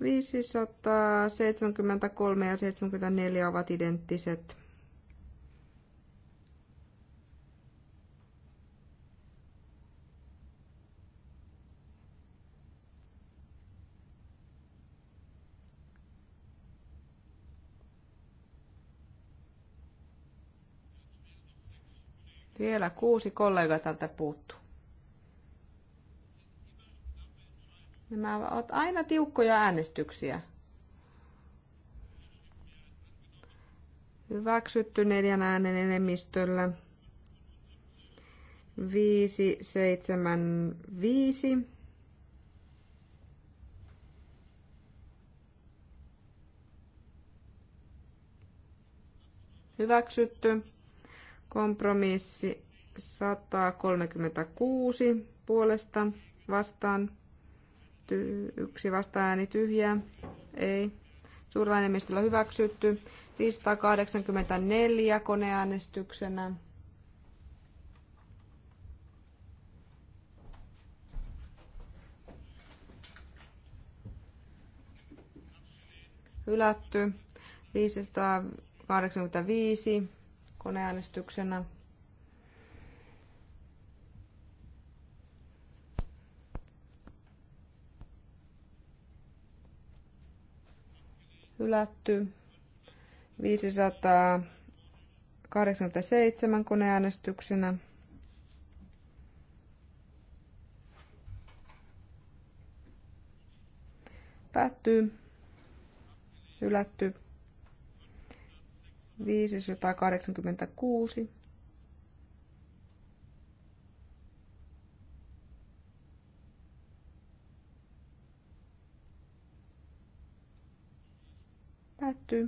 573 ja 74 ovat identtiset. Vielä kuusi kollegaa tältä puuttuu. Nämä ovat aina tiukkoja äänestyksiä. Hyväksytty neljän äänen enemmistöllä. 5, 7, 5. Hyväksytty. Kompromissi 136 puolesta vastaan yksi Yksi vastaääni tyhjää. Ei. Suurella enemmistöllä hyväksytty. 584 koneäänestyksenä. Hylätty. 585 koneäänestyksenä. hylätty. 587 koneäänestyksenä. Päättyy. Hylätty. 586 Hylätty.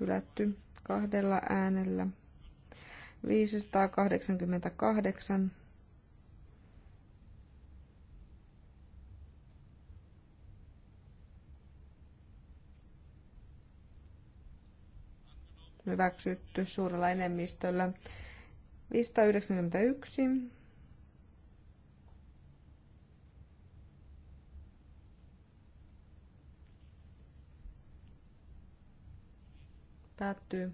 Hylätty kahdella äänellä. 588. Hyväksytty suurella enemmistöllä. 591. Päättyy.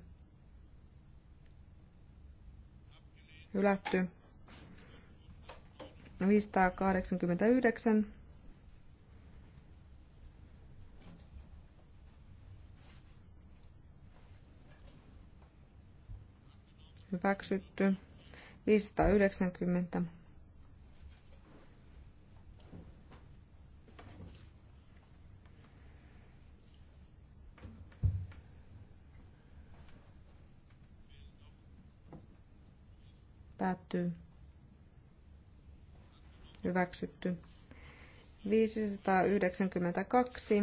Hylätty. 589. Hyväksytty. 590. Päättyy. Hyväksytty. 592.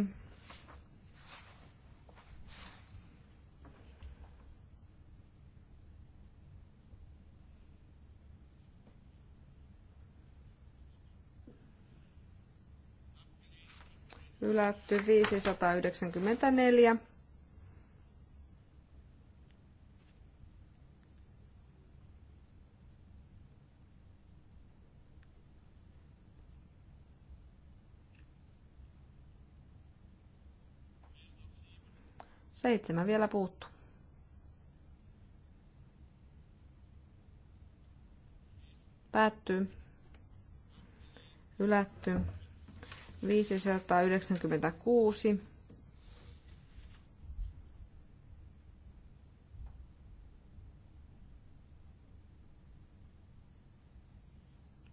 Ylätty 594. Seitsemän vielä puuttuu. Päättyy. Ylätty. 596.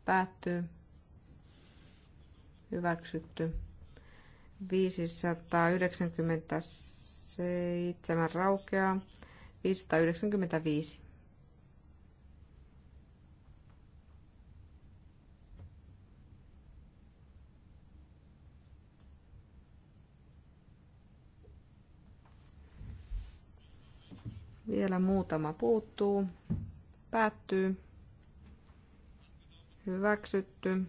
Päättyy. Hyväksytty. 597 seitsemän raukeaa. 595. Vielä muutama puuttuu. Päättyy. Hyväksytty.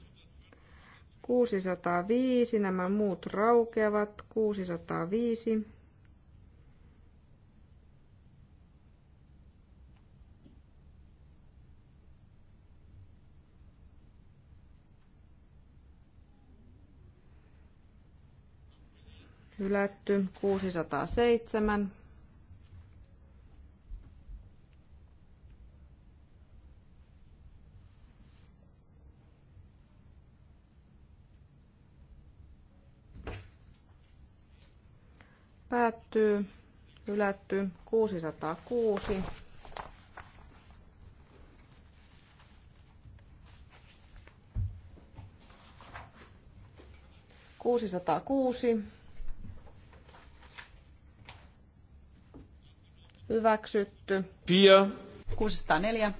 605. Nämä muut raukeavat. 605. hylätty 607. Päättyy, hylätty 606. kuusi. Hyväksytty. Pia. 604.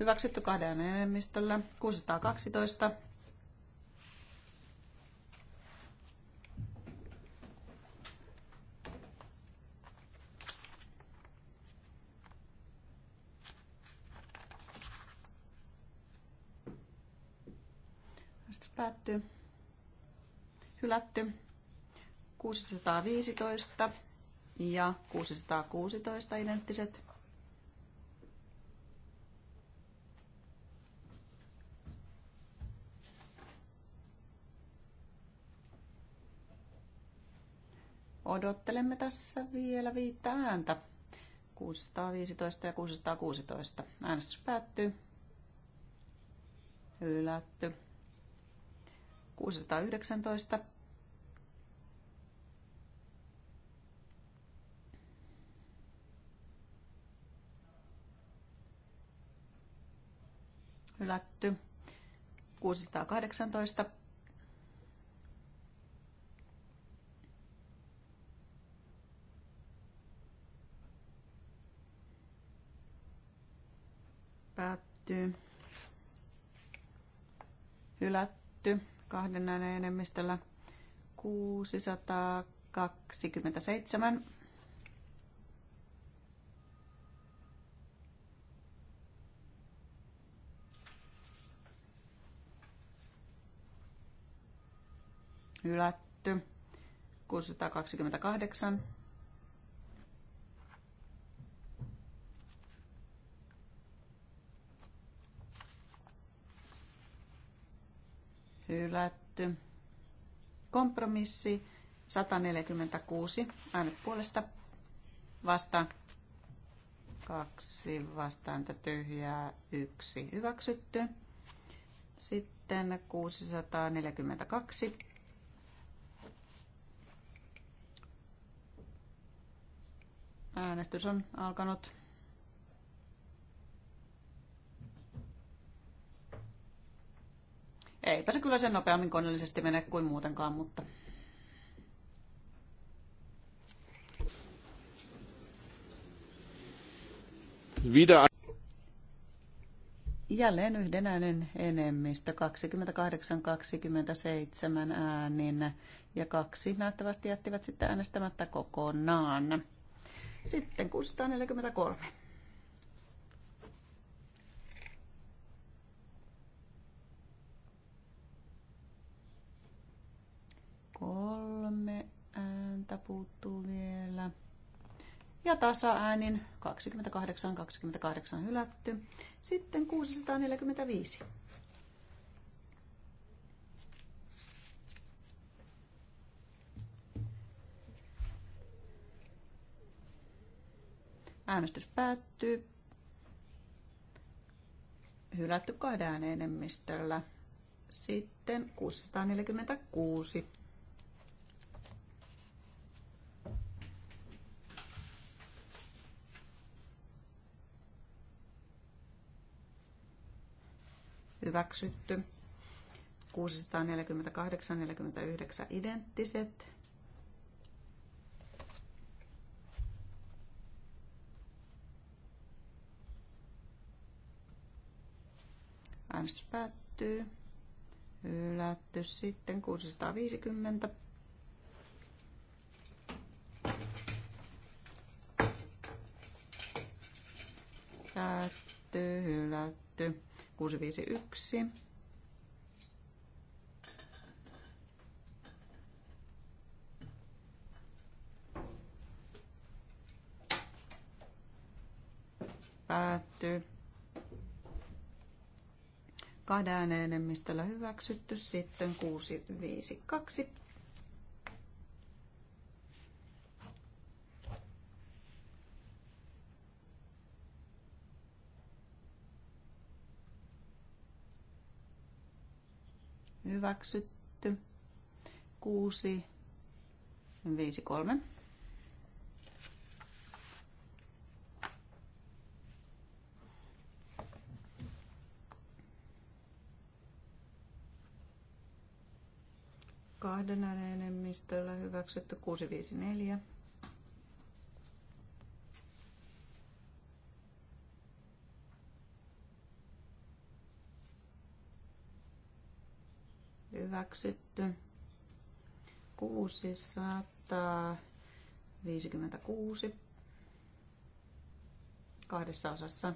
Hyväksytty kahden enemmistöllä. 612. hylätty. 615 ja 616 identtiset. Odottelemme tässä vielä viittä ääntä. 615 ja 616. Äänestys päättyy. Hylätty. 619 hylätty. 618 päättyy. Hylätty kahden enemmistöllä 627. hylätty. 628. Hylätty. Kompromissi 146. Äänet puolesta vasta kaksi vastaanta tyhjää, yksi hyväksytty. Sitten 642 Äänestys on alkanut. Eipä se kyllä sen nopeammin koneellisesti mene kuin muutenkaan, mutta... Wieder Jälleen yhden äänen enemmistö, 28-27 äänin ja kaksi näyttävästi jättivät sitten äänestämättä kokonaan. Sitten 643. Kolme ääntä puuttuu vielä. Ja tasa-äänin 28-28 hylätty. Sitten 645. Äänestys päättyy. Hylätty kahden ääneen enemmistöllä. Sitten 646. Hyväksytty. 648-49 identtiset. Äänestys päättyy. Hylätty sitten 650. Päättyy, hylätty. 651. Päättyy kahden ääneen enemmistöllä hyväksytty, sitten 652. Hyväksytty. kuusi viisi kolme kahden äänen enemmistöllä hyväksytty 654. Hyväksytty 656 kahdessa osassa.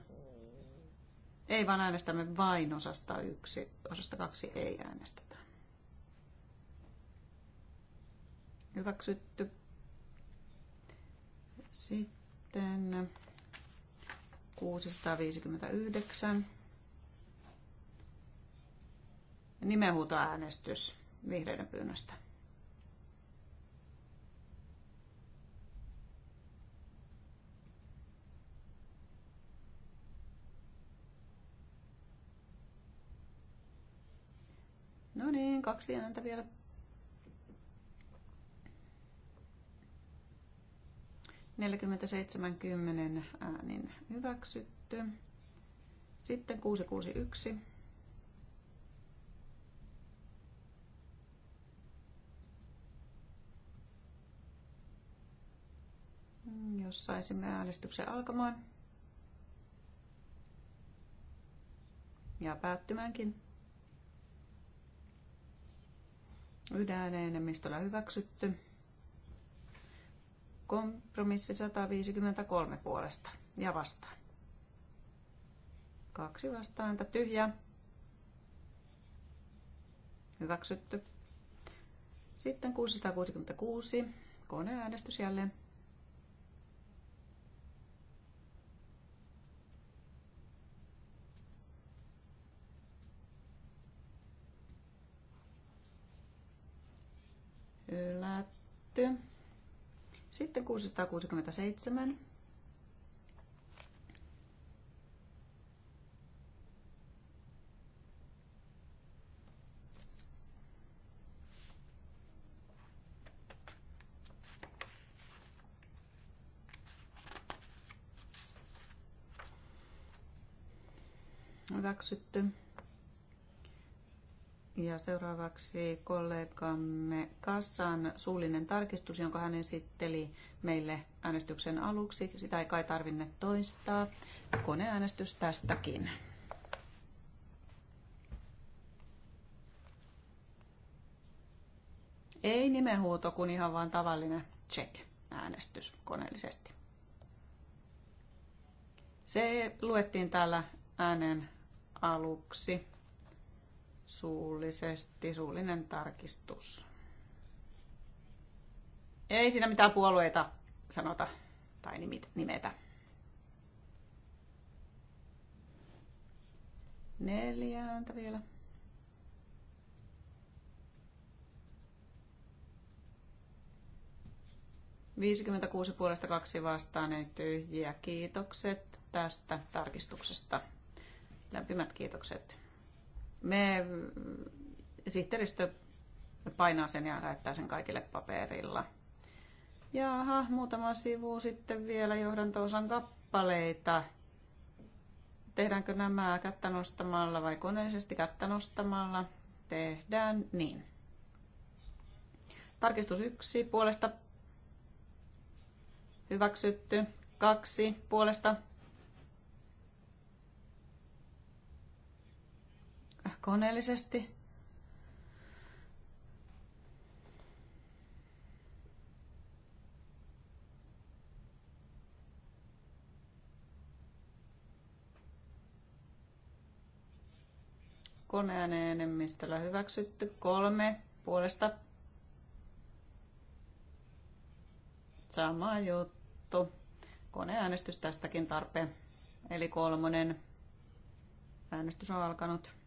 Ei vaan äänestämme vain osasta yksi, osasta kaksi ei äänestä. hyväksytty. Sitten 659. Nimenhuutoäänestys vihreiden pyynnöstä. No niin, kaksi ääntä vielä 47-10 äänin hyväksytty. Sitten 661. Jos saisimme äänestyksen alkamaan. Ja päättymäänkin. Yhden äänen enemmistöllä hyväksytty. Kompromissi 153 puolesta ja vastaan. Kaksi että tyhjä. Hyväksytty. Sitten 666. Koneäänestys jälleen. Hylätty. Sitten 667. Hyväksytty. Ja seuraavaksi kollegamme Kassan suullinen tarkistus, jonka hän esitteli meille äänestyksen aluksi. Sitä ei kai tarvinne toistaa. Koneäänestys tästäkin. Ei nimenhuuto, kun ihan vaan tavallinen check-äänestys koneellisesti. Se luettiin täällä äänen aluksi suullisesti, suullinen tarkistus. Ei siinä mitään puolueita sanota tai nimetä. Neljä ääntä vielä. Viisikymmentäkuusi puolesta kaksi vastaan ei tyhjiä. Kiitokset tästä tarkistuksesta. Lämpimät kiitokset. Me sihteeristö painaa sen ja lähettää sen kaikille paperilla. Jaha, muutama sivu sitten vielä johdantoosan kappaleita. Tehdäänkö nämä kättä nostamalla vai koneellisesti kättä nostamalla? Tehdään niin. Tarkistus 1 puolesta hyväksytty, 2 puolesta koneellisesti. Koneäänen enemmistöllä hyväksytty. Kolme puolesta. Sama juttu. Koneäänestys tästäkin tarpeen. Eli kolmonen. Äänestys on alkanut.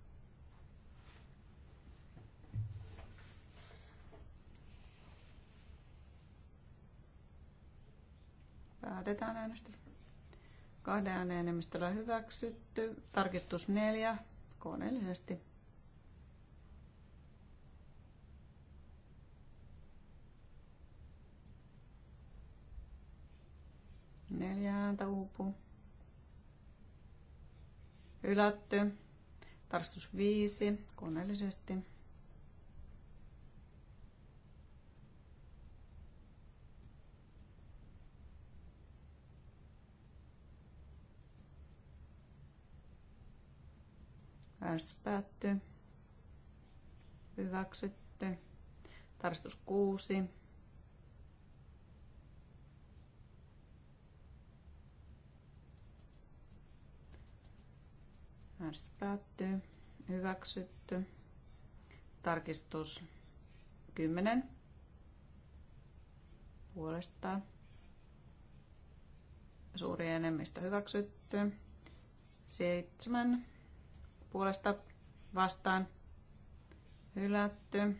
Päätetään äänestys. Kahden ääneen enemmistöllä hyväksytty. Tarkistus neljä koneellisesti. Neljä ääntä uupuu. Hylätty. Tarkistus viisi koneellisesti. S päättyy. Hyväksytty. Tarkistus 6. S päättyy. Hyväksytty. Tarkistus 10. Puolesta. Suuri enemmistö hyväksytty. 7 puolesta vastaan hylätty.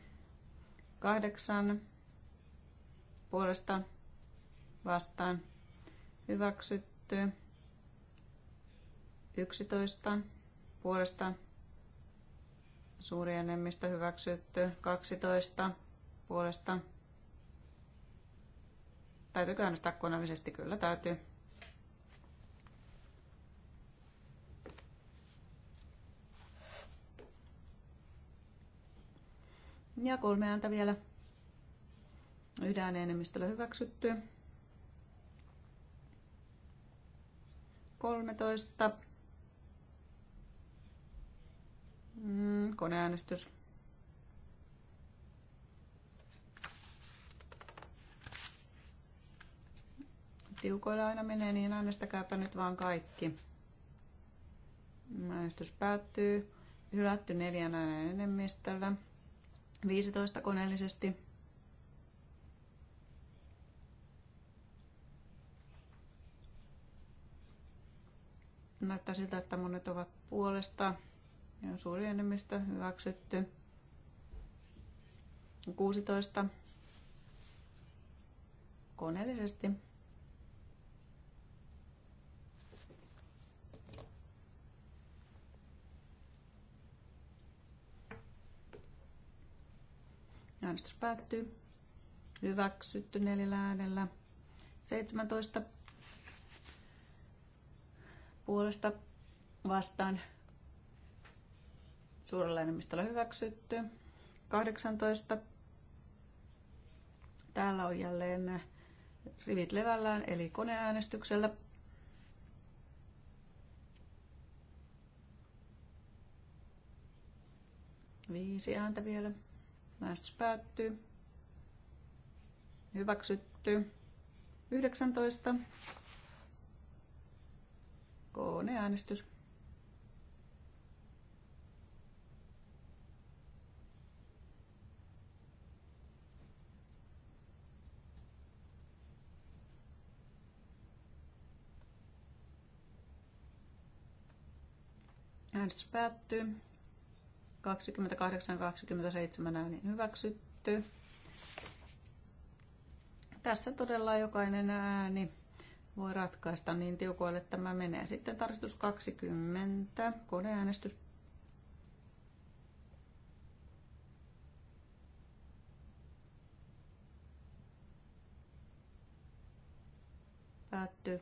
Kahdeksan puolesta vastaan hyväksytty. Yksitoista puolesta suuri enemmistö hyväksytty. Kaksitoista puolesta. Täytyykö äänestää koneellisesti? Kyllä täytyy. Ja kolme ääntä vielä. Yhden äänen enemmistöllä hyväksytty. 13. Mm, koneäänestys. Tiukoilla aina menee, niin äänestäkääpä nyt vaan kaikki. Äänestys päättyy. Hylätty neljän äänen enemmistöllä. 15 koneellisesti. Näyttää siltä, että monet ovat puolesta. Ne on suuri enemmistö hyväksytty. 16 koneellisesti. Äänestys päättyy. Hyväksytty neljällä äänellä. 17 puolesta vastaan. Suurella enemmistöllä hyväksytty. 18. Täällä on jälleen rivit levällään, eli koneäänestyksellä. Viisi ääntä vielä. Äänestys päättyy. Hyväksytty. 19. äänestys. Äänestys päättyy. 28-27 äänin hyväksytty. Tässä todella jokainen ääni voi ratkaista niin tiukoille että tämä menee. Sitten tarkistus 20, koneäänestys päättyy.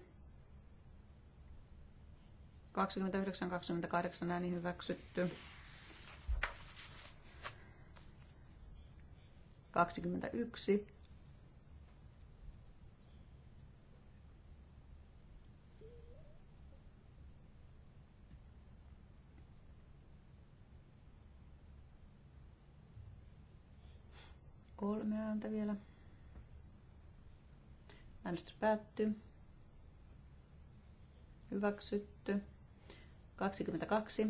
29-28 ääni hyväksytty. 21. Kolme ääntä vielä. Äänestys päättyy. Hyväksytty. 22.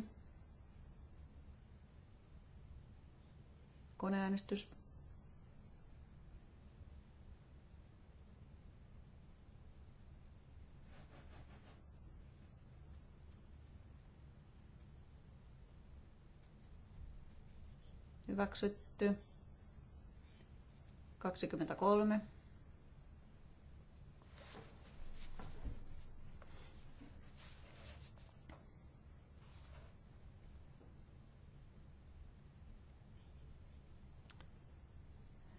Koneäänestys. hyväksytty. 23.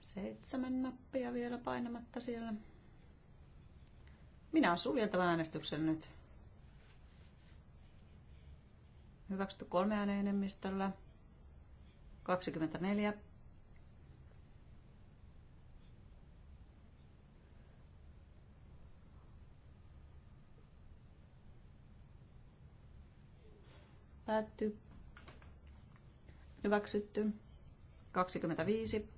Seitsemän nappia vielä painamatta siellä. Minä suljen tämän äänestyksen nyt. Hyväksytty kolme ääneen enemmistöllä. 24. Päätty. Hyväksytty. 25.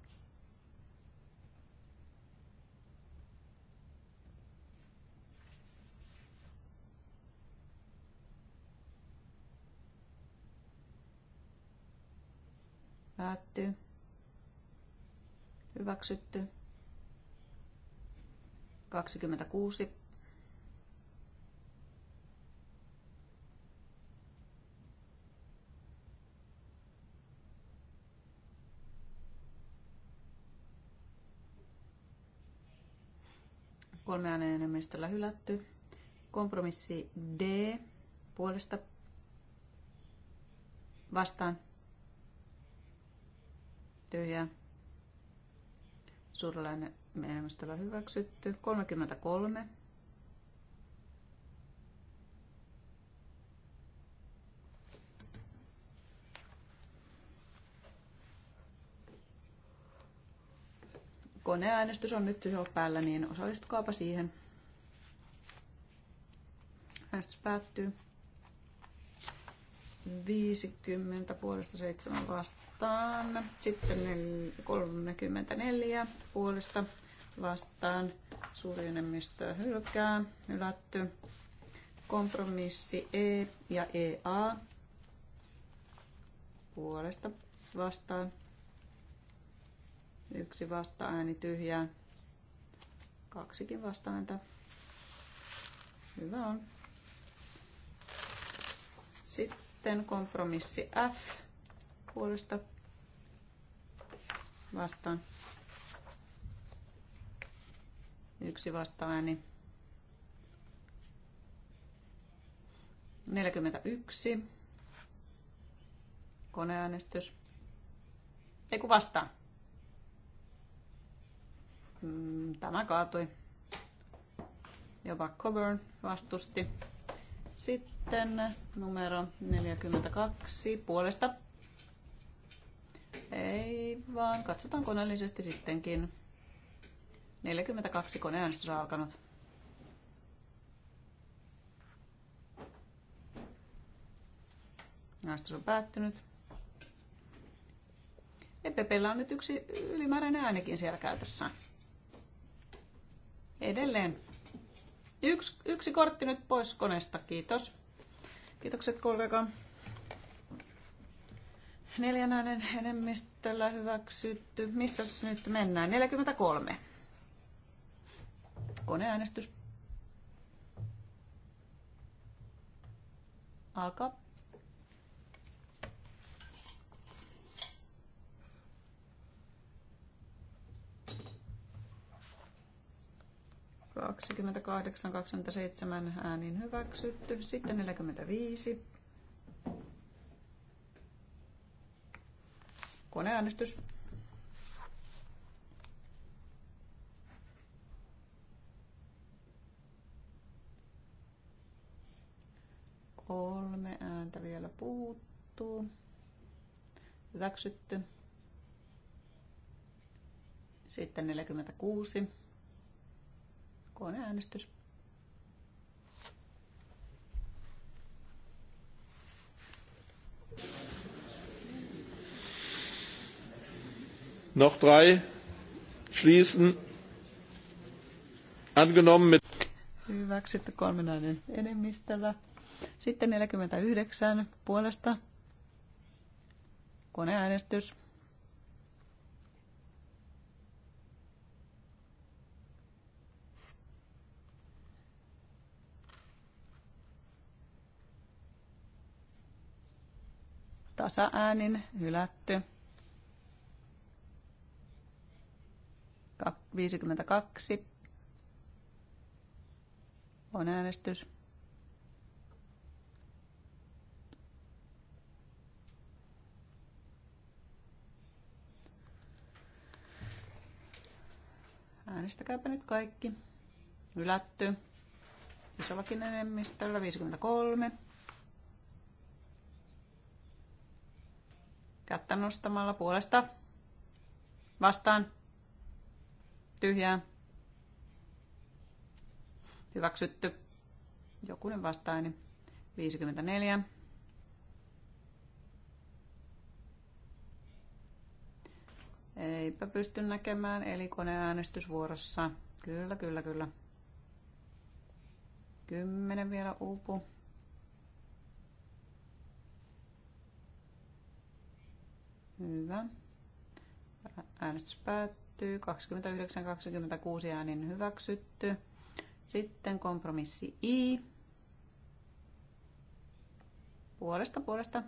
Päättyy. Hyväksytty. 26. Kolme ääneen enemmistöllä hylätty. Kompromissi D puolesta vastaan tyhjä. Suurelainen enemmistöllä hyväksytty. 33. Koneäänestys on nyt jo päällä, niin osallistukaapa siihen. Äänestys päättyy. 50 puolesta 7 vastaan. Sitten 34 niin puolesta vastaan. Suuri enemmistö hylkää, hylätty. Kompromissi E ja EA puolesta vastaan. Yksi vasta-ääni tyhjää. Kaksikin vasta-ääntä. Hyvä on. Sitten sitten kompromissi F puolesta vastaan. Yksi vastaääni. 41. Koneäänestys. Ei kun vastaan. Mm, tämä kaatui. Jopa Coburn vastusti. Sitten sitten numero 42 puolesta. Ei vaan, katsotaan koneellisesti sittenkin. 42 koneäänestys on alkanut. Äänestys on päättynyt. EPPllä on nyt yksi ylimääräinen äänikin siellä käytössä. Edelleen. Yksi, yksi kortti nyt pois koneesta, kiitos. Kiitokset kollega. Neljänäinen enemmistöllä hyväksytty. Missä nyt mennään? 43. Koneäänestys alkaa. 28, 27 äänin hyväksytty. Sitten 45. Koneäänestys. Kolme ääntä vielä puuttuu. Hyväksytty. Sitten 46. Koneäänestys. Noch drei. Schließen. Angenommen mit... Hyväksytty kolmenainen enemmistöllä. Sitten 49 puolesta. Koneäänestys. tasaäänin hylätty. 52 on äänestys. Äänestäkääpä nyt kaikki. Hylätty. Isollakin enemmistöllä 53. kättä nostamalla puolesta vastaan tyhjää hyväksytty jokunen vastainen 54 Eipä pysty näkemään, eli koneäänestysvuorossa. Kyllä, kyllä, kyllä. Kymmenen vielä uupuu. Hyvä. Äänestys päättyy. 29-26 äänin hyväksytty. Sitten kompromissi I. Puolesta puolesta.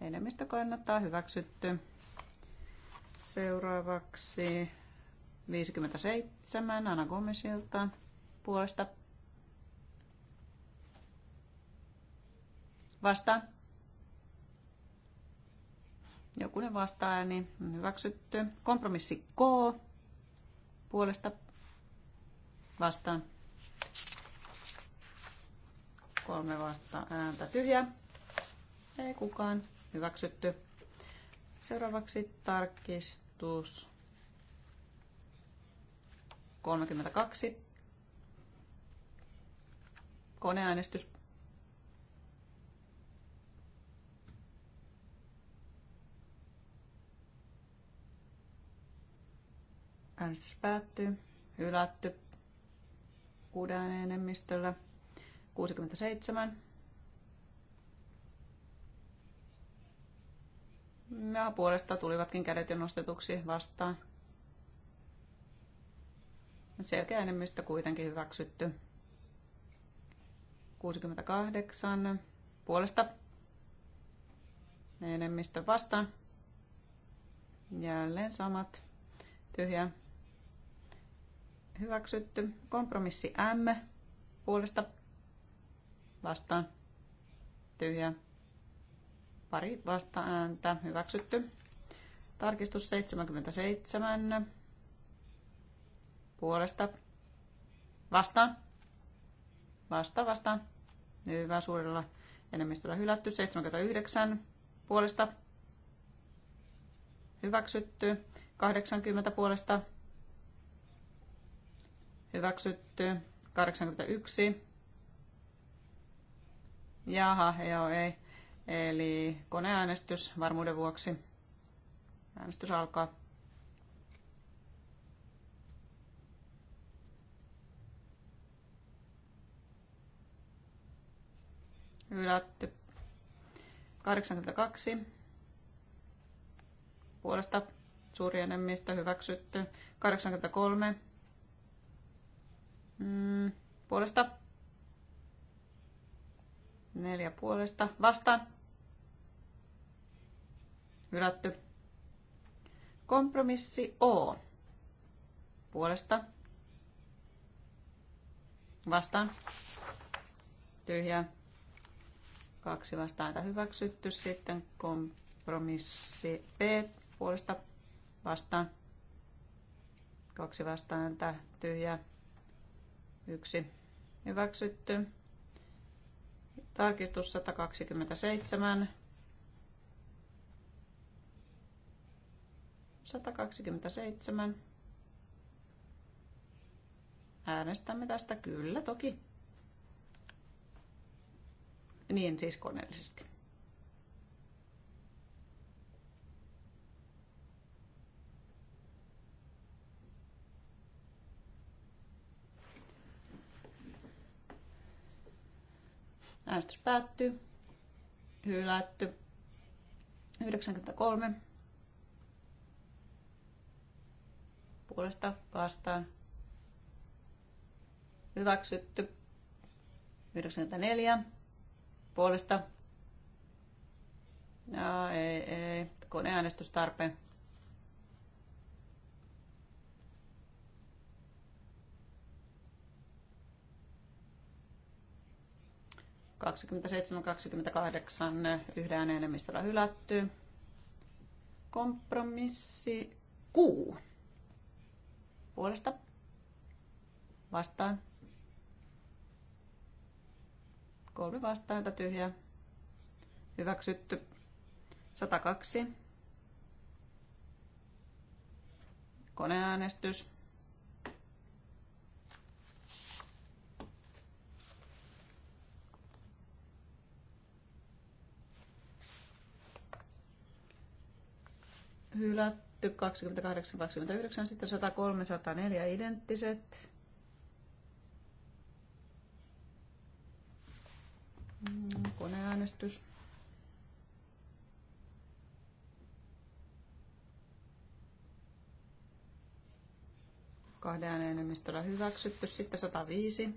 Enemmistö kannattaa hyväksytty. Seuraavaksi 57 Anna Gomesilta puolesta. Vastaan jokunen vastaa, niin hyväksytty. Kompromissi K puolesta vastaan. Kolme vasta ääntä tyhjä. Ei kukaan. Hyväksytty. Seuraavaksi tarkistus 32. Koneäänestys Äänestys päättyy. Hylätty. Kuuden enemmistöllä. 67. Ja puolesta tulivatkin kädet jo nostetuksi vastaan. Selkeä enemmistö kuitenkin hyväksytty. 68 puolesta enemmistö vastaan. Jälleen samat. Tyhjä hyväksytty. Kompromissi M puolesta vastaan tyhjä Pari vasta ääntä hyväksytty. Tarkistus 77 puolesta vastaan. Vasta vastaan. Hyvä suurella enemmistöllä hylätty. 79 puolesta hyväksytty. 80 puolesta hyväksytty. 81. Jaha, joo ei. Eli koneäänestys varmuuden vuoksi. Äänestys alkaa. Hylätty. 82. Puolesta suuri enemmistö hyväksytty. 83 Mm, puolesta. Neljä puolesta. Vastaan. Hylätty. Kompromissi O. Puolesta. Vastaan. tyhjä Kaksi vastaanta hyväksytty. Sitten kompromissi B. Puolesta. Vastaan. Kaksi vastaanta tyhjää Yksi hyväksytty. Tarkistus 127. 127. Äänestämme tästä kyllä toki. Niin siis koneellisesti. Äänestys päättyy. Hylätty. 93. Puolesta vastaan. Hyväksytty. 94. Puolesta. Ja, ei, ei. Koneäänestystarpeen. 27-28 yhdään enemmistöllä hylätty. Kompromissi Q. Puolesta. Vastaan. Kolme vastaanta tyhjä Hyväksytty. 102. Koneäänestys. hylätty 28-29, sitten 103-104 identtiset. Mm, koneäänestys. Kahden äänen enemmistöllä hyväksytty. Sitten 105.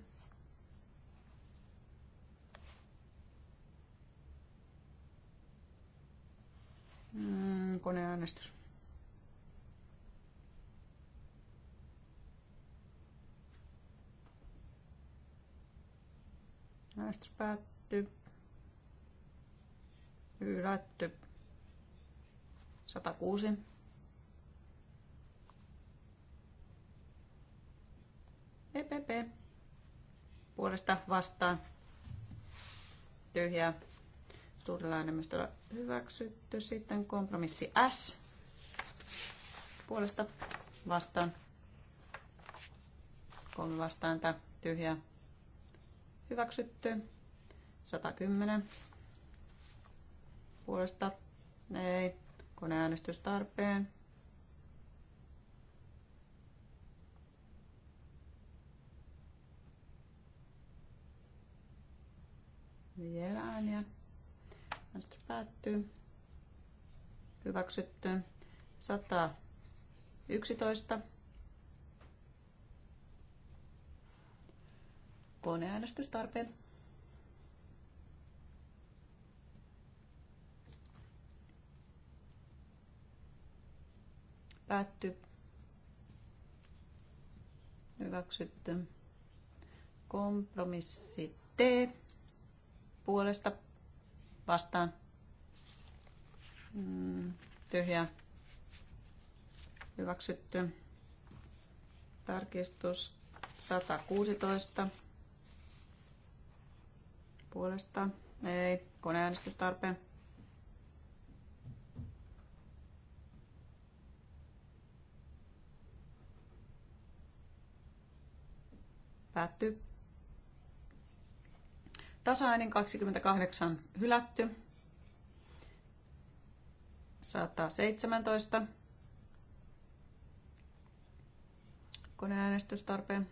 Mm, koneäänestys. Äänestys päättyy. Hylätty. 106. PPP. Puolesta vastaan. Tyhjää suurella enemmistöllä hyväksytty. Sitten kompromissi S puolesta vastaan. Kolme vastaan tämä tyhjä hyväksytty. 110 puolesta ei koneäänestys tarpeen. Vielä ääniä päättyy. Hyväksytty. 111. Koneäänestystarpeen. tarpeen. Päättyy. Hyväksytty. Kompromissi T puolesta vastaan Mm, tyhjä hyväksytty. Tarkistus 116 puolesta. Ei, koneäänestystarpeen. Päättyy. Tasainen 28 hylätty. 117. Koneäänestystarpeen.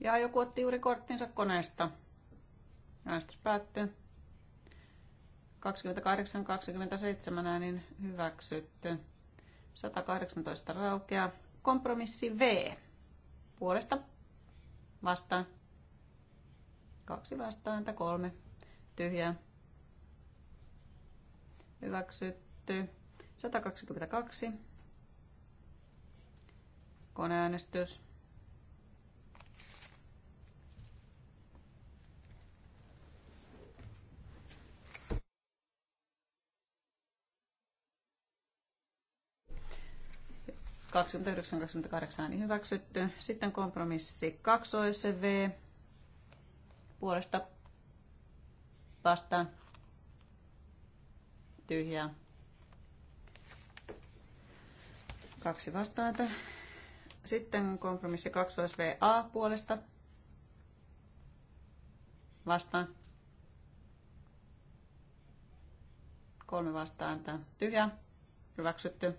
Ja joku otti juuri korttinsa koneesta. Äänestys päättyy. 28-27 äänin hyväksytty. 118 raukeaa kompromissi V. Puolesta vastaan. Kaksi vastaanta, kolme tyhjää. Hyväksytty. 122. Koneäänestys. 29-28 hyväksytty. Sitten kompromissi 2 OSV puolesta vastaan tyhjää. Kaksi vastaanta. Sitten kompromissi 2 OSVA puolesta vastaan. Kolme vastaan Tyhjä. Hyväksytty.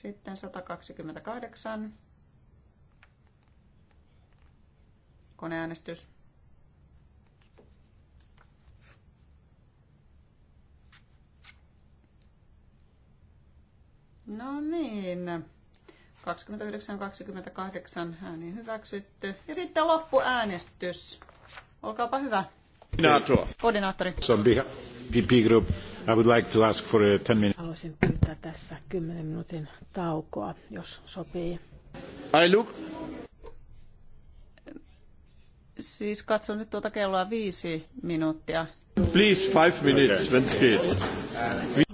Sitten 128. Koneäänestys. No niin. 29-28 ääni hyväksytty. Ja sitten loppuäänestys. Olkaapa hyvä. Koordinaattori. Koordinaattori. PP Group, I would like to ask for a 10 minute. Haluaisin pitää tässä 10 minuutin taukoa, jos sopii. I look. Siis katso nyt tuota kelloa viisi minuuttia. Please five minutes, when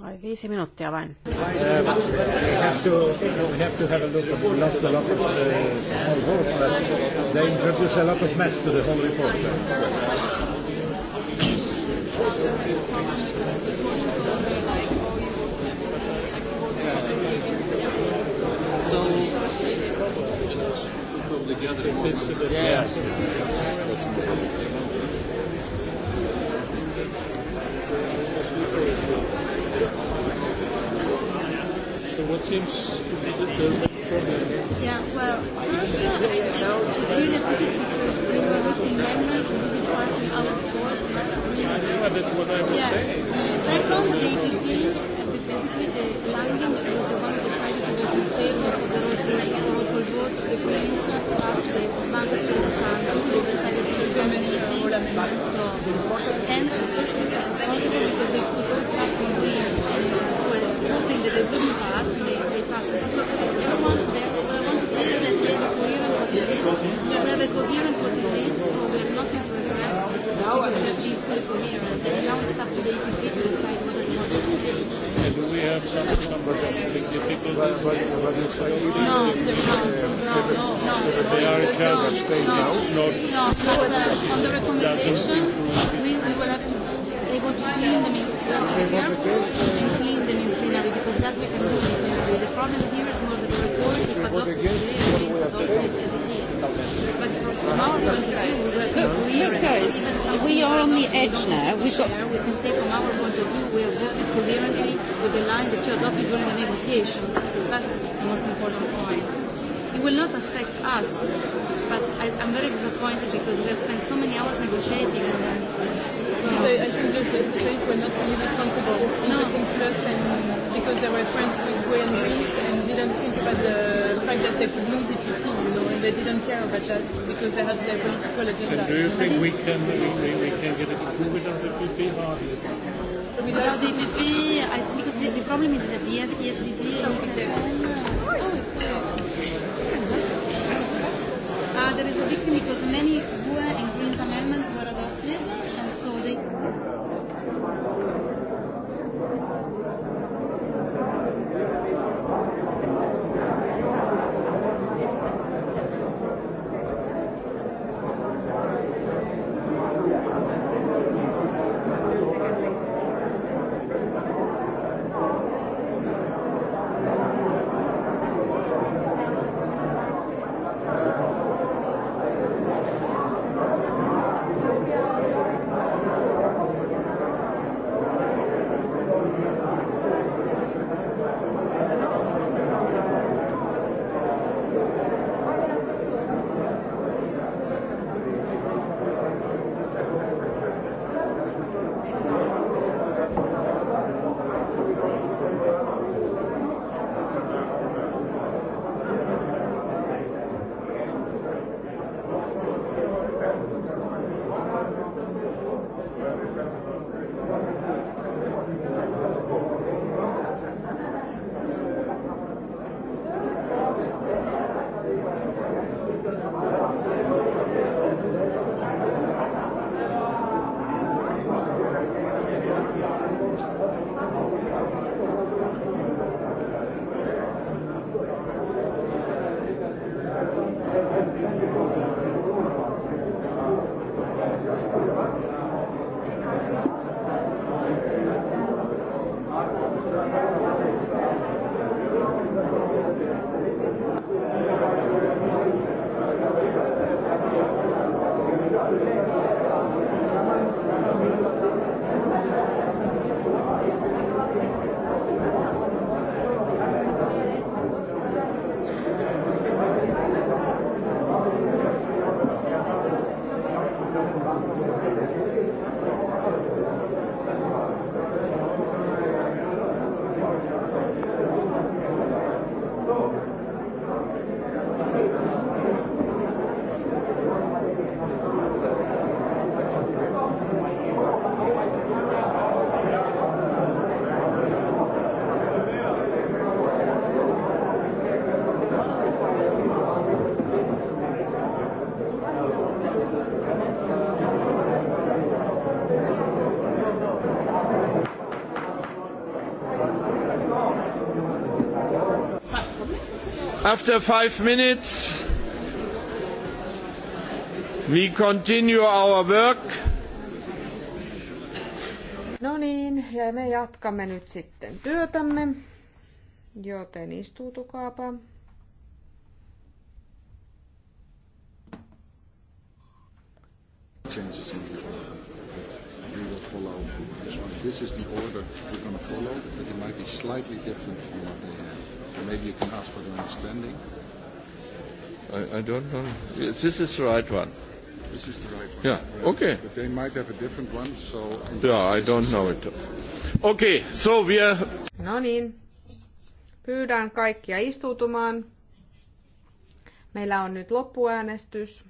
Ai viisi minuuttia vain. Uh, the other. It fits it. Yes. yes. That's important. So what seems to be the, the problem? Yeah, well, first of all, I think it's really big because we were missing members which is part of our board. Yeah, that's what I was yeah. saying. Second, the EPP basically the language is the one decided to be in favor of the resolution for vote to the Korean Guzmán Silva Santos, libertarian German Ola Mendoza, and the socialists are responsible because they put up back in the well, hoping that they wouldn't pass, and they, they passed it. So everyone there, what I want to say is that we have a coherent what it is. We have a coherent what it is, so we have nothing to regret. Now we have been fully coherent, and now it's up to the ATP to decide. Do we have some, some difficulties? But, but, it's like even no, if, uh, no, no, no, they are in charge of staying no, out, no, no, but uh, on the recommendation, we, we will have to able to clean the museum and clean the museum because that we can do in plenary. The problem here is more the report, if adopted, is Look, guys, we are on the edge now. We've got we can say from our point of view we are working coherently with the line that you adopted during the negotiations. That's the most important point it will not affect us. But I, I'm very disappointed because we have spent so many hours negotiating and then. So I think just the socialists were not really responsible. No. In and because they were friends with Gwen Reeves and didn't think about the fact that they could lose if you see, you know, and they didn't care about that because they had their political agenda. And do you think we can, we, we we can get it through without the PP? Or without the PP, I think because the, the problem is that the FDP... Oh, uh, there is a victim because many GUE in Greens amendments were adopted. After five minutes, we continue our work. No niin, ja me jatkamme nyt sitten työtämme, joten istuutukaapa. Changes in the We will follow This is the order we're going to follow, but it might be slightly different from what they Maybe you can ask for the understanding. I, I don't know. Yes, this is the right one. This is the right one. Yeah, right. okay. But they might have a different one, so... Yeah, I don't know it. Okay, so we are... No niin. Pyydän kaikkia istuutumaan. Meillä on nyt loppuäänestys.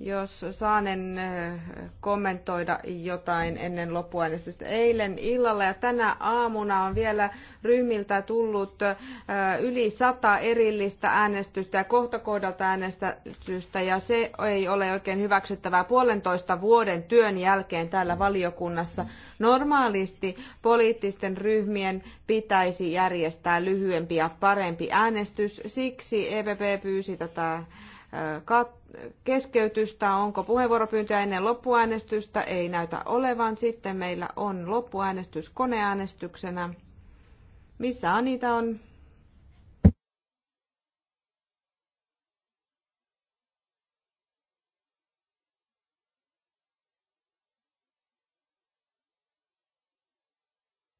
jos saanen kommentoida jotain ennen loppuäänestystä. Eilen illalla ja tänä aamuna on vielä ryhmiltä tullut yli sata erillistä äänestystä ja kohtakohdalta äänestystä ja se ei ole oikein hyväksyttävää puolentoista vuoden työn jälkeen täällä valiokunnassa. Normaalisti poliittisten ryhmien pitäisi järjestää lyhyempi ja parempi äänestys. Siksi EPP pyysi tätä keskeytystä, onko puheenvuoropyyntöjä ennen loppuäänestystä, ei näytä olevan. Sitten meillä on loppuäänestys koneäänestyksenä. Missä Anita on?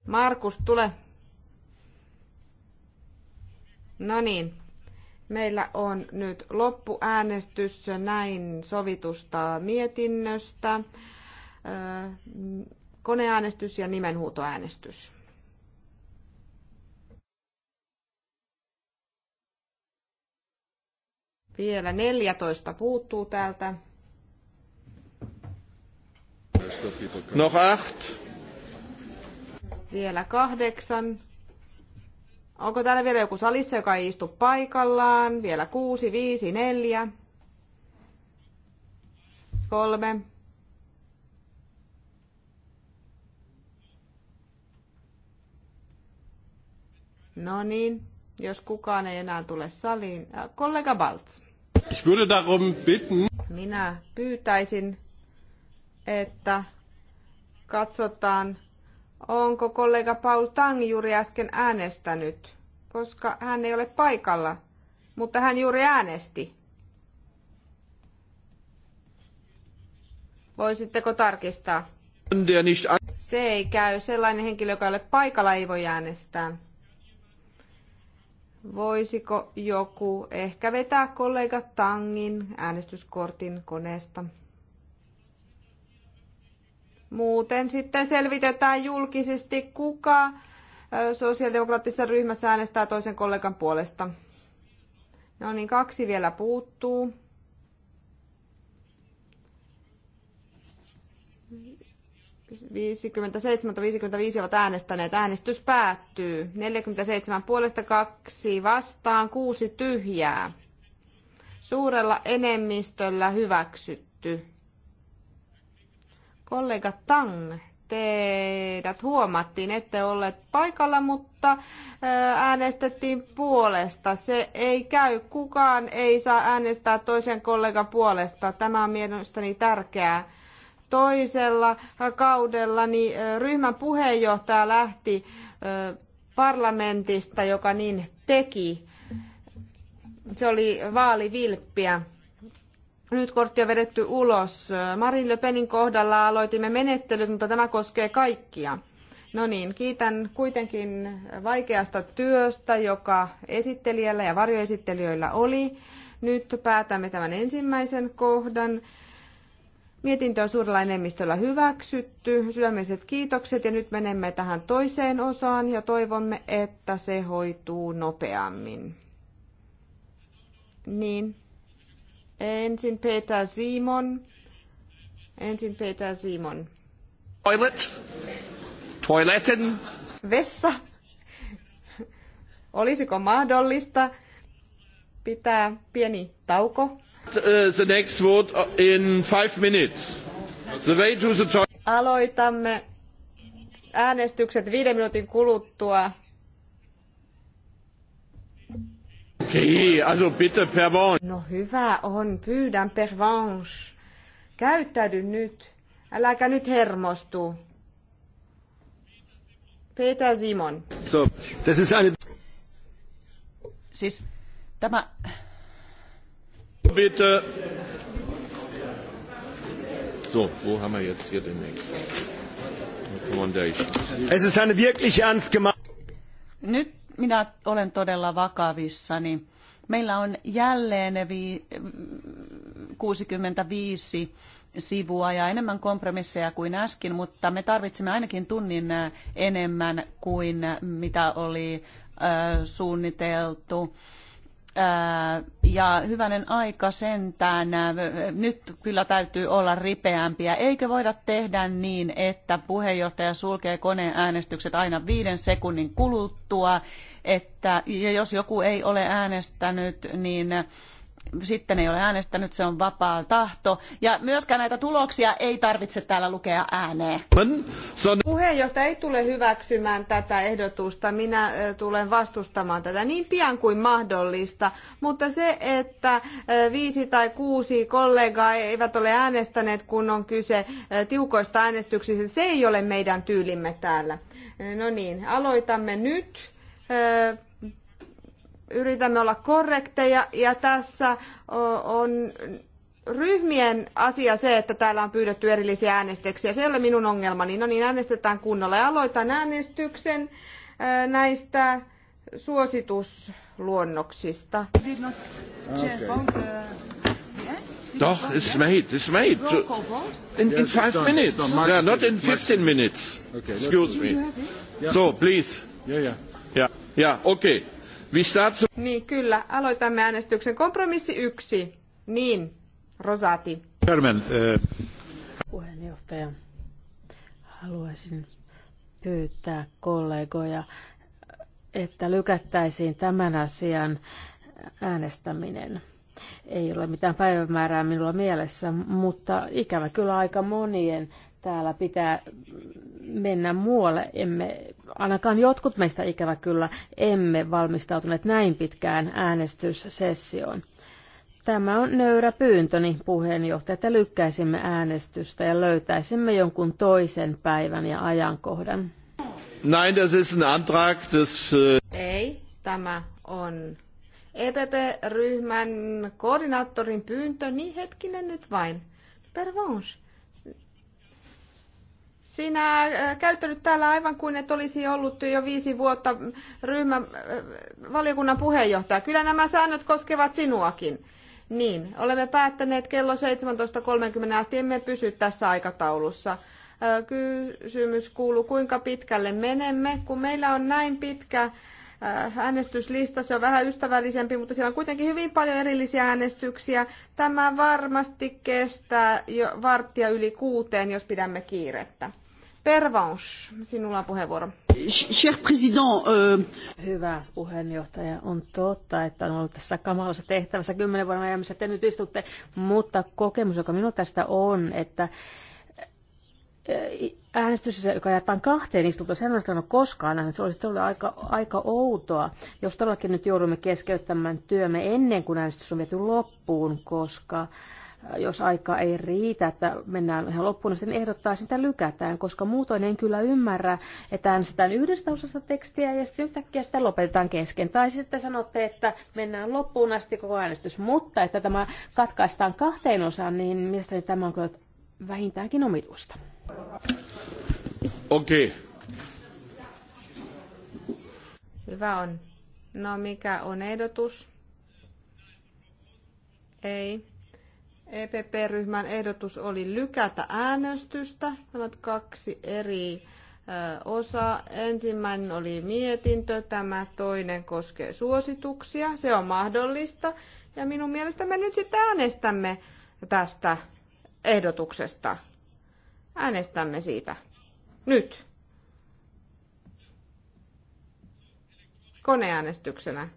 Markus, tule. No niin, Meillä on nyt loppuäänestys näin sovitusta mietinnöstä, koneäänestys ja nimenhuutoäänestys. Vielä 14 puuttuu täältä. Noch acht. Vielä kahdeksan. Onko täällä vielä joku salissa, joka ei istu paikallaan? Vielä kuusi, viisi, neljä, kolme. No niin, jos kukaan ei enää tule saliin. Äh, kollega Baltz. Ich würde darum bitten. Minä pyytäisin, että katsotaan onko kollega Paul Tang juuri äsken äänestänyt, koska hän ei ole paikalla, mutta hän juuri äänesti. Voisitteko tarkistaa? Se ei käy. Sellainen henkilö, joka ei ole paikalla, ei voi äänestää. Voisiko joku ehkä vetää kollega Tangin äänestyskortin koneesta? Muuten sitten selvitetään julkisesti, kuka sosiaalidemokraattisessa ryhmässä äänestää toisen kollegan puolesta. No niin, kaksi vielä puuttuu. viisikymmentäviisi ovat äänestäneet. Äänestys päättyy. 47 puolesta kaksi vastaan, kuusi tyhjää. Suurella enemmistöllä hyväksytty. Kollega Tang, teidät huomattiin, ette olleet paikalla, mutta äänestettiin puolesta. Se ei käy, kukaan ei saa äänestää toisen kollegan puolesta. Tämä on mielestäni tärkeää. Toisella kaudella niin ryhmän puheenjohtaja lähti parlamentista, joka niin teki. Se oli vaalivilppiä nyt kortti on vedetty ulos. Marin Le Penin kohdalla aloitimme menettelyn, mutta tämä koskee kaikkia. No niin, kiitän kuitenkin vaikeasta työstä, joka esittelijällä ja varjoesittelijöillä oli. Nyt päätämme tämän ensimmäisen kohdan. Mietintö on suurella enemmistöllä hyväksytty. Sydämiset kiitokset ja nyt menemme tähän toiseen osaan ja toivomme, että se hoituu nopeammin. Niin, Ensin Peter Simon. Ensin Peter Simon. Toilet. Toiletin. Vessa. Olisiko mahdollista pitää pieni tauko? Uh, the next vote uh, in five minutes. The way to the toilet. Aloitamme äänestykset viiden minuutin kuluttua Okay, also bitte Pervanche. No hyvä on, pyydän Pervanche. Käyttäydy nyt. Äläkä nyt hermostu. Peter Simon. So, this is an... Siis tämä... Bitte. So, wo haben wir jetzt hier den nächsten? Es ist eine wirklich ernst gemacht. Nyt minä olen todella vakavissani. Meillä on jälleen 65 sivua ja enemmän kompromisseja kuin äsken, mutta me tarvitsemme ainakin tunnin äh, enemmän kuin mitä oli äh, suunniteltu. Äh, ja hyvänen aika sentään, nyt kyllä täytyy olla ripeämpiä. Eikö voida tehdä niin, että puheenjohtaja sulkee koneäänestykset aina viiden sekunnin kuluttua että jos joku ei ole äänestänyt, niin sitten ei ole äänestänyt, se on vapaa tahto. Ja myöskään näitä tuloksia ei tarvitse täällä lukea ääneen. Puheenjohtaja ei tule hyväksymään tätä ehdotusta. Minä tulen vastustamaan tätä niin pian kuin mahdollista. Mutta se, että viisi tai kuusi kollegaa eivät ole äänestäneet, kun on kyse tiukoista äänestyksistä, se ei ole meidän tyylimme täällä. No niin, aloitamme nyt yritämme olla korrekteja ja tässä on ryhmien asia se, että täällä on pyydetty erillisiä äänestyksiä. Se ei ole minun ongelmani. No niin, äänestetään kunnolla. Ja aloitan äänestyksen näistä suositusluonnoksista. Doch, it's made, it's made. In, in five minutes. Yeah, not in 15 minutes. Excuse me. So, please. Yeah, yeah. Ja, ja, okei. Okay. Niin, kyllä. Aloitamme äänestyksen. Kompromissi yksi. Niin, Rosati. Chairman, uh... Puheenjohtaja, haluaisin pyytää kollegoja, että lykättäisiin tämän asian äänestäminen. Ei ole mitään päivämäärää minulla mielessä, mutta ikävä kyllä aika monien täällä pitää mennä muualle. Emme ainakaan jotkut meistä ikävä kyllä emme valmistautuneet näin pitkään äänestyssessioon. Tämä on nöyrä pyyntöni puheenjohtaja, että lykkäisimme äänestystä ja löytäisimme jonkun toisen päivän ja ajankohdan. Nein, das ist ein Antrag das... Äh, Ei, tämä on EPP-ryhmän koordinaattorin pyyntö, niin hetkinen nyt vain. Pervanche, sinä äh, käyttänyt täällä aivan kuin et olisi ollut jo viisi vuotta ryhmän äh, valiokunnan puheenjohtaja. Kyllä nämä säännöt koskevat sinuakin. Niin, olemme päättäneet kello 17.30 asti emme pysy tässä aikataulussa. Äh, kysymys kuuluu, kuinka pitkälle menemme, kun meillä on näin pitkä Äh, äänestyslista. Se on vähän ystävällisempi, mutta siellä on kuitenkin hyvin paljon erillisiä äänestyksiä. Tämä varmasti kestää jo varttia yli kuuteen, jos pidämme kiirettä. Pervanche, sinulla on puheenvuoro. Cher euh- Hyvä puheenjohtaja, on totta, että on ollut tässä kamalassa tehtävässä kymmenen vuoden ajan, missä te nyt istutte, mutta kokemus, joka minulla tästä on, että äänestys, joka jaetaan kahteen istuntoon, sellaista on koskaan nähnyt. Se olisi todella aika, aika outoa, jos todellakin nyt joudumme keskeyttämään työmme ennen kuin äänestys on viety loppuun, koska jos aika ei riitä, että mennään ihan loppuun, niin sen ehdottaa sitä lykätään, koska muutoin en kyllä ymmärrä, että äänestetään yhdestä osasta tekstiä ja sitten yhtäkkiä sitä lopetetaan kesken. Tai sitten sanotte, että mennään loppuun asti koko äänestys, mutta että tämä katkaistaan kahteen osaan, niin mielestäni tämä on kyllä vähintäänkin omituista. Okei. Hyvä on. No mikä on ehdotus? Ei. EPP-ryhmän ehdotus oli lykätä äänestystä. Nämä ovat kaksi eri osa. Ensimmäinen oli mietintö, tämä toinen koskee suosituksia. Se on mahdollista. Ja minun mielestä me nyt sitten äänestämme tästä ehdotuksesta. Äänestämme siitä. Nyt. Koneäänestyksenä.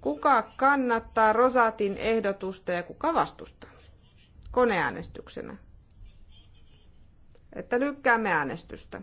Kuka kannattaa Rosatin ehdotusta ja kuka vastustaa? Koneäänestyksenä. Että lykkäämme äänestystä.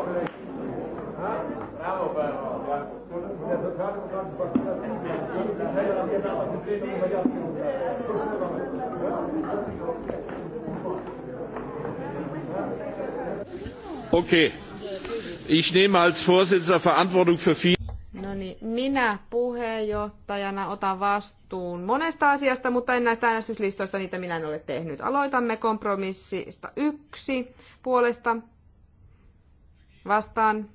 Okay. Ich nehme als Vorsitzender Verantwortung für viel. No niin, minä puheenjohtajana otan vastuun monesta asiasta, mutta en näistä äänestyslistoista, niitä minä en ole tehnyt. Aloitamme kompromissista yksi puolesta vastaan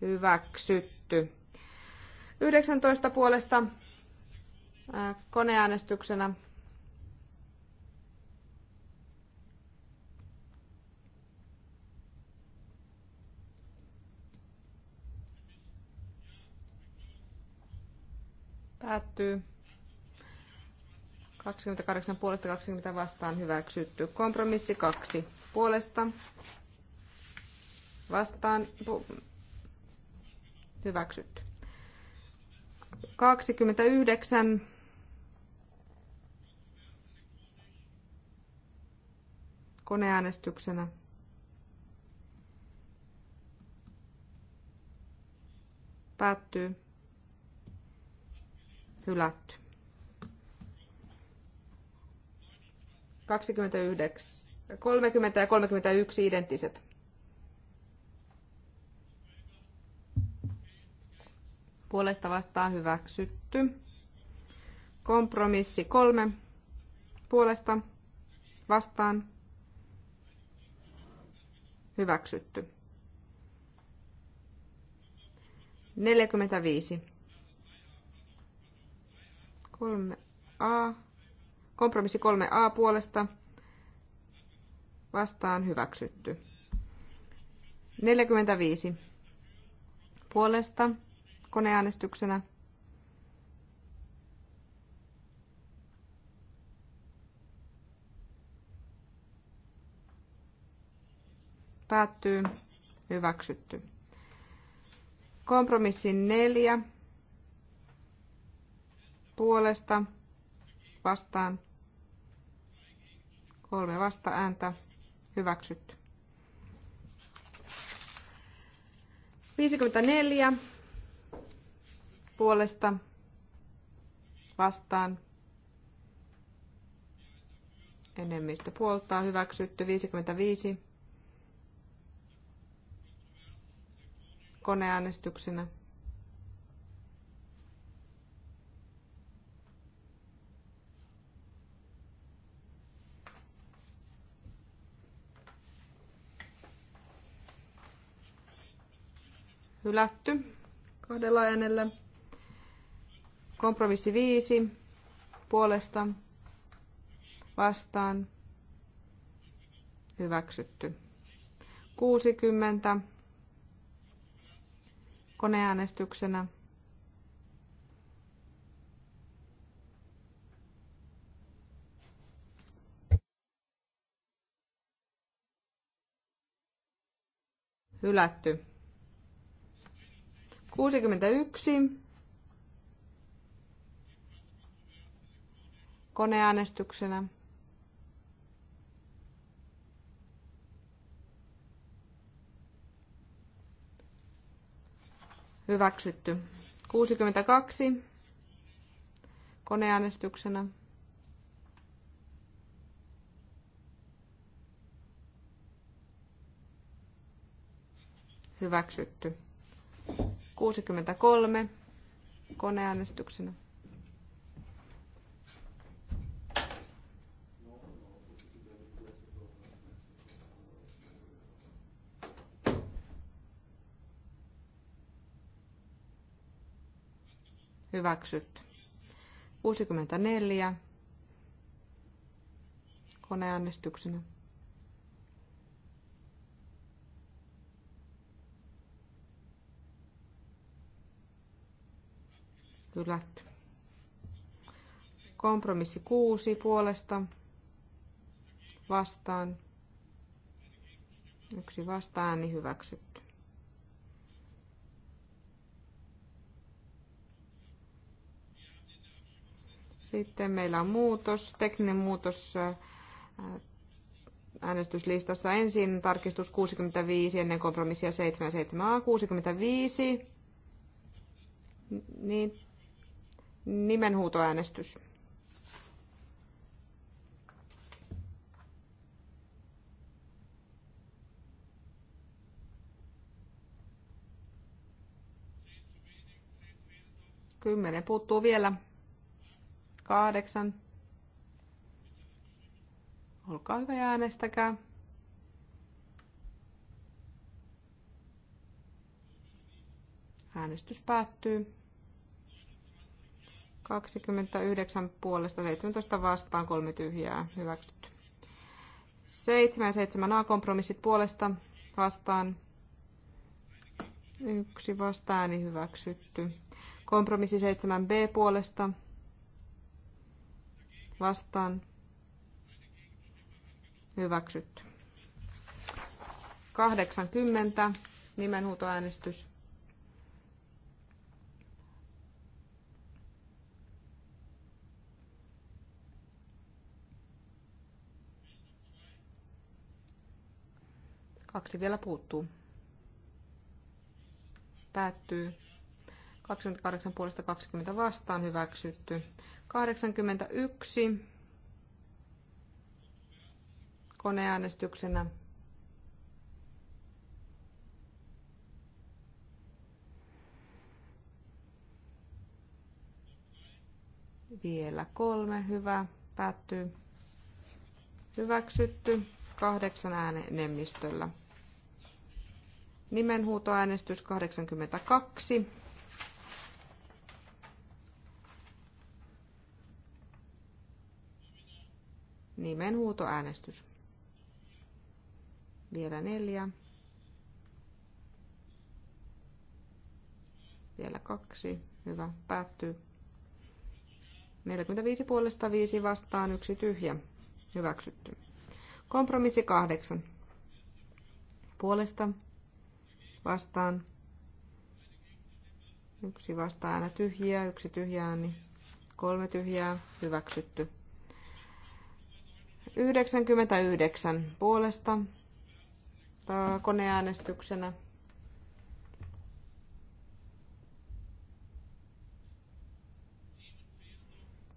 hyväksytty. 19 puolesta koneäänestyksenä. Päättyy. 28 puolesta 20 vastaan hyväksytty. Kompromissi 2 puolesta vastaan hyväksytty. 29 koneäänestyksenä. Päättyy. Hylätty. 29, 30 ja 31 identtiset. puolesta vastaan hyväksytty. Kompromissi kolme puolesta vastaan hyväksytty. 45. 3a. Kompromissi 3a puolesta vastaan hyväksytty. 45. Puolesta koneäänestyksenä. Päättyy. Hyväksytty. Kompromissi neljä. Puolesta vastaan. Kolme vasta ääntä. Hyväksytty. 54 puolesta vastaan. Enemmistö puoltaa hyväksytty 55 koneäänestyksenä. Hylätty kahdella äänellä. Kompromissi viisi, puolesta vastaan hyväksytty. 60 koneäänestyksenä. Hylätty. 61 koneäänestyksenä. Hyväksytty. 62 koneäänestyksenä. Hyväksytty. 63 koneäänestyksenä. hyväksyt. 64 koneäänestyksenä. Hylätty. Kompromissi 6 puolesta vastaan. Yksi vastaani hyväksytty. Sitten meillä on muutos, tekninen muutos äh, äänestyslistassa. Ensin tarkistus 65 ennen kompromissia 77a. 65. Niin, nimenhuutoäänestys. Kymmenen puuttuu vielä kahdeksan. Olkaa hyvä ja äänestäkää. Äänestys päättyy. 29 puolesta 17 vastaan, kolme tyhjää hyväksytty. 7 ja 7 A-kompromissit puolesta vastaan, yksi vastaani hyväksytty. Kompromissi 7 B puolesta vastaan hyväksytty. 80 nimenhuutoäänestys. Kaksi vielä puuttuu. Päättyy. 28 puolesta 20 vastaan hyväksytty. 81 koneäänestyksenä. Vielä kolme, hyvä, päättyy. Hyväksytty kahdeksan äänenemmistöllä. Nimenhuutoäänestys 82. Nimenhuutoäänestys. Vielä neljä. Vielä kaksi. Hyvä. Päättyy. 45 puolesta 5 vastaan, yksi tyhjä. Hyväksytty. Kompromissi kahdeksan. Puolesta vastaan. Yksi vastaan aina tyhjiä, yksi tyhjää, niin kolme tyhjää, hyväksytty. 99 puolesta koneäänestyksenä.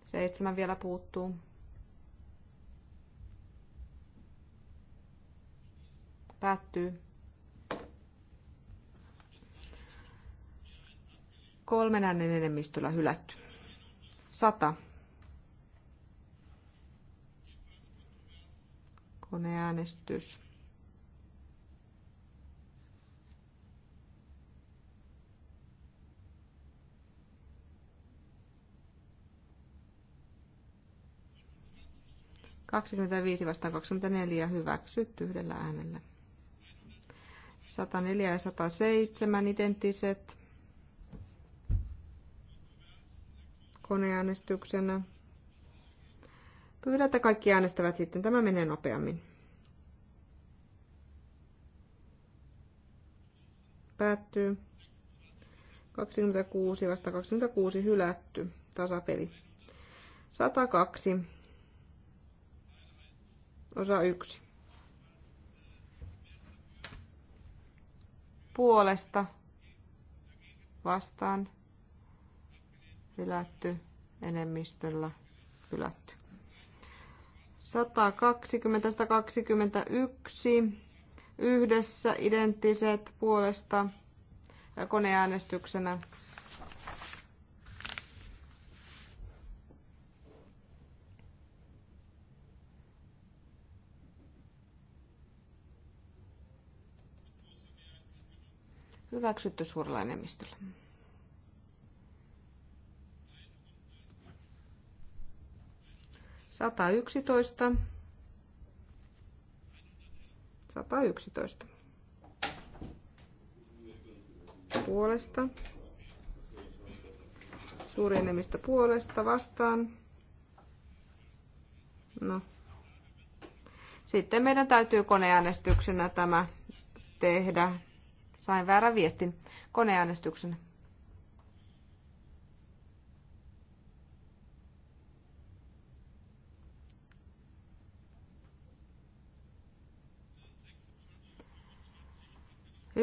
Seitsemän vielä puuttuu. Päättyy. Kolmen äänen enemmistöllä hylätty. Sata koneäänestys. Kaksikymmentäviisi vastaan 24 hyväksytty yhdellä äänellä. 104 ja 107 identtiset koneäänestyksenä. Pyydän, että kaikki äänestävät sitten. Tämä menee nopeammin. Päättyy. 26 vasta 26 hylätty. Tasapeli. 102. Osa 1. Puolesta. Vastaan. Hylätty. Enemmistöllä. Hylätty. 120, 121 yhdessä identtiset puolesta ja koneäänestyksenä. Hyväksytty suurella enemmistöllä. 111. 111. Puolesta. Suuri enemmistö puolesta vastaan. No. Sitten meidän täytyy koneäänestyksenä tämä tehdä. Sain väärän viestin koneäänestyksenä.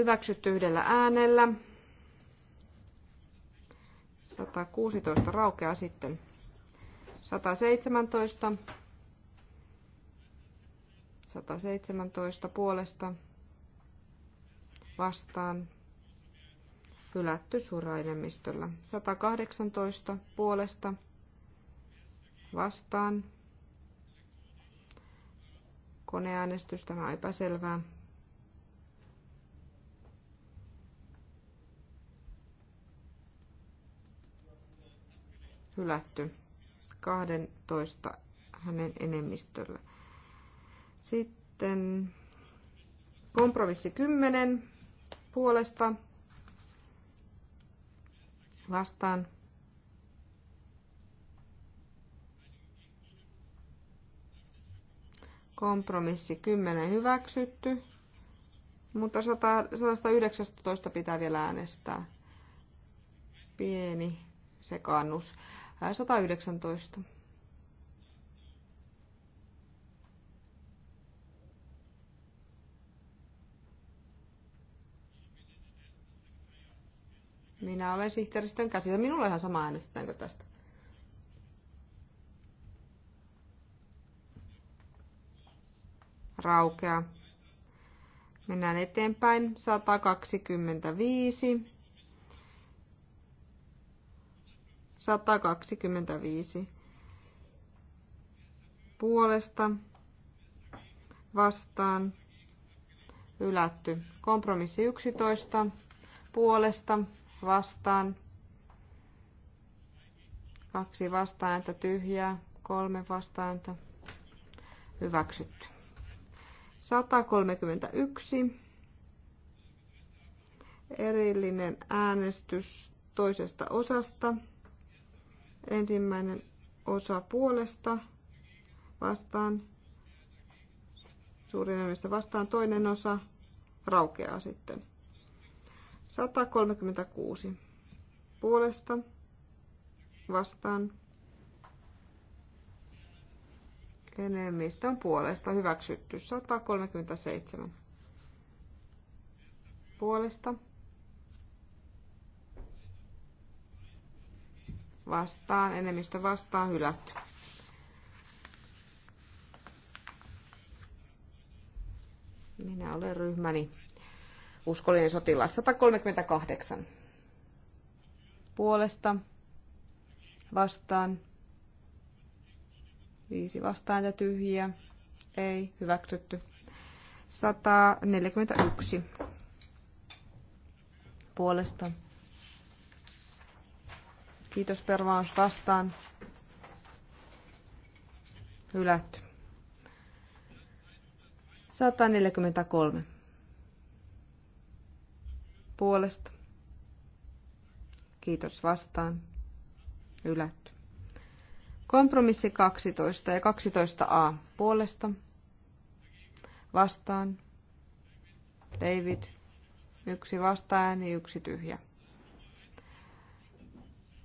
Hyväksytty yhdellä äänellä. 116 raukeaa sitten. 117. 117 puolesta vastaan hylätty suurainemmistöllä. 118 puolesta vastaan. Koneäänestys, tämä on epäselvää. hylätty 12 hänen enemmistöllä. Sitten kompromissi 10 puolesta vastaan kompromissi 10 hyväksytty, mutta 119 pitää vielä äänestää. Pieni sekaannus. 119. Minä olen sihteeristön Minulla on ihan sama äänestetäänkö tästä. Raukea. Mennään eteenpäin. 125. 125 puolesta vastaan ylätty Kompromissi 11 puolesta vastaan. Kaksi vastaääntä tyhjää, kolme vastaääntä hyväksytty. 131. Erillinen äänestys toisesta osasta Ensimmäinen osa puolesta vastaan. Suurin enemmistö vastaan. Toinen osa raukeaa sitten. 136 puolesta vastaan. Enemmistön puolesta hyväksytty 137 puolesta vastaan, enemmistö vastaan, hylätty. Minä olen ryhmäni uskollinen sotilas 138. Puolesta vastaan. Viisi vastaan ja tyhjiä. Ei, hyväksytty. 141. Puolesta Kiitos Pervaas vastaan. Hylätty. 143. Puolesta. Kiitos vastaan. Hylätty. Kompromissi 12 ja 12a. Puolesta. Vastaan. David. Yksi vastaääni, yksi tyhjä.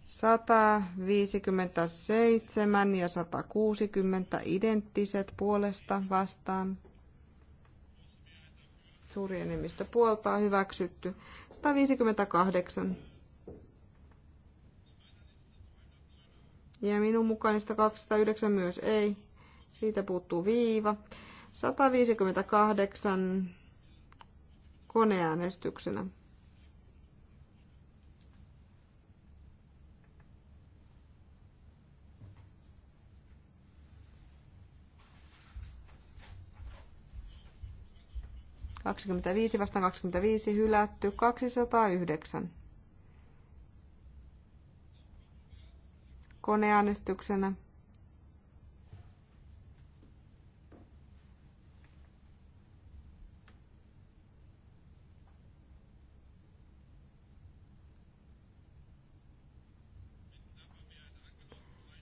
157 ja 160 identtiset puolesta vastaan. Suuri enemmistö puoltaa hyväksytty. 158. Ja minun mukaani 209 myös ei. Siitä puuttuu viiva. 158 koneäänestyksenä. 25 vastaan 25 hylätty 209. Koneäänestyksenä.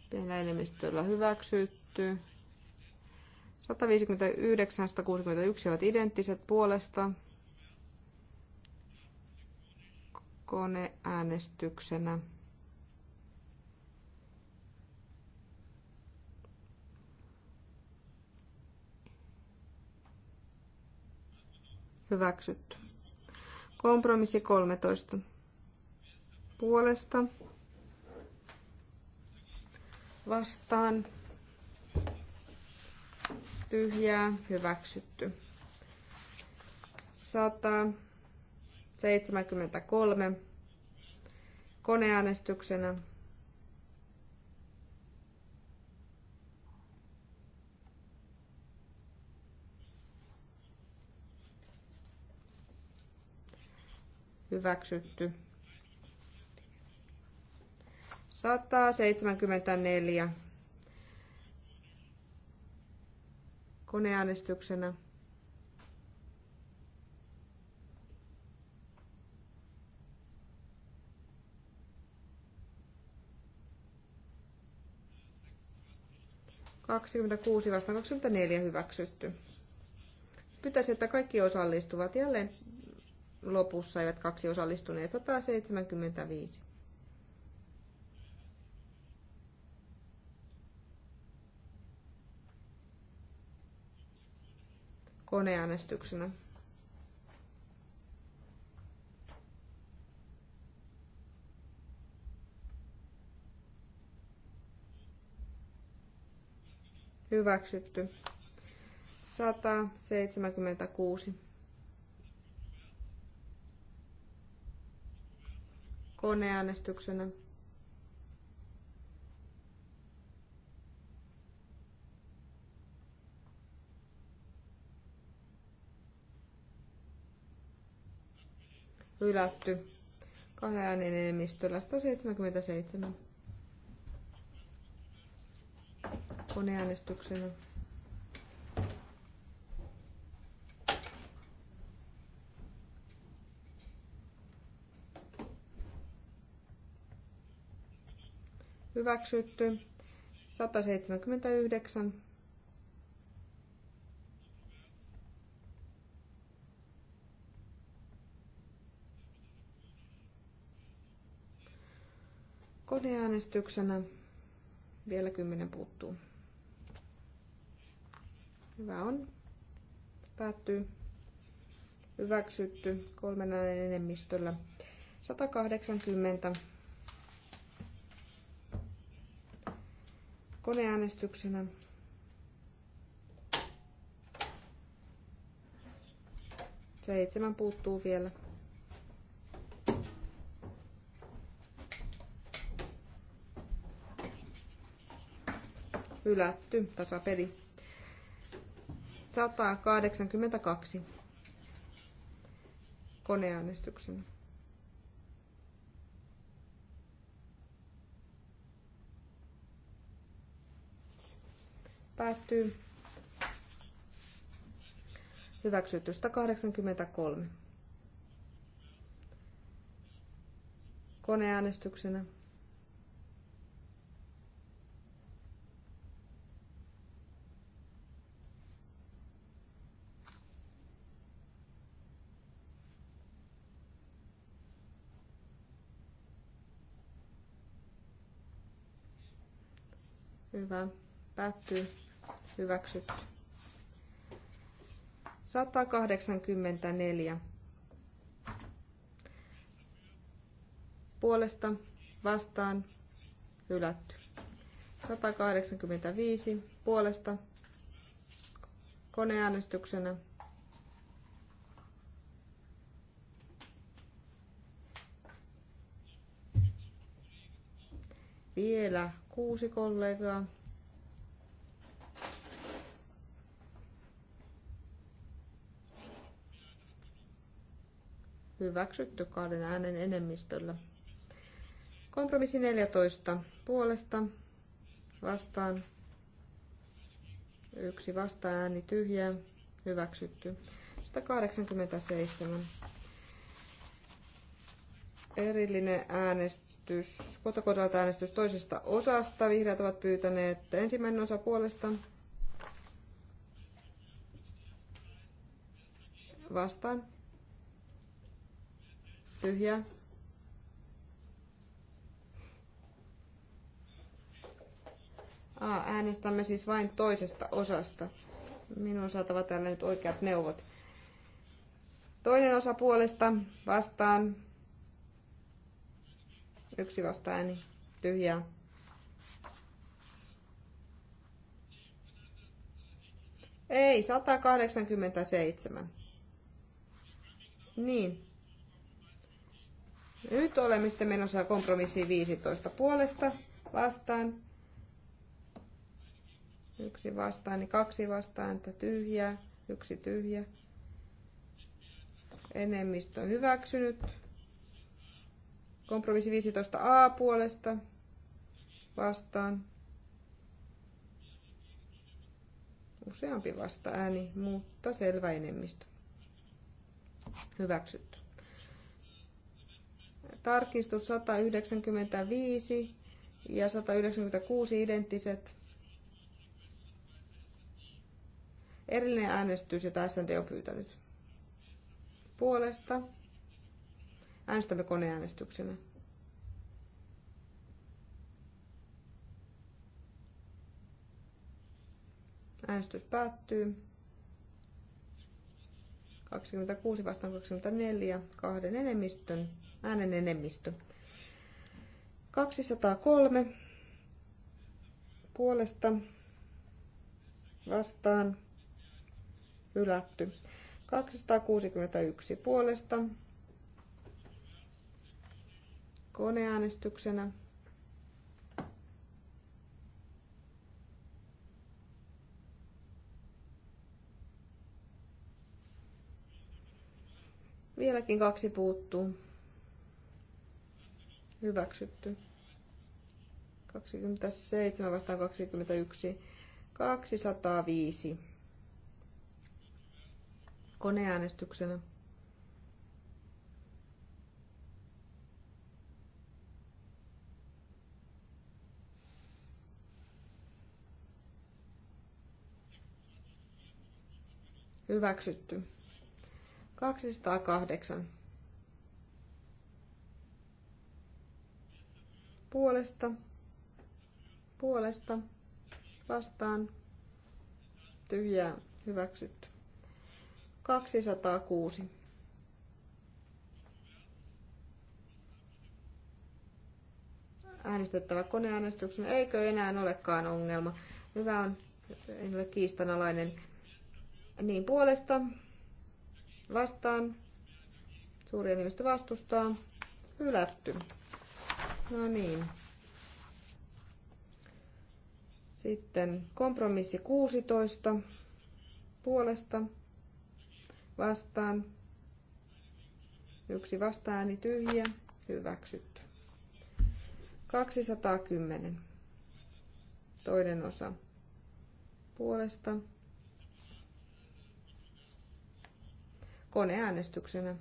Pienellä enemmistöllä hyväksytty. 159 161 ovat identtiset puolesta koneäänestyksenä. Hyväksytty. Kompromissi 13. Puolesta. Vastaan tyhjää, hyväksytty. 173 koneäänestyksenä. Hyväksytty. 174 koneäänestyksenä. Kaksikymmentäkuusi vastaan 24 hyväksytty. Pyytäisi, että kaikki osallistuvat. Jälleen lopussa eivät kaksi osallistuneet 175. koneäänestyksenä. Hyväksytty. 176. Koneäänestyksenä. hylätty kahden äänen enemmistöllä 177 koneäänestyksenä. Hyväksytty 179 koneäänestyksenä. Vielä kymmenen puuttuu. Hyvä on. Päättyy. Hyväksytty kolmen äänen enemmistöllä. 180. Koneäänestyksenä. Seitsemän puuttuu vielä. hylätty, tasapeli. 182 koneäänestyksen. Päättyy. Hyväksytty 183. Koneäänestyksenä. Hyvä. Päättyy. Hyväksytty. 184. Puolesta vastaan hylätty. 185 puolesta koneäänestyksenä. Vielä kuusi kollegaa. Hyväksytty kahden äänen enemmistöllä. Kompromissi 14 puolesta vastaan. Yksi vastaääni tyhjä. Hyväksytty. 187. Erillinen äänestys äänestys, kohtakohdalta äänestys toisesta osasta. Vihreät ovat pyytäneet ensimmäinen osa puolesta. Vastaan. Tyhjä. Aa, äänestämme siis vain toisesta osasta. Minun saatava täällä nyt oikeat neuvot. Toinen osa puolesta vastaan Yksi vasta ääni. Tyhjää. Ei, 187. Niin. Nyt olemme sitten menossa kompromissiin 15 puolesta vastaan. Yksi vastaan, niin kaksi vastaan, että tyhjää, yksi tyhjä. Enemmistö on hyväksynyt. Kompromissi 15a puolesta vastaan. Useampi vasta ääni, mutta selvä enemmistö. Hyväksytty. Tarkistus 195 ja 196 identtiset. Erillinen äänestys, jota SND on pyytänyt. Puolesta Äänestämme koneäänestyksenä. Äänestys päättyy. 26 vastaan 24, kahden enemmistön, äänen enemmistö. 203 puolesta vastaan hylätty. 261 puolesta koneäänestyksenä. Vieläkin kaksi puuttuu. Hyväksytty. 27 vastaan 21. 205. Koneäänestyksenä. Hyväksytty. 208. Puolesta. Puolesta. Vastaan. Tyhjää. Hyväksytty. 206. Äänestettävä koneäänestyksen. Eikö enää olekaan ongelma? Hyvä on. En ole kiistanalainen niin puolesta vastaan. Suuri enemmistö vastustaa. Hylätty. No niin. Sitten kompromissi 16 puolesta vastaan. Yksi vastaääni tyhjä. Hyväksytty. 210. Toinen osa puolesta koneäänestyksenä.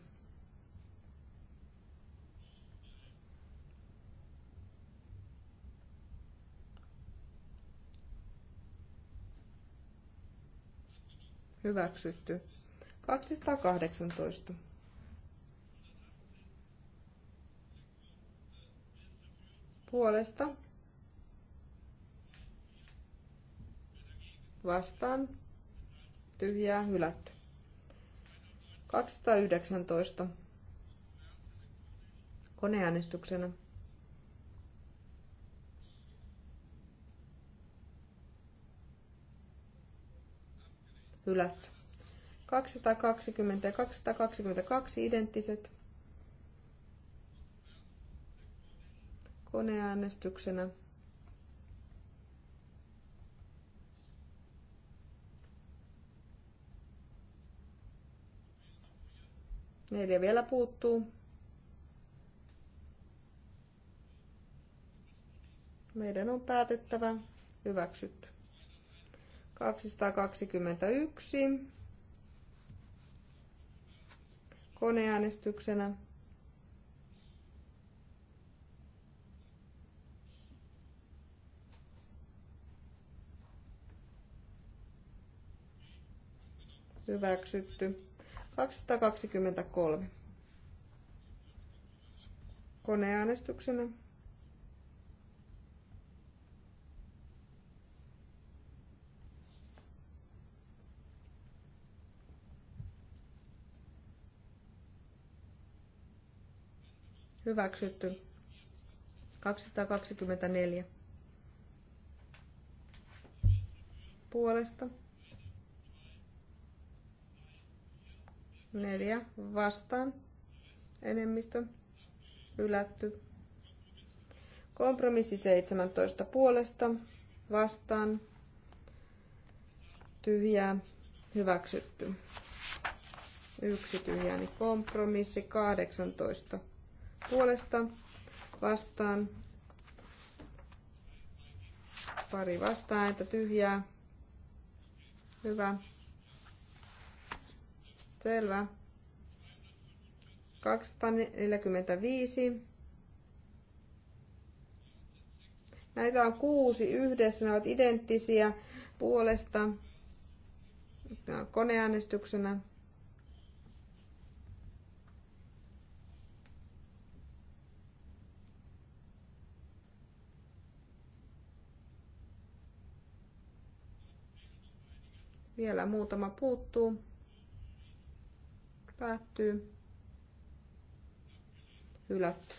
Hyväksytty. 218. Puolesta. Vastaan. Tyhjää hylätty. 219 koneäänestyksenä. Hylätty. 220 ja 222 identtiset. Koneäänestyksenä. Neljä vielä puuttuu. Meidän on päätettävä. Hyväksytty. 221. Koneäänestyksenä. Hyväksytty. 223. Koneäänestyksenä. Hyväksytty. 224. Puolesta. Neljä vastaan. Enemmistö. Ylätty. Kompromissi 17 puolesta. Vastaan. Tyhjää. Hyväksytty. Yksi tyhjäni kompromissi 18 puolesta. Vastaan. Pari vastaan, että tyhjää. Hyvä. Selvä. 245. Näitä on kuusi yhdessä, ne ovat identtisiä puolesta koneäänestyksenä. Vielä muutama puuttuu. Päättyy. Hylätty.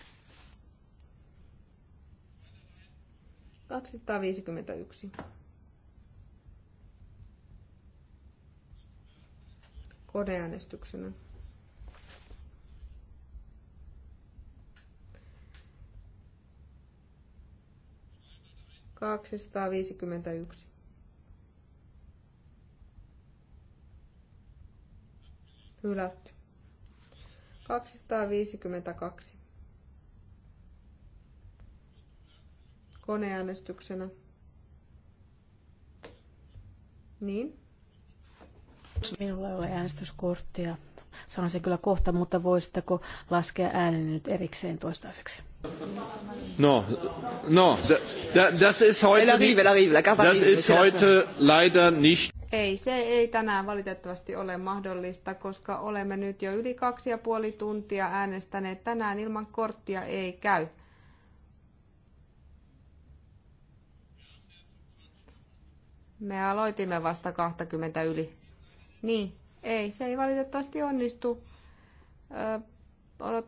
251. 251. Kaksisataaviisikymmentäyksi. Hylätty. 252. Koneäänestyksenä. Niin. Minulla ei ole äänestyskorttia. Sanon sen kyllä kohta, mutta voisitteko laskea äänen nyt erikseen toistaiseksi? No, no, das ist heute, das ist heute leider nicht. Ei, se ei tänään valitettavasti ole mahdollista, koska olemme nyt jo yli kaksi ja puoli tuntia äänestäneet. Tänään ilman korttia ei käy. Me aloitimme vasta 20 yli. Niin, ei, se ei valitettavasti onnistu. Öö,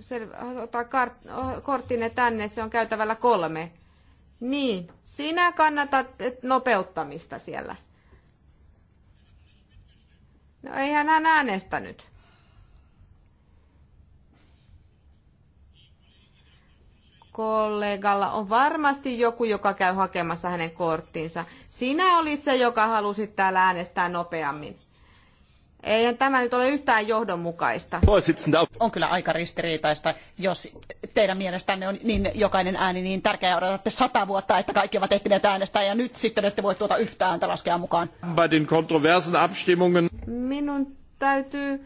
sel, ottaa kart, tänne, se on käytävällä kolme. Niin, sinä kannatat nopeuttamista siellä. No eihän hän äänestänyt. kollegalla on varmasti joku, joka käy hakemassa hänen korttinsa. Sinä olit se, joka halusi täällä äänestää nopeammin. Eihän tämä nyt ole yhtään johdonmukaista. On kyllä aika ristiriitaista, jos teidän mielestänne on niin jokainen ääni niin tärkeä odotatte sata vuotta, että kaikki ovat ehtineet äänestää ja nyt sitten ette voi tuota yhtä ääntä laskea mukaan. Minun täytyy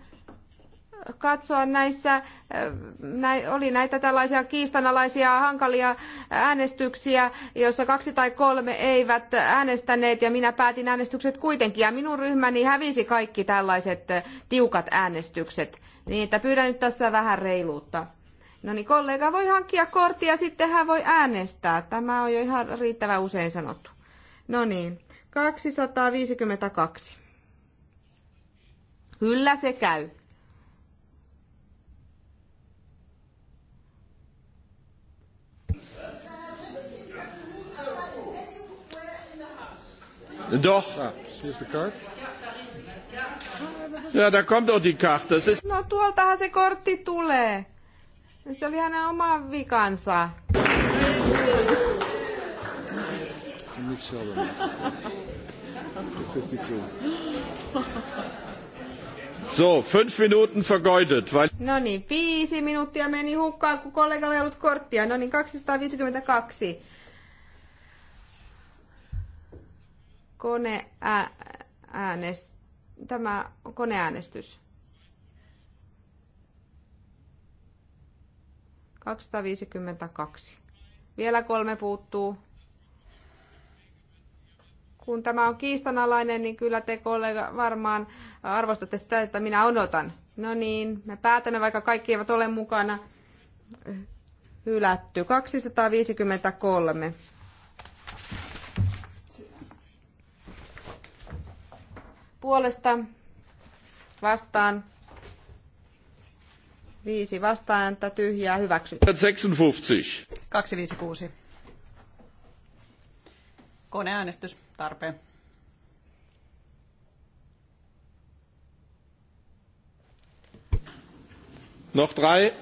katsoa näissä, äh, oli näitä tällaisia kiistanalaisia hankalia äänestyksiä, joissa kaksi tai kolme eivät äänestäneet ja minä päätin äänestykset kuitenkin ja minun ryhmäni hävisi kaikki tällaiset äh, tiukat äänestykset. Niin että pyydän nyt tässä vähän reiluutta. No niin, kollega voi hankkia korttia ja sitten hän voi äänestää. Tämä on jo ihan riittävän usein sanottu. No niin, 252. Kyllä se käy. Doch. Ah, hier ist die Karte. Ja, da kommt auch die Karte. Das ist no tuoltahan se kortti tulee. Se oli hänen oma vikansa. So, fünf Minuten vergeudet. Weil... No niin, viisi minuuttia meni hukkaan, kun kollegalla ei ollut korttia. No niin, 252. kone äänest, tämä koneäänestys. 252. Vielä kolme puuttuu. Kun tämä on kiistanalainen, niin kyllä te kollega varmaan arvostatte sitä, että minä odotan. No niin, me päätämme, vaikka kaikki eivät ole mukana. Hylätty. 253. puolesta vastaan. Viisi vastaääntä, tyhjää, hyväksytty. 256. Koneäänestys tarpeen. Noch drei?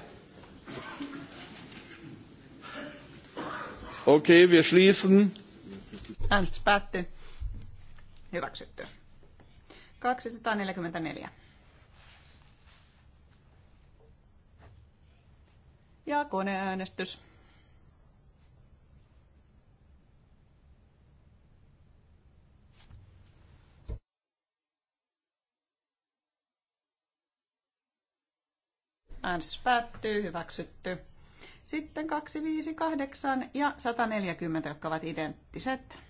Okay, wir schließen. Äänestys päättyy. Hyväksytty. 244. Ja koneäänestys. Äänestys päättyy, hyväksytty. Sitten 258 ja 140, jotka ovat identtiset.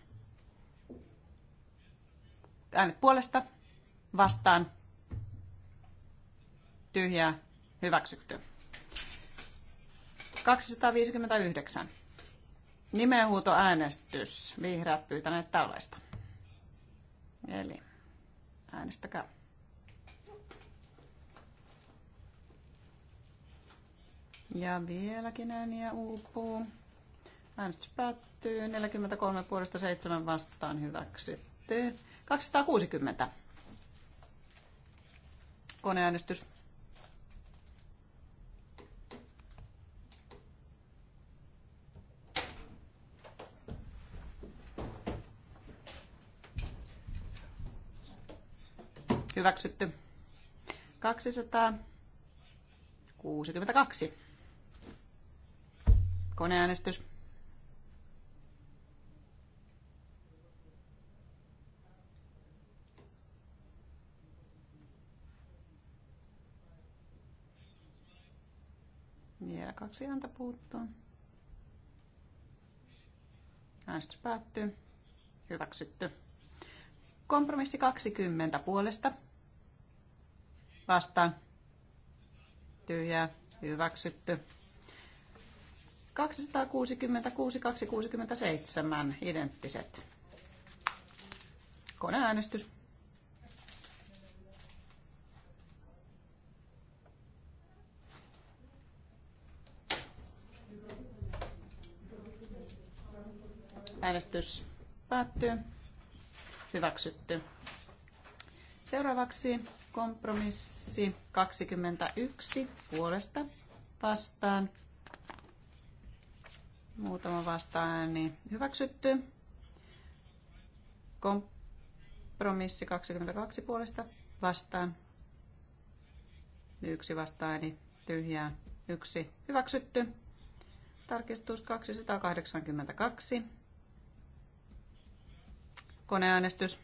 Äänet puolesta vastaan tyhjää hyväksytty. 259. äänestys Vihreät pyytäneet tällaista. Eli äänestäkää. Ja vieläkin ääniä uupuu. Äänestys päättyy. 43 puolesta 7 vastaan hyväksytty. 260. Koneäänestys. Hyväksytty. 262. Koneäänestys. ja kaksi ääntä puuttuu. Äänestys päättyy. Hyväksytty. Kompromissi 20 puolesta. Vastaan. Tyhjää. Hyväksytty. 266, 267 identtiset. Koneäänestys. Äänestys päättyy. Hyväksytty. Seuraavaksi kompromissi 21 puolesta vastaan. Muutama vastaan, niin hyväksytty. Kompromissi 22 puolesta vastaan. Yksi vastaani niin tyhjää. Yksi hyväksytty. Tarkistus 282 Koneäänestys.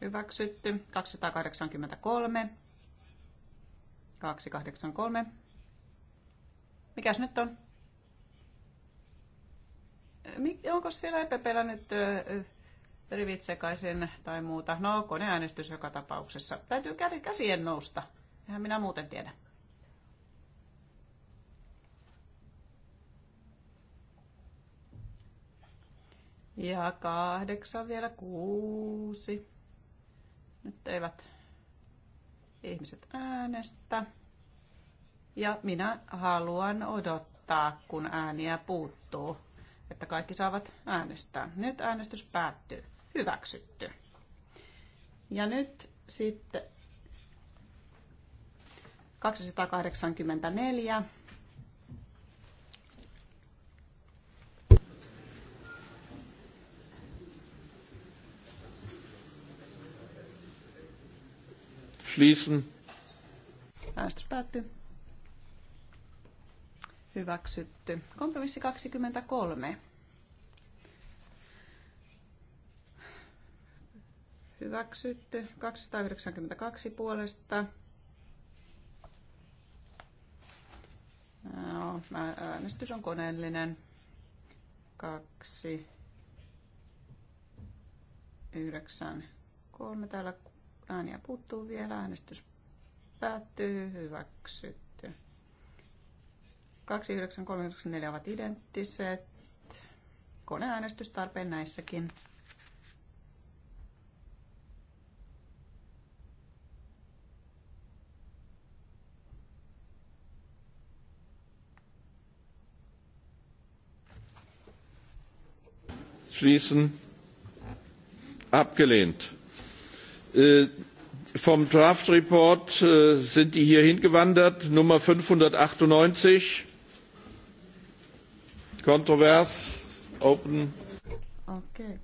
Hyväksytty. 283. 283. Mikäs nyt on? Onko siellä EPPllä nyt rivit sekaisin tai muuta. No, koneäänestys joka tapauksessa. Täytyy käsien nousta. Eihän minä muuten tiedä. Ja kahdeksan vielä kuusi. Nyt eivät ihmiset äänestä. Ja minä haluan odottaa, kun ääniä puuttuu, että kaikki saavat äänestää. Nyt äänestys päättyy hyväksytty. Ja nyt sitten 284. Schließen. Äänestys päättyy. Hyväksytty. Kompromissi 23 hyväksytty. 292 puolesta. No, äänestys on koneellinen. 2, 9, 3. Täällä ääniä puuttuu vielä. Äänestys päättyy. Hyväksytty. 2, 9, 3, 9, 4 ovat identtiset. Koneäänestys tarpeen näissäkin. schließen abgelehnt. Äh, vom Draft Report äh, sind die hier hingewandert, Nummer 598. Kontrovers, open. Okay.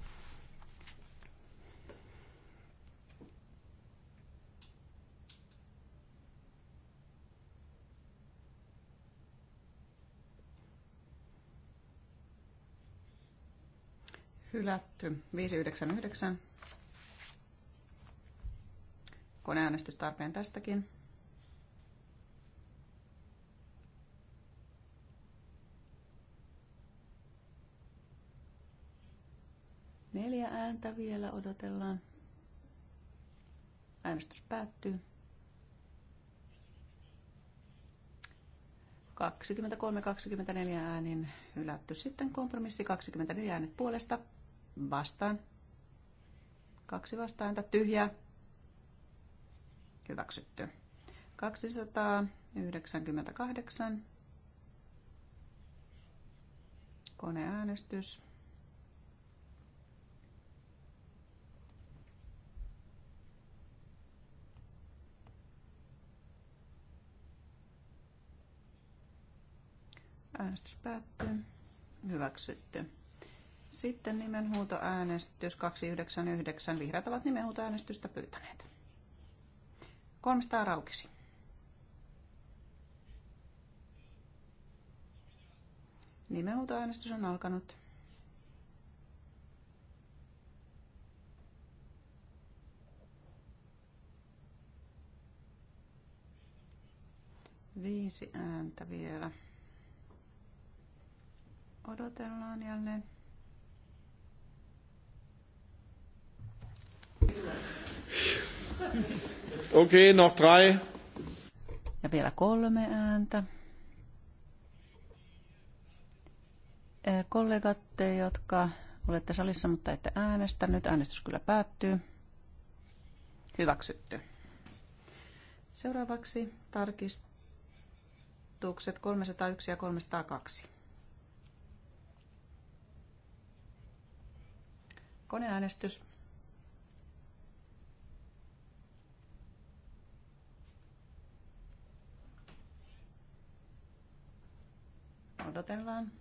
Hylätty. 599. Koneäänestys tarpeen tästäkin. Neljä ääntä vielä odotellaan. Äänestys päättyy. 23-24 äänin hylätty. Sitten kompromissi 24 äänet puolesta Vastaan. Kaksi vastaanta. Tyhjä. Hyväksytty. 298. Koneäänestys. Äänestys päättyy. Hyväksytty. Sitten nimenhuutoäänestys 299. Vihreät ovat nimenhuutoäänestystä pyytäneet. 300 raukisi. Nimenhuutoäänestys on alkanut. Viisi ääntä vielä. Odotellaan jälleen. Okei, okay, noch drei. Ja vielä kolme ääntä. Äh, kollegat, jotka olette salissa, mutta ette äänestä. Nyt äänestys kyllä päättyy. Hyväksytty. Seuraavaksi tarkistukset 301 ja 302. Koneäänestys. Odotellaan.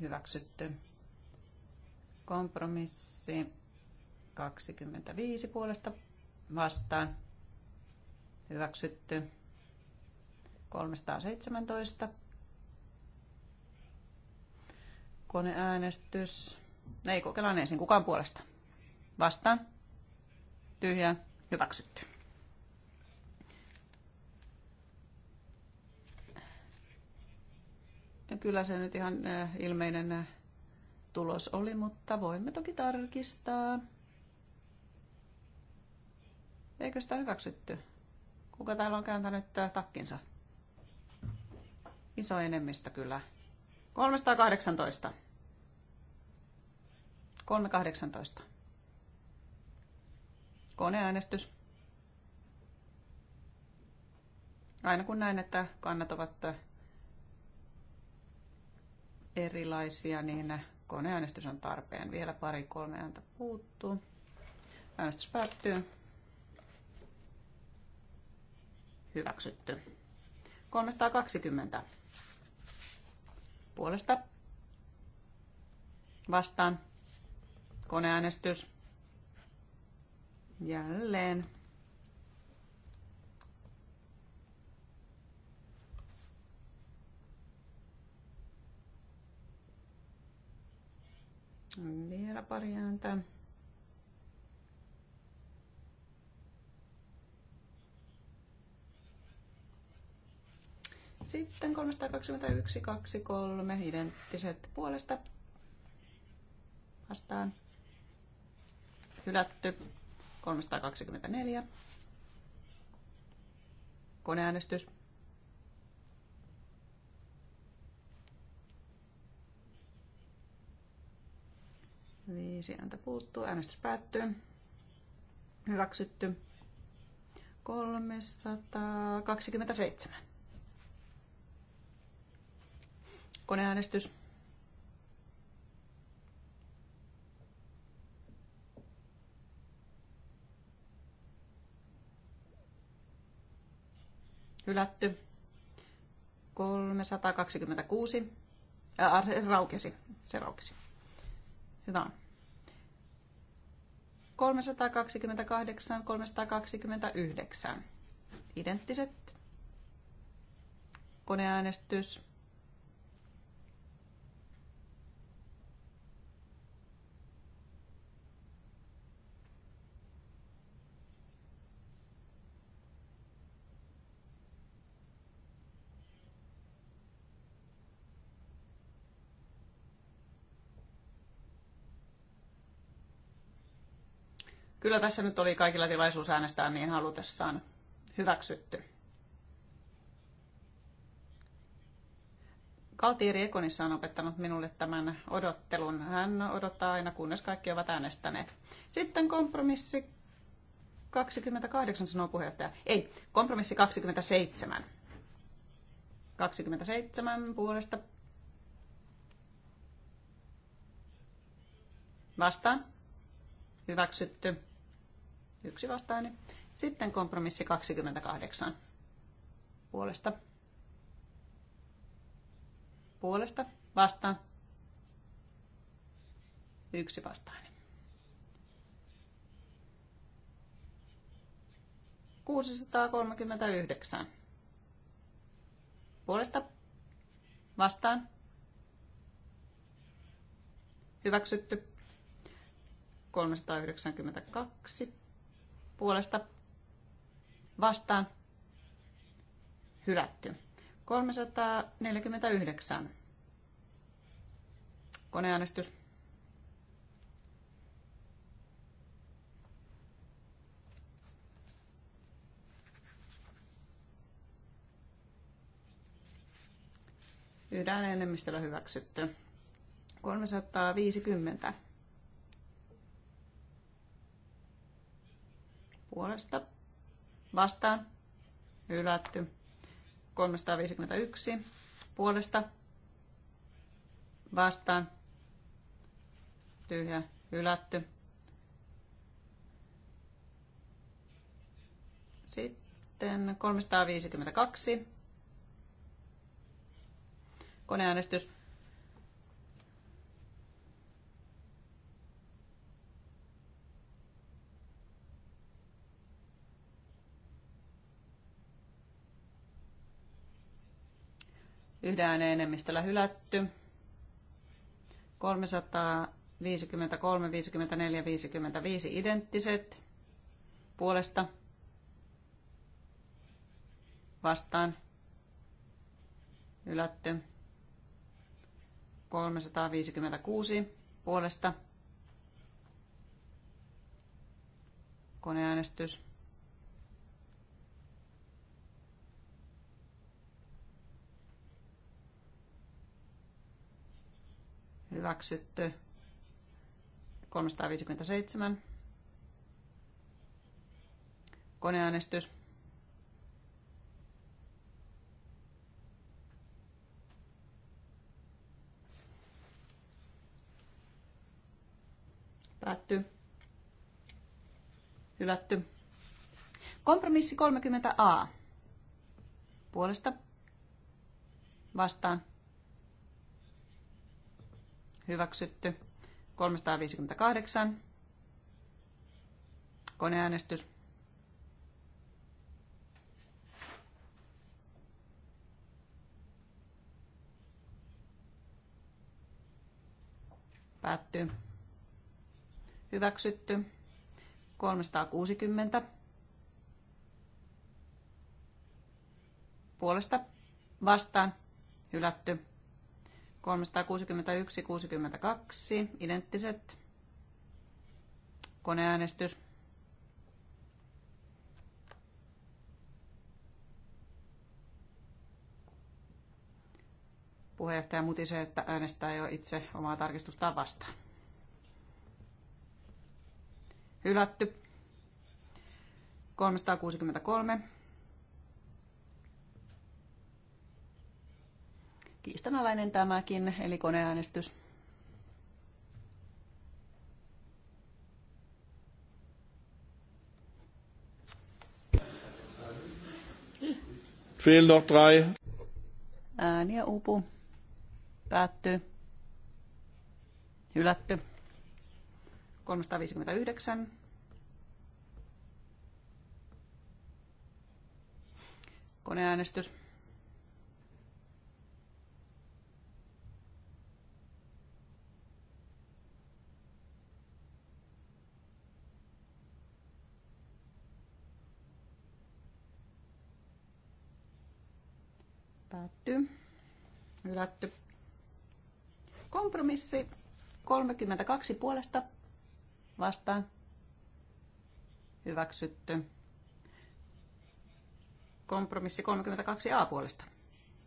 Hyväksytty. Kompromissi 25 puolesta vastaan. Hyväksytty. 317. Koneäänestys. Ei kokeillaan ensin. Kukaan puolesta? Vastaan. Tyhjä. Hyväksytty. Kyllä se nyt ihan äh, ilmeinen äh, tulos oli, mutta voimme toki tarkistaa. Eikö sitä hyväksytty? Kuka täällä on kääntänyt äh, takkinsa? Iso enemmistö kyllä. 318. 318. Koneäänestys. Aina kun näin, että kannat ovat erilaisia, niin koneäänestys on tarpeen. Vielä pari kolme ääntä puuttuu. Äänestys päättyy. Hyväksytty. 320. Puolesta. Vastaan. Koneäänestys. Jälleen Vielä pari ääntä. Sitten 321, 2, 3, identtiset puolesta vastaan. Hylätty 324. Koneäänestys. Viisi ääntä puuttuu. Äänestys päättyy. Hyväksytty. 327. Koneäänestys. Hylätty. 326. Ää, se raukesi. Se raukesi. Hyvä 328, 329. Identtiset. Koneäänestys. Kyllä tässä nyt oli kaikilla tilaisuus äänestää niin halutessaan hyväksytty. Kaltiiri Ekonissa on opettanut minulle tämän odottelun. Hän odottaa aina, kunnes kaikki ovat äänestäneet. Sitten kompromissi 28, sanoo puheenjohtaja. Ei, kompromissi 27. 27 puolesta. Vastaan. Hyväksytty. Yksi vastainen. Sitten kompromissi 28. Puolesta. Puolesta. Vastaan. Yksi vastainen. 639. Puolesta. Vastaan. Hyväksytty. 392 puolesta vastaan hylätty. 349. Koneäänestys. Yhden enemmistöllä hyväksytty. 350. puolesta vastaan hylätty. 351 puolesta vastaan tyhjä hylätty. Sitten 352 koneäänestys yhden ääneen enemmistöllä hylätty. 353, 54, 55 identtiset puolesta vastaan hylätty. 356 puolesta koneäänestys hyväksytty. 357. Koneäänestys. Päätty. Hylätty. Kompromissi 30a. Puolesta. Vastaan hyväksytty. 358 koneäänestys. Päättyy. Hyväksytty. 360. Puolesta vastaan. Hylätty. 361-62, identtiset. Koneäänestys. Puheenjohtaja mutisee, että äänestää jo itse omaa tarkistustaan vastaan. Hylätty. 363. Kiistanalainen tämäkin, eli koneäänestys. Fehlen noch drei. Ääniä upu. Päättyy. Hylätty. 359. Koneäänestys. hylätty. Hylätty. Kompromissi 32 puolesta vastaan. Hyväksytty. Kompromissi 32a puolesta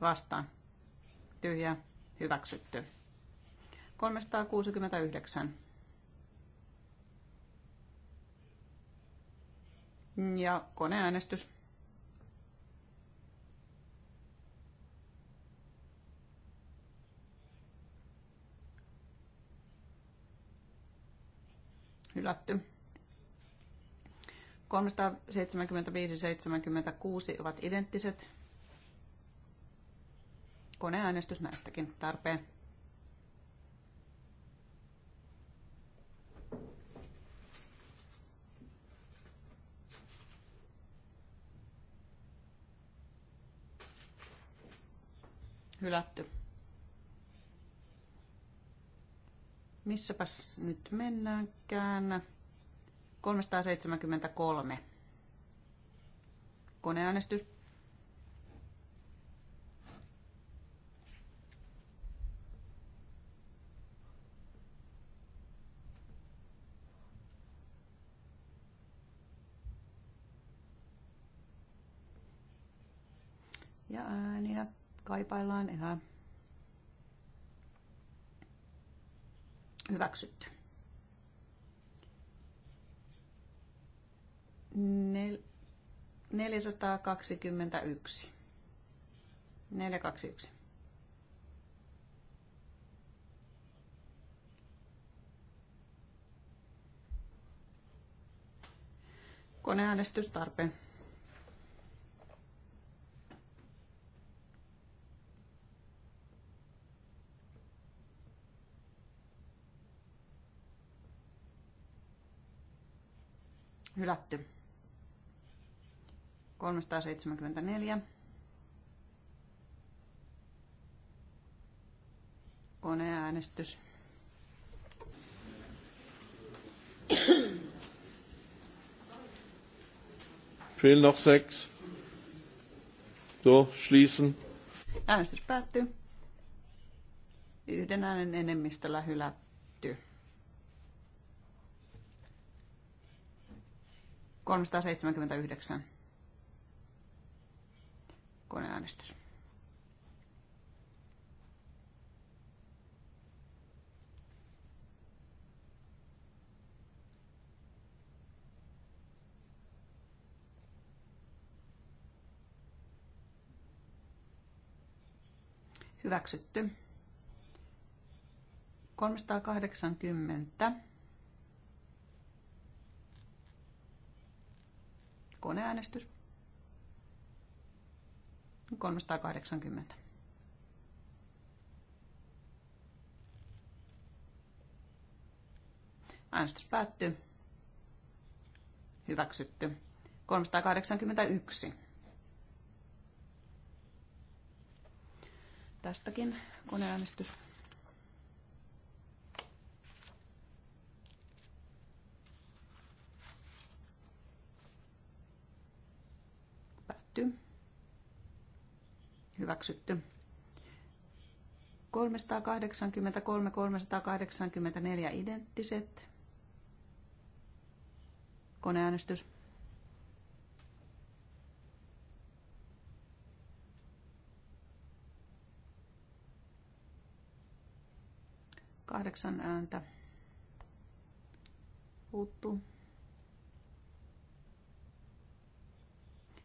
vastaan. Tyhjä. Hyväksytty. 369. Ja koneäänestys. hylätty. 375-76 ovat identtiset. Koneäänestys näistäkin tarpeen. Hylätty. Missäpäs nyt mennäänkään? 373. Koneäänestys. Ja ääniä kaipaillaan ihan Hyväksytty. Nel- 421. 421. Koneäänestystarpeen. tarpeen. Hylätty. 374. Koneäänestys. Fehl noch sechs. So, schließen. Äänestys päättyy. Yhden äänen enemmistöllä hylätty. 379. Koneäänestys. Hyväksytty. 380 Koneäänestys. 380. Äänestys päättyy. Hyväksytty. 381. Tästäkin koneäänestys. hyväksytty. Hyväksytty. 383, 384 identtiset. Koneäänestys. Kahdeksan ääntä puuttuu.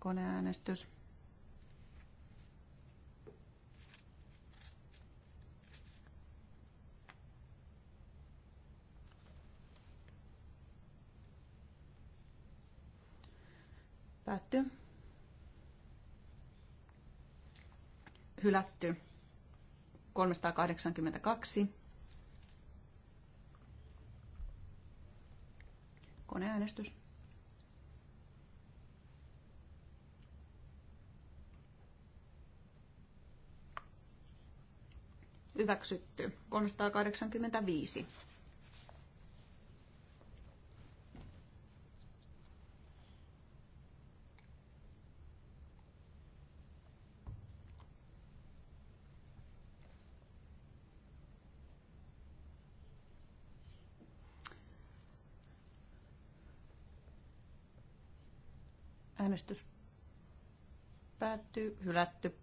Koneäänestys. Päätty. Hylätty. 382. Koneäänestys. Hyväksytty. 385. Äänestys päättyy, hylätty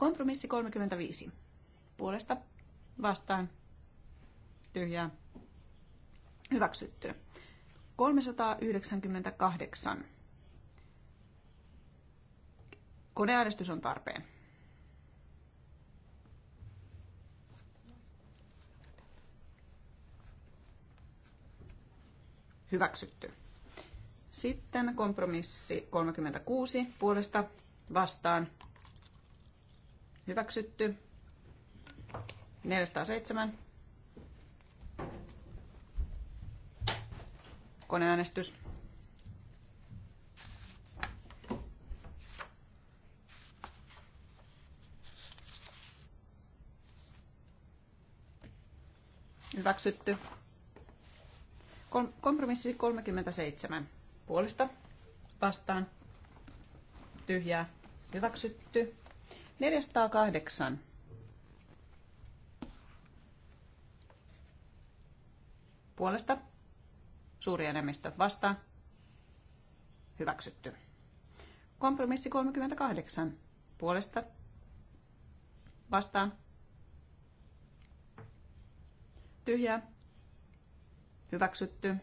Kompromissi 35. Puolesta vastaan tyhjää hyväksytty. 398. Koneäänestys on tarpeen. Hyväksytty. Sitten kompromissi 36 puolesta vastaan Hyväksytty. 407. Koneäänestys. Hyväksytty. Kompromissi 37. Puolesta vastaan. Tyhjää. Hyväksytty. 408. Puolesta. Suuri enemmistö vastaan. Hyväksytty. Kompromissi 38. Puolesta. Vastaan. tyhjä Hyväksytty.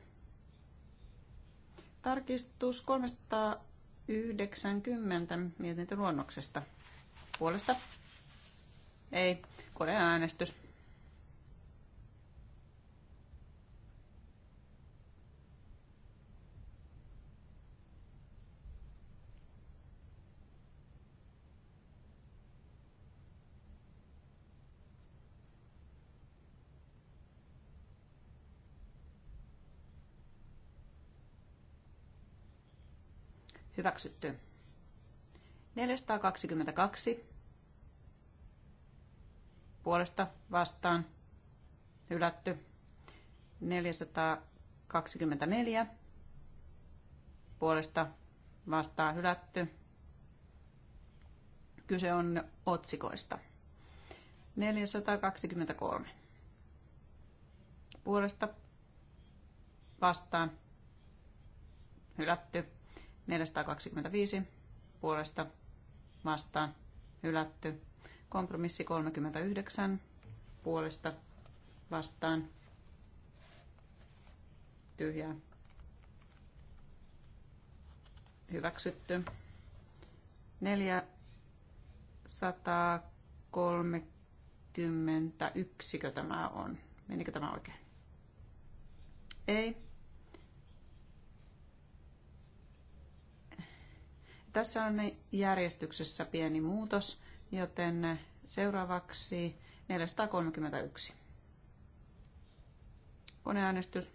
Tarkistus 390 mietintöluonnoksesta puolesta. Ei, koneäänestys. Hyväksytty. 422 puolesta vastaan hylätty. 424 puolesta vastaan hylätty. Kyse on otsikoista. 423 puolesta vastaan hylätty. 425 puolesta vastaan hylätty. Kompromissi 39 puolesta vastaan tyhjää hyväksytty. 431 tämä on. Menikö tämä oikein? Ei. Tässä on järjestyksessä pieni muutos, joten seuraavaksi 431. Koneäänestys.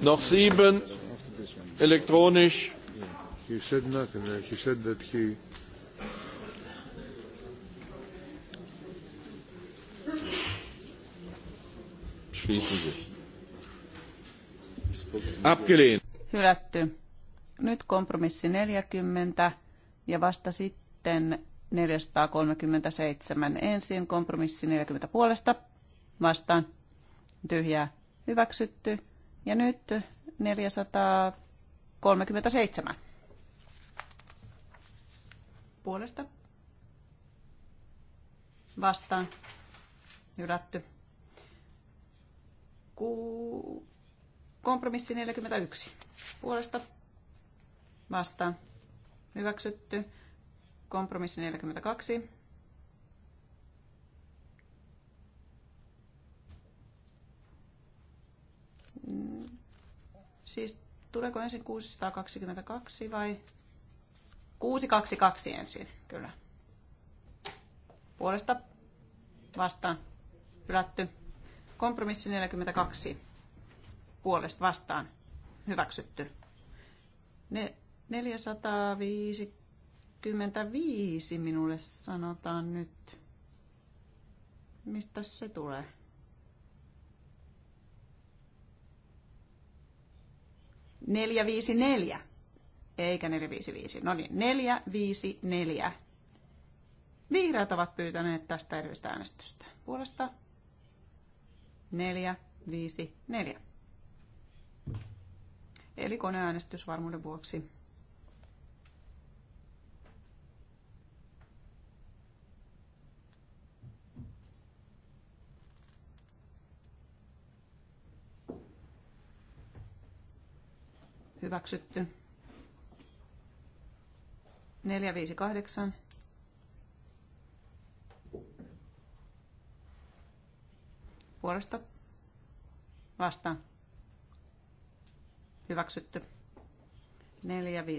Noch sieben elektronisch. He said nothing. He said that he Schließen sich. Abgelehnt. Hylätty. Nyt kompromissi 40 ja vasta sitten 437 ensin, kompromissi 40 puolesta, vastaan, tyhjää, hyväksytty. Ja nyt 437 puolesta, vastaan, hylätty ku... kompromissi 41. Puolesta vastaan hyväksytty. Kompromissi 42. Siis tuleeko ensin 622 vai 622 ensin, kyllä. Puolesta vastaan hylätty. Kompromissi 42 puolesta vastaan hyväksytty. Ne 455 minulle sanotaan nyt. Mistä se tulee? Neljä, viisi, neljä. Eikä neljä, viisi, viisi. No niin, neljä, viisi, neljä. Vihreät ovat pyytäneet tästä erillistä äänestystä. Puolesta 4, 5, 4. Eli koneäänestys varmuuden vuoksi. Hyväksytty. 4, 5, 8. puolesta vastaan. Hyväksytty.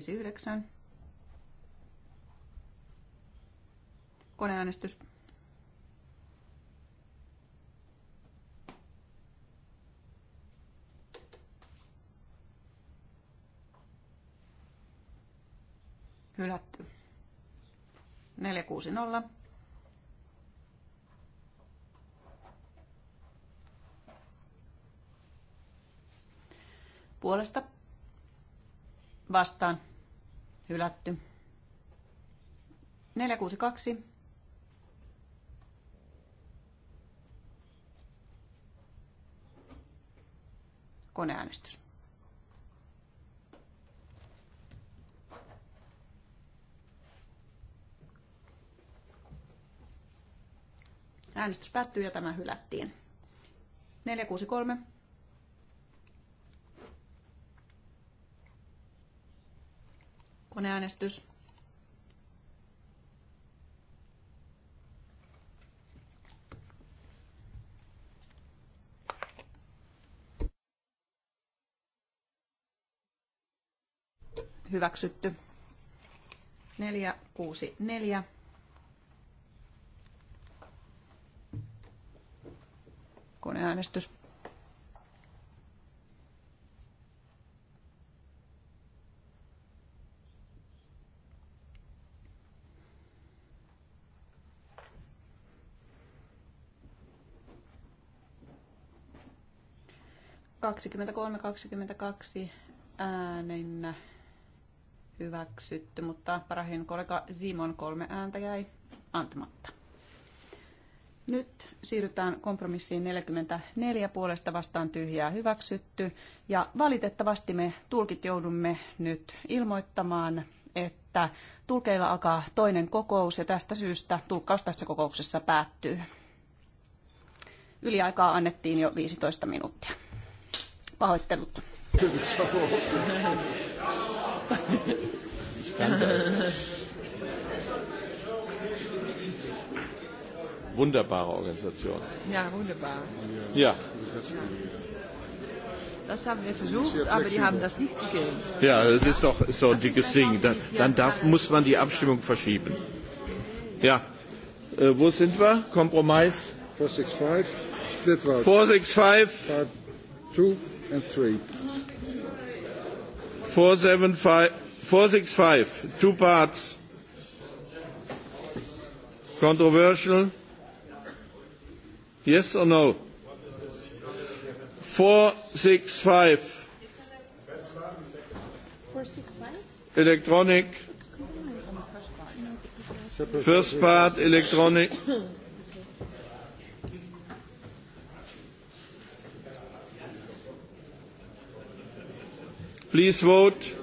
9. Koneäänestys. Hylätty. 460 puolesta vastaan hylätty. 462 koneäänestys. Äänestys päättyy ja tämä hylättiin. 463 Koneäänestys. Hyväksytty. 464. Koneäänestys. 23-22 äänen hyväksytty, mutta parahin kollega Simon kolme ääntä jäi antamatta. Nyt siirrytään kompromissiin 44 puolesta vastaan tyhjää hyväksytty. Ja valitettavasti me tulkit joudumme nyt ilmoittamaan, että tulkeilla alkaa toinen kokous ja tästä syystä tulkkaus tässä kokouksessa päättyy. Yliaikaa annettiin jo 15 minuuttia. Pahoittelut. Wunderbare Organisation. Ja, wunderbar. Ja. Das haben wir versucht, aber die haben das nicht gegeben. Ja, das ist doch so ein dickes Ding. Dann, dann darf, muss man die Abstimmung verschieben. Ja. Äh, wo sind wir? Kompromiss? 465. 465 and 3. 475, 465, two parts. Controversial? Yes or no? 465. 465? Electronic. First part, electronic. Please vote.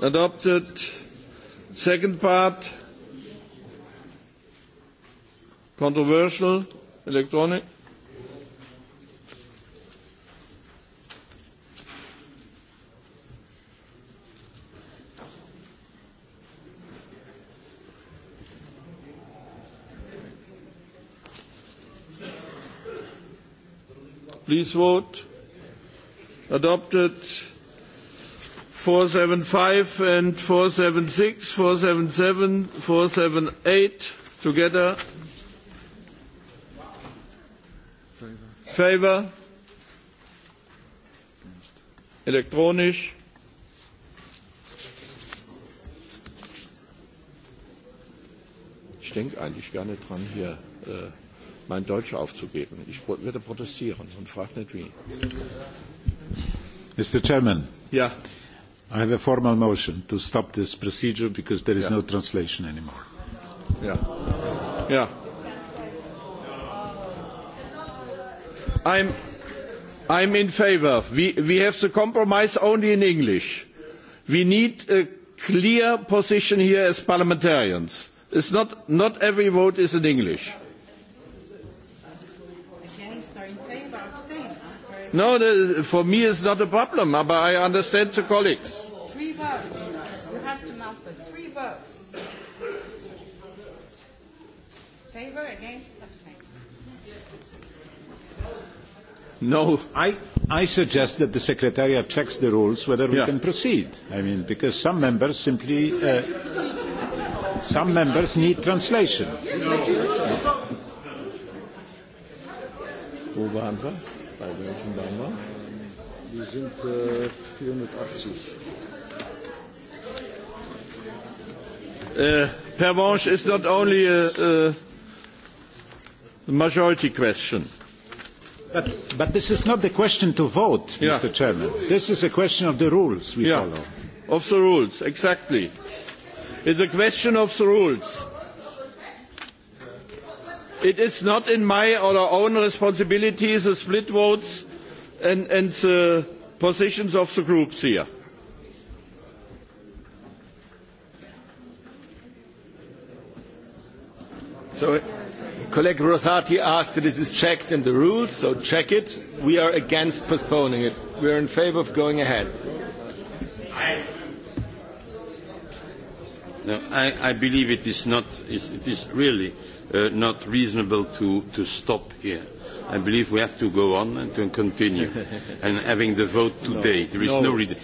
Adopted. Second part. Controversial. Electronic. Please vote. Adopted. 475 and 476, 477, 478 together. Favor? Elektronisch. Ich denke eigentlich gerne dran, hier äh, mein Deutsch aufzugeben. Ich würde protestieren und frage nicht wie. Mr. Chairman. Ja. Yeah. I have a formal motion to stop this procedure because there is yeah. no translation anymore. Yeah. Yeah. I'm, I'm in favor. We, we have to compromise only in English. We need a clear position here as parliamentarians. It's not, not every vote is in English No, the, for me it's not a problem, but I understand the colleagues. Three votes. You have to master three votes. Favor, against, abstain. No. I, I suggest that the Secretariat checks the rules whether we yeah. can proceed. I mean, because some members simply... Uh, some members need translation. Yes, no bei welchem waren wir? Wir sind äh, 480. Uh, Pervenche is not only a, a majority question. But, but this is not the question to vote, yeah. Mr. Chairman. This is a question of the rules we yeah. follow. Of the rules, exactly. It's a question of the rules. It is not in my or our own responsibility the split votes and, and the positions of the groups here. So, colleague Rosati asked that this is checked in the rules, so check it. We are against postponing it. We are in favour of going ahead. No, I, I believe it is not, it is really uh, not reasonable to, to stop here. I believe we have to go on and to continue. and having the vote no. today, no, there is no, no reason.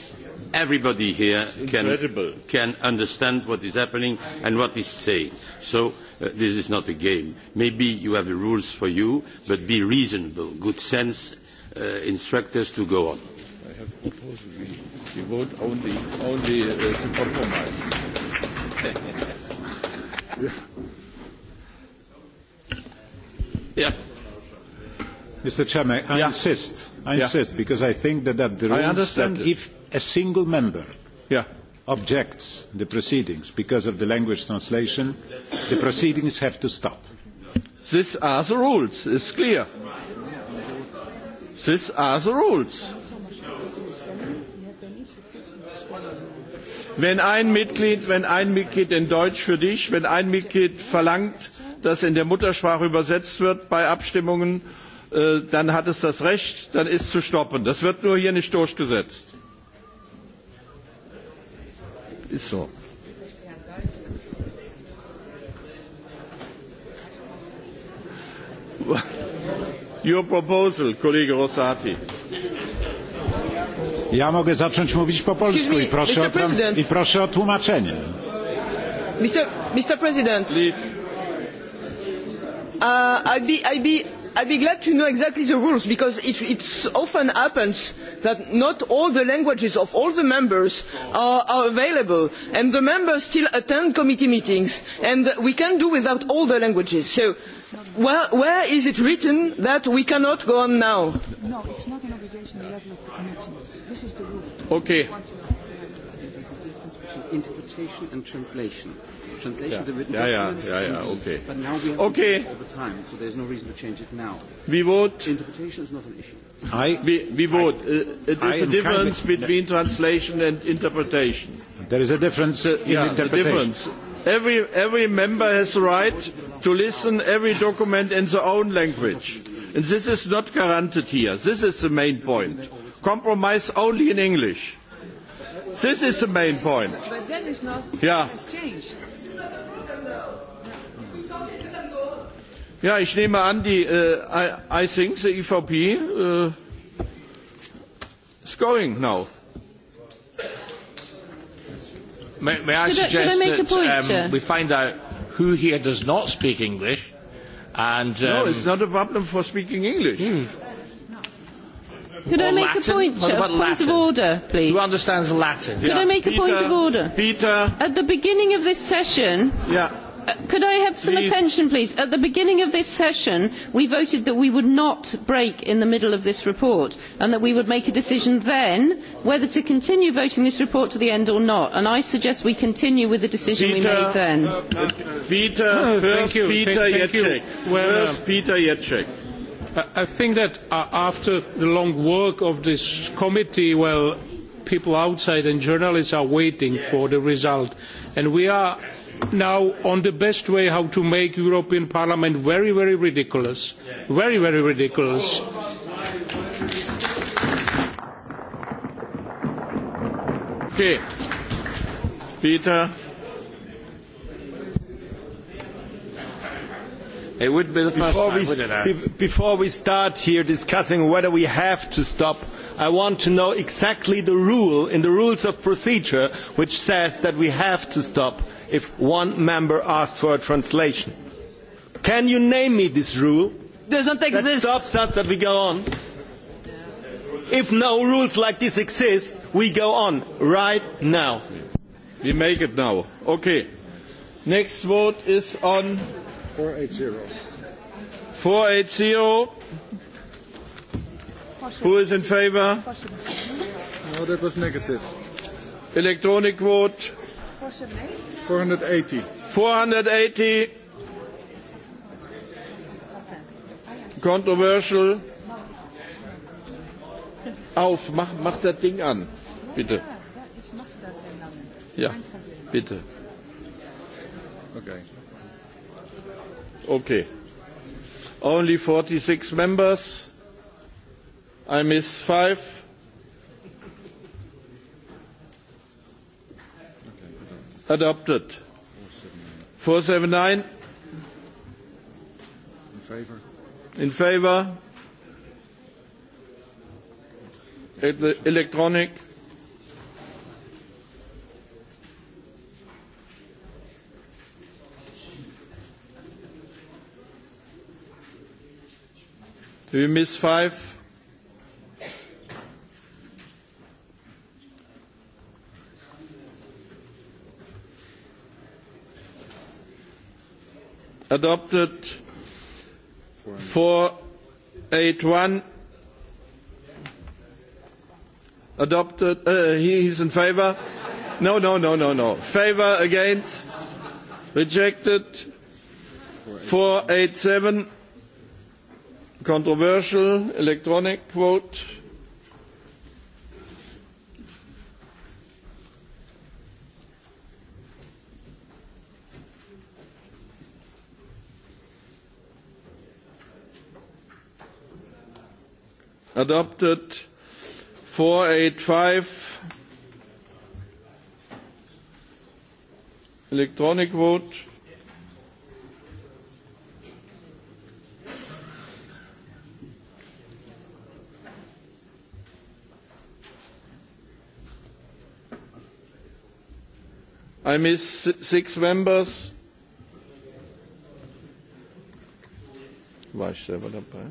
Everybody here can, can understand what is happening and what is saying. So uh, this is not a game. Maybe you have the rules for you, but be reasonable. Good sense uh, instruct us to go on. I have proposed we, we vote only, only uh, the compromise. Mr. Chairman, I yeah. insist. I yeah. insist because I think that, that the rules I understand. that if a single member yeah. objects the proceedings because of the language translation, the proceedings have to stop. These are the rules. It's clear. These are the rules. Wenn ein Mitglied, wenn ein Mitglied in Deutsch für dich, wenn ein Mitglied verlangt, dass in der Muttersprache übersetzt wird bei Abstimmungen Äh, dann hat es das Recht, dann ist zu stoppen. Das wird nur hier nicht durchgesetzt. Ist so. Your proposal, Kollege Rosati. Ja mogę zacząć mówić po polsku me, i, proszę o, i proszę o tłumaczenie. Mr. Mr. President, Please. uh, I'll be, I'll be i would be glad to know exactly the rules because it often happens that not all the languages of all the members are, are available and the members still attend committee meetings and we can do without all the languages. so where, where is it written that we cannot go on now? No, it's not an obligation at the level of the committee. This is the rule. Okay. There is a difference between interpretation and translation translation, yeah. the written yeah, documents. Yeah, yeah, yeah, okay. But now we have okay. all the time, so there's no reason to change it now. We vote. Interpretation is not an issue. I, we, we vote. I, uh, it is a difference kind of, between no. translation and interpretation. There is a difference uh, in yeah, interpretation. Difference. Every, every member has the right to listen every document in their own language. And this is not guaranteed here. This is the main point. Compromise only in English. This is the main point. But that is not yeah. has changed. Ja, ich nehme an, die uh, I, I think the EVP uh, äh, is going now. May, may I suggest I, I that point, um, we find out who here does not speak English? And no, um, no, it's not a problem for speaking English. Hmm. Could or I make Latin? a point, a point Latin? of order, please? Who understands Latin? Could I make Peter, a point of order? Peter. At the beginning of this session, yeah could I have some please. attention, please? At the beginning of this session, we voted that we would not break in the middle of this report and that we would make a decision then whether to continue voting this report to the end or not. And I suggest we continue with the decision Peter, we made then. Peter, oh, first Peter Jacek. Well, um, first Peter Jacek. I think that uh, after the long work of this committee, well, people outside and journalists are waiting yes. for the result. And we are now on the best way how to make European Parliament very, very ridiculous. Very, very ridiculous. Okay. Peter. It would be the first before time, we, be, before we start here discussing whether we have to stop I want to know exactly the rule in the rules of procedure which says that we have to stop if one member asked for a translation. Can you name me this rule? Doesn't exist. That stops us that we go on. If no rules like this exist, we go on right now. We make it now. Okay. Next vote is on 480. 480. Who is in favor? No, that was negative. Electronic vote. 480. 480. Controversial. Auf, mach, mach das Ding an, bitte. Ja, bitte. Okay. Okay. Only 46 members. I miss five. adopted. 479 in favor. In favor. Electronic. Do we miss five? adopted 481 adopted uh, he is in favor no no no no no favor against rejected 487 controversial electronic vote adopted 485 electronic vote I miss six members. War ich selber dabei?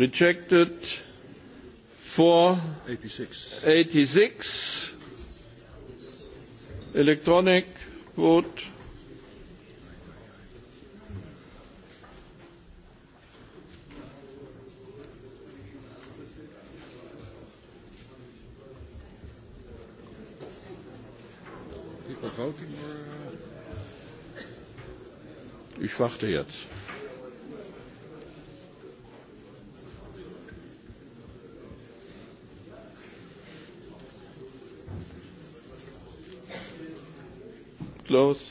rejected 486 electronic vote uh, Ich warte jetzt. close.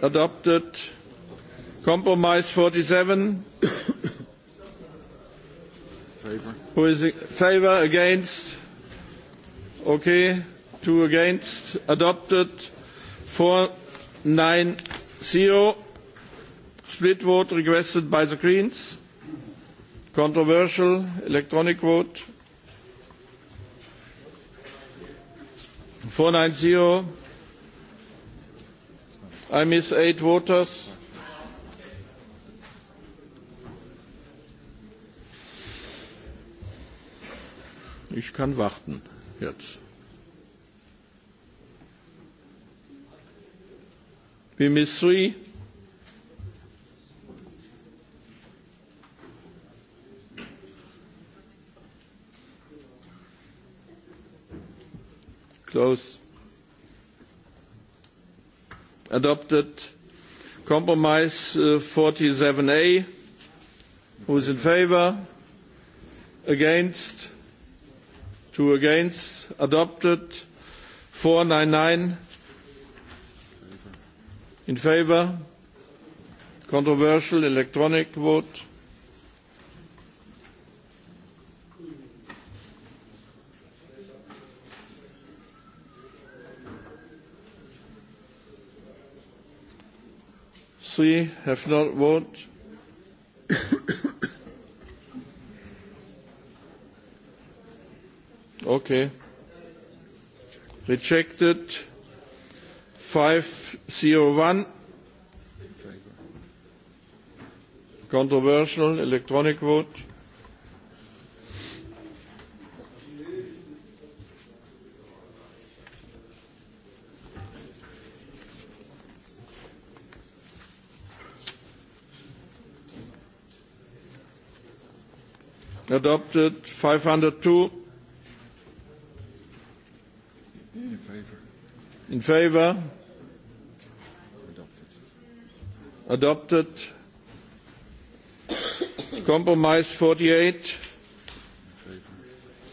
Adopted. Compromise 47. Favor. Who is in favor? Against? Okay. Two against. Adopted. 490. Split vote requested by the Greens. Controversial. Electronic vote. 490. I miss eight voters. Ich kann warten jetzt. We miss three. Close adopted. Compromise 47A. Uh, Who's in favor? Against? Two against. Adopted. 499. In favor? Controversial electronic vote. three have not voted. okay. Rejected. Five zero one. Controversial electronic vote. adopted 502 in favor in favor adopted compromise 48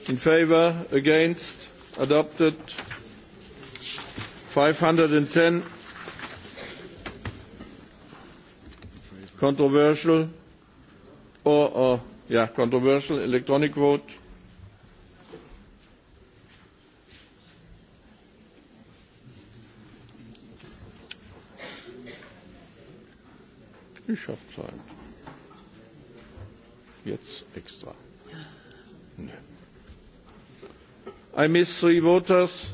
in favor against adopted 510 controversial or, or Yeah, controversial electronic vote. Ich habe Zeit. Jetzt extra. Nee. I miss three voters.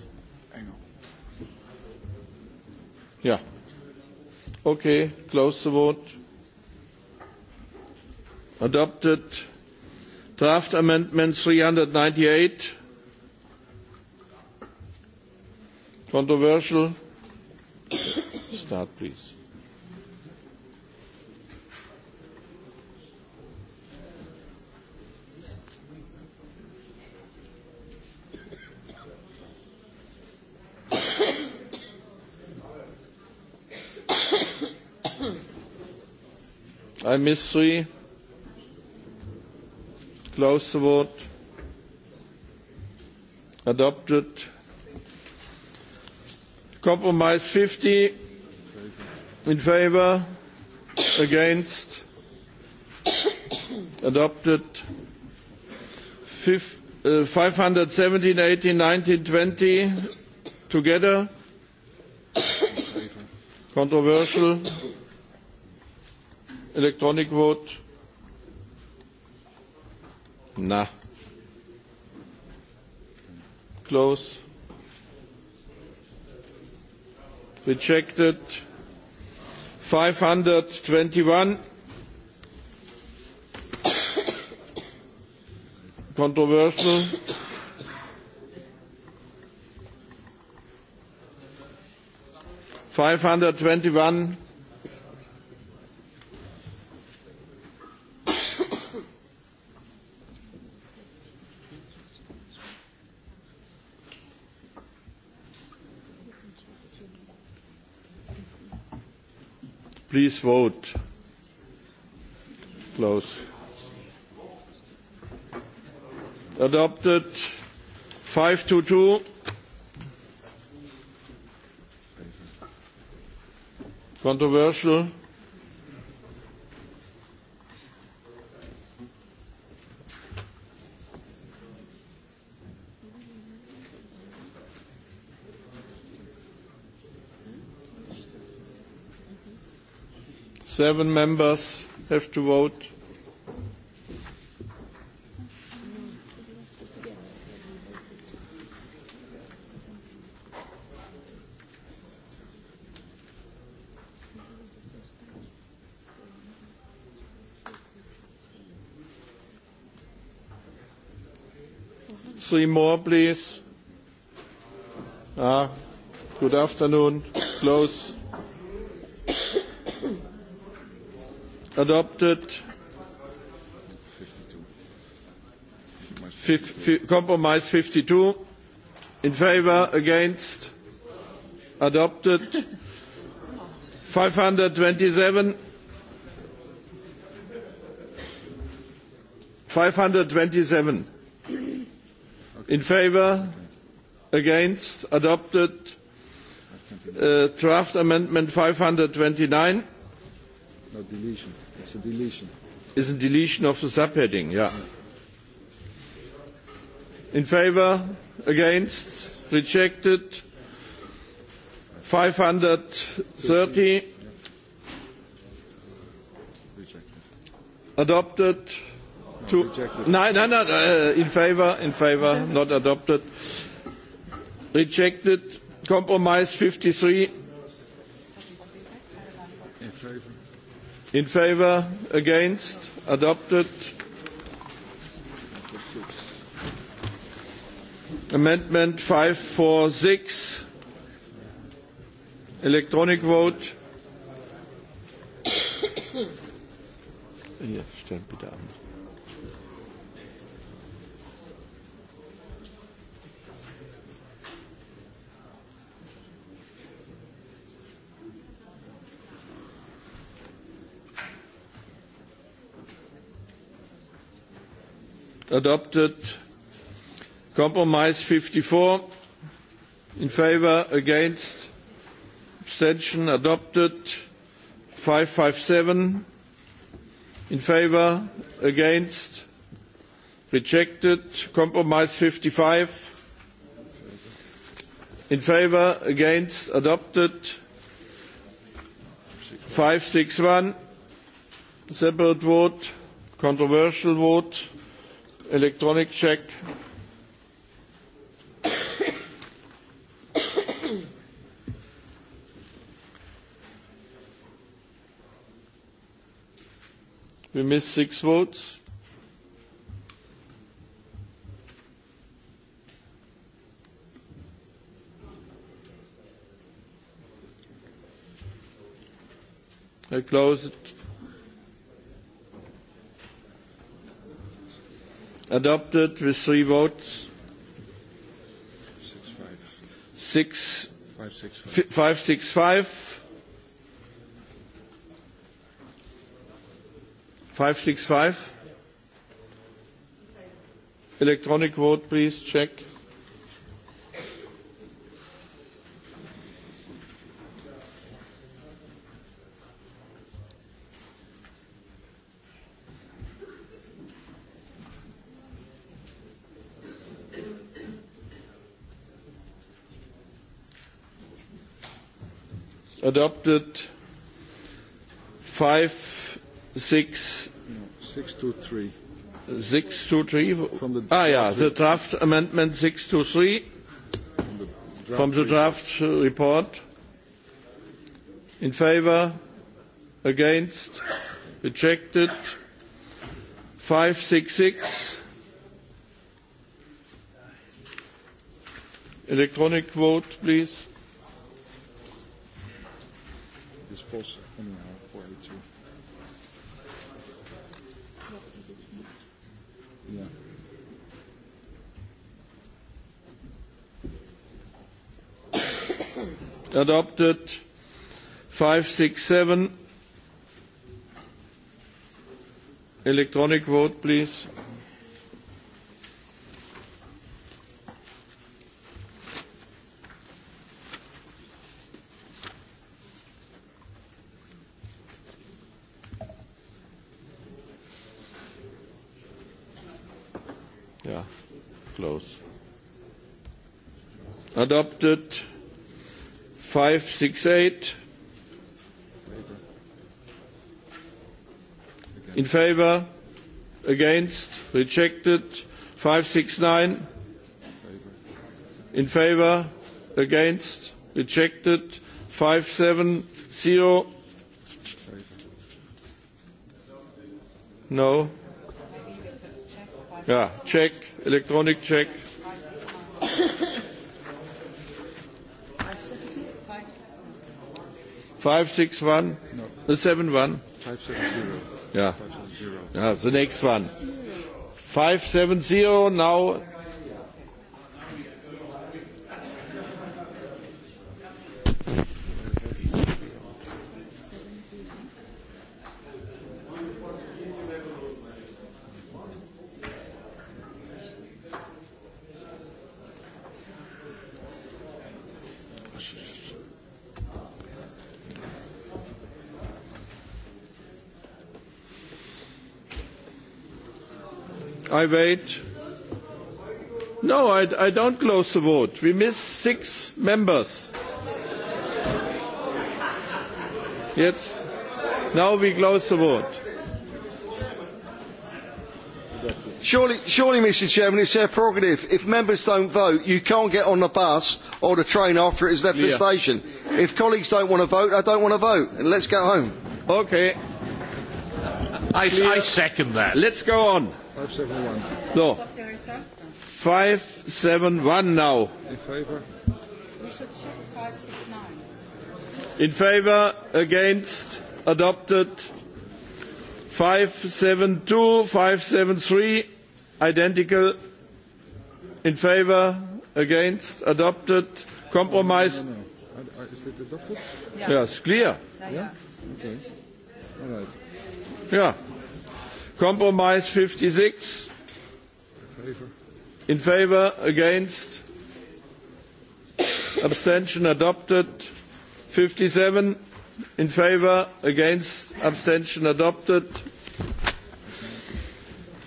Yeah. Okay, close the vote adopted. Draft Amendment 398, controversial. Start, please. I missed three. Close the vote. Adopted. Compromise 50 in favor, against, adopted. uh, 517, 18, 19, 20 together. Controversial. Electronic vote. Na. Close. Rejected. 521. Controversial. Five hundred twenty one Please vote. Close. Adopted. 522. Controversial. Seven members have to vote. Three more, please. Ah, good afternoon. Close. adopted. compromise 52 in favor against adopted 527 527 in favor against adopted uh, draft amendment 529 No deletion. It's a deletion. It's a deletion of the subheading, yeah. In favor? Against? Rejected? 530? Adopted? No, no, No, no, no. Uh, in favor? In favor? Not adopted. Rejected? Compromise 53? In favor. In favour? Against? Adopted. Amendment 546. Electronic vote. Hier, stellen bitte an. adopted. Compromise 54 in favor, against, abstention adopted. 557 in favor, against, rejected. Compromise 55 in favor, against, adopted. 561 separate vote, controversial vote Electronic check. We missed six votes. I close it. adopted with three votes. Six, five. Six, five, five, six, five. Five, six, five. Electronic vote, please. Check. adopted. Five, six, six to three. Six to three. From the ah, yeah, the draft amendment six to three from the draft, from the draft report. report. In favour, against, rejected. Five, six, six. Electronic vote, please. course, anyhow, for Yeah. adopted. Five, six, seven. Electronic vote, please. adopted 568 in favor against rejected 569 in favor against rejected 570 no yeah check electronic check 561? No. The one, 570. Yeah. 570. Yeah, the next one. 570, now wait. No, I, I don't close the vote. We miss six members. Yes. Now we close the vote. Surely, surely, Mr Chairman, it's their prerogative. If members don't vote, you can't get on the bus or the train after it has left yeah. the station. If colleagues don't want to vote, I don't want to vote, and let's go home. Okay. I, I second that. Let's go on. 571. No. 571 now. In favor? We should check 569. In favor, against, adopted. 572, 573, identical. In favor, against, adopted. Compromise. No, no, no. no. Is it adopted? Yeah. Yes, clear. Yeah? Okay. All right. Ja. Compromise 56. In favor, against, abstention adopted. 57 in favor, against, abstention adopted.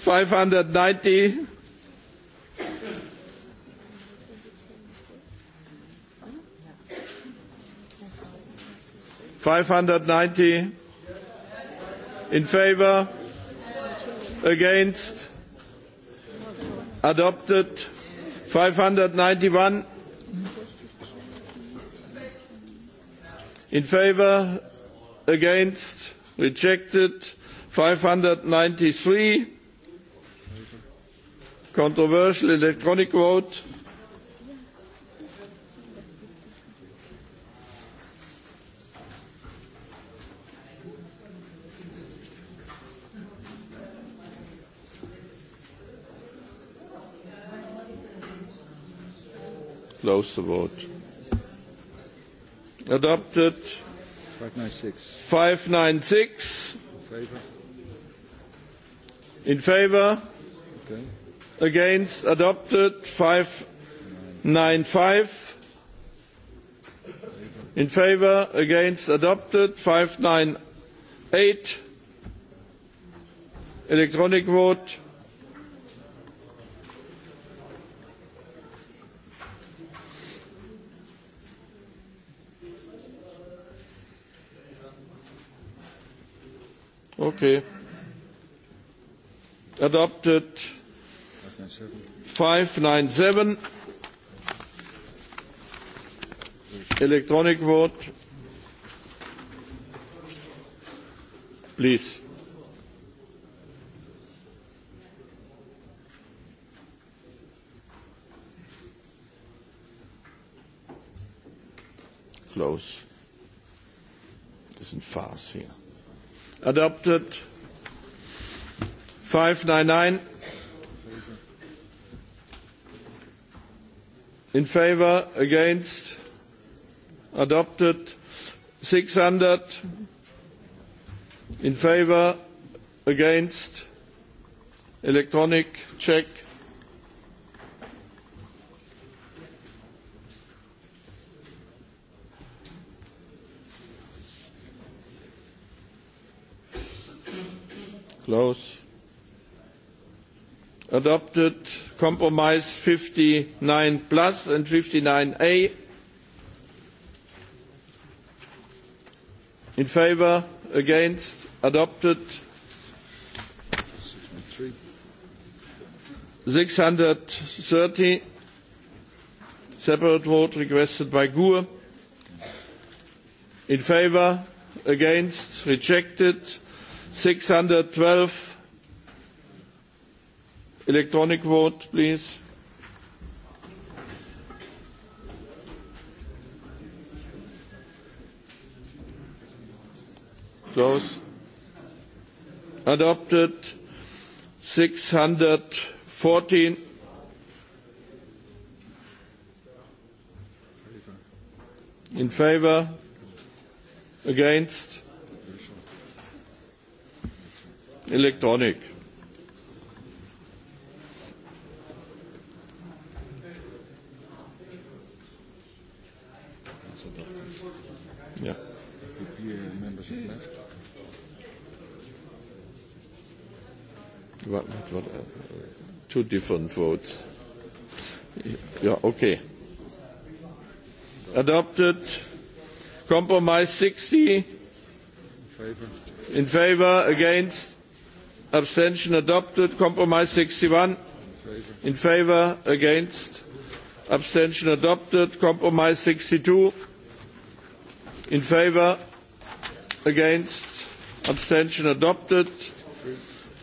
590 590 in favor against adopted 591 in favor against rejected 593 controversial electronic vote Close the vote. Adopted. 596. 596. In favor? Against? Adopted. 595. In favor? Against? Adopted. 598. Electronic vote. Okay. Adopted. 597. Electronic vote. Please. Close. This is fast here adopted. 599 in favor, against, adopted. 600 in favor, against, electronic check. Close. Adopted compromise 59 plus and 59A. In favor, against, adopted. 630 separate vote requested by GUE. In favor, against, rejected. 612 electronic vote please close adopted 614 in favor against Elektronik. What, what, what, uh, two different votes. Yeah, okay. Adopted. Compromise 60. In favor. In favor against abstention adopted compromise 61 in favour against abstention adopted compromise 62 in favour against abstention adopted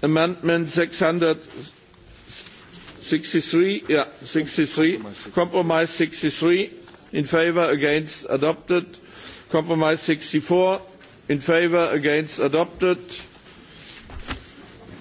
amendment 663 yeah three compromise 63 in favour against adopted compromise 64 in favour against adopted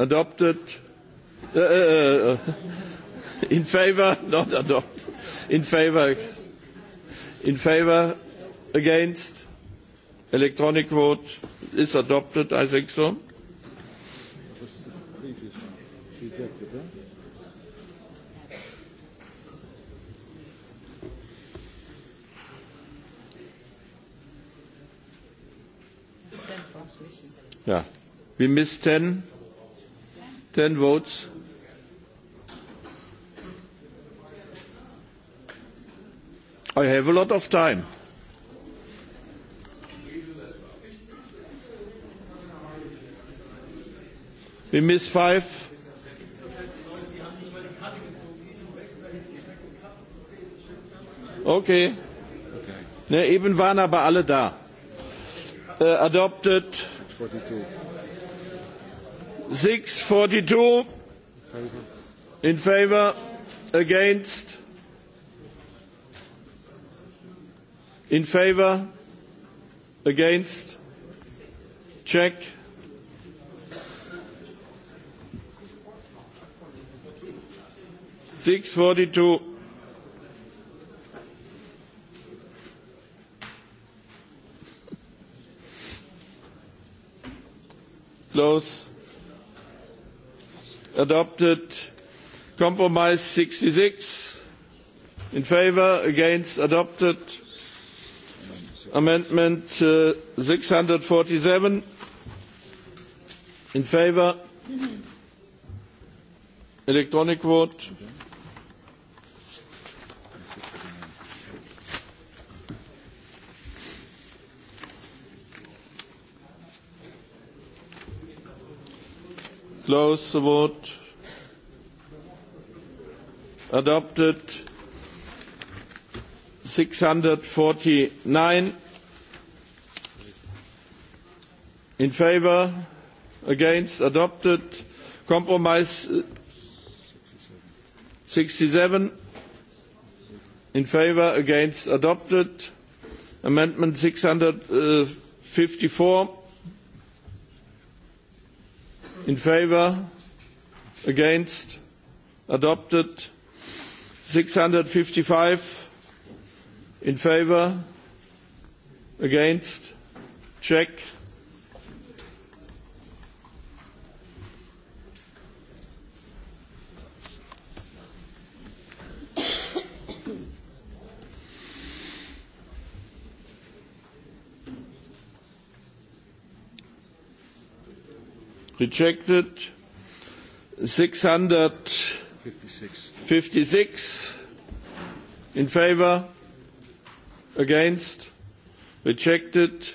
adopted uh, uh, uh, in favor not adopted in favor in favor against electronic vote is adopted i think so yeah we missed 10 10 votes. I have a lot of time. We miss five. Okay. Ne, eben waren aber alle da. Uh, adopted. 42. 642 in favor, against in favor, against check six forty two close adopted compromise 66 in favor against adopted amendment uh, 647 in favor electronic vote Close the vote. Adopted. 649 in favor, against, adopted. Compromise 67 uh, in favor, against, adopted. Amendment 654 in favor against adopted 655 in favor against check rejected 656 in favor against rejected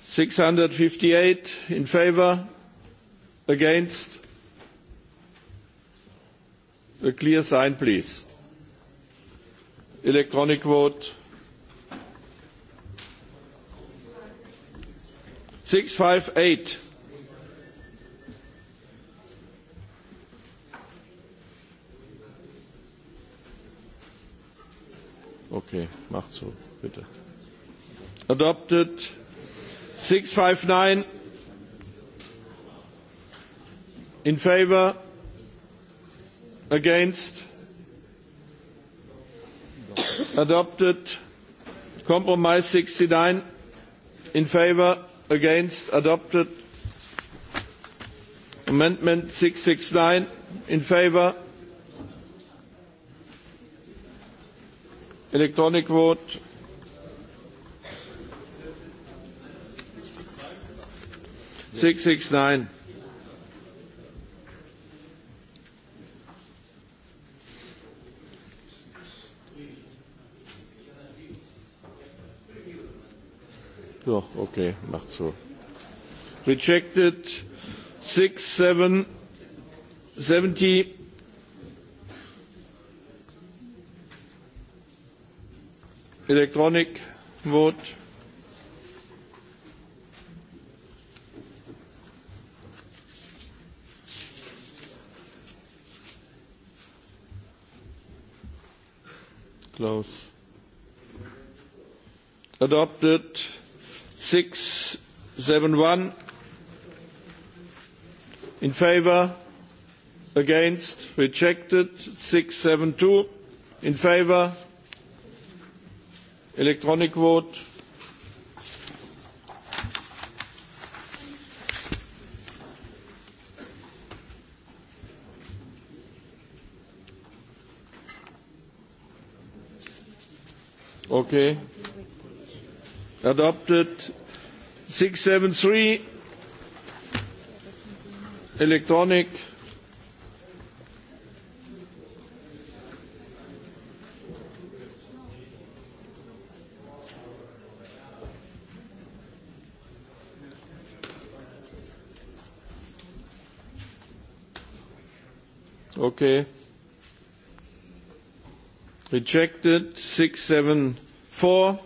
658 in favor against a clear sign please electronic vote 658 Okay, macht so, bitte. Adopted. 659. In favor? Against? Adopted. Compromise 69. In favor? Against? Adopted. Amendment 669. In favor? Electronic vote. Six six nine. So, okay, macht so. Rejected six seven seventy Electronic vote. Close. Adopted. 671. In favor? Against? Rejected. 672. In favor? Electronic vote. Okay. Adopted. 673. Electronic. Okay. Rejected. 674.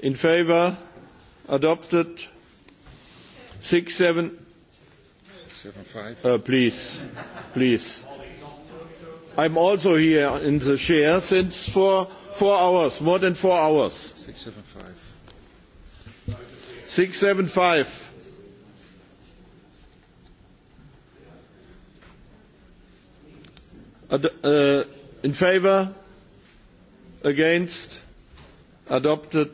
In favor. Adopted. 675. Uh, please. Please. I'm also here in the chair since four, four hours, more than four hours. 675. 675. Uh, in favour? Against? Adopted?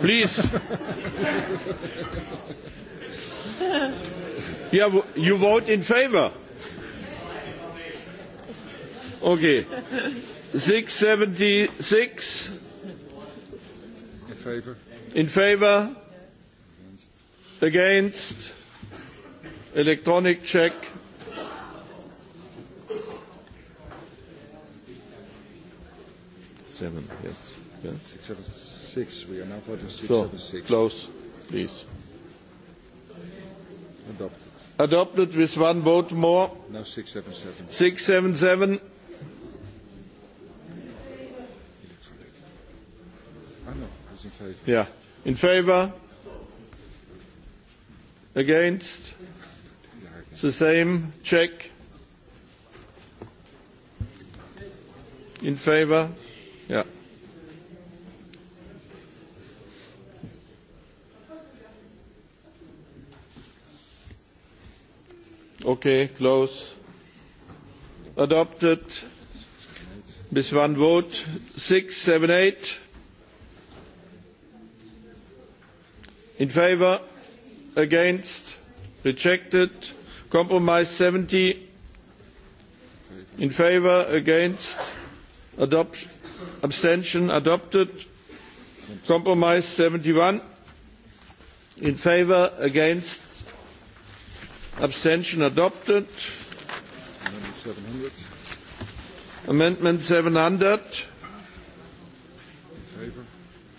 Please. yeah, you vote in favour. Okay. 676. In favor, In favour. Against Electronic check. Seven, yes. yes. Six, seven, six. We are now voting six, so, seven, six. Close, please. Adopted. Adopted with one vote more. Now six, seven, seven. Six, seven, seven. Ah, no, yeah. In favor? Against? It's the same. Check. In favor? Yeah. Okay, close. Adopted. This one vote. Six, seven, eight. In favor? Against? Rejected. Compromise 70 in favor, against, adopt, abstention adopted. Compromise 71 in favor, against, abstention adopted. Amendment 700.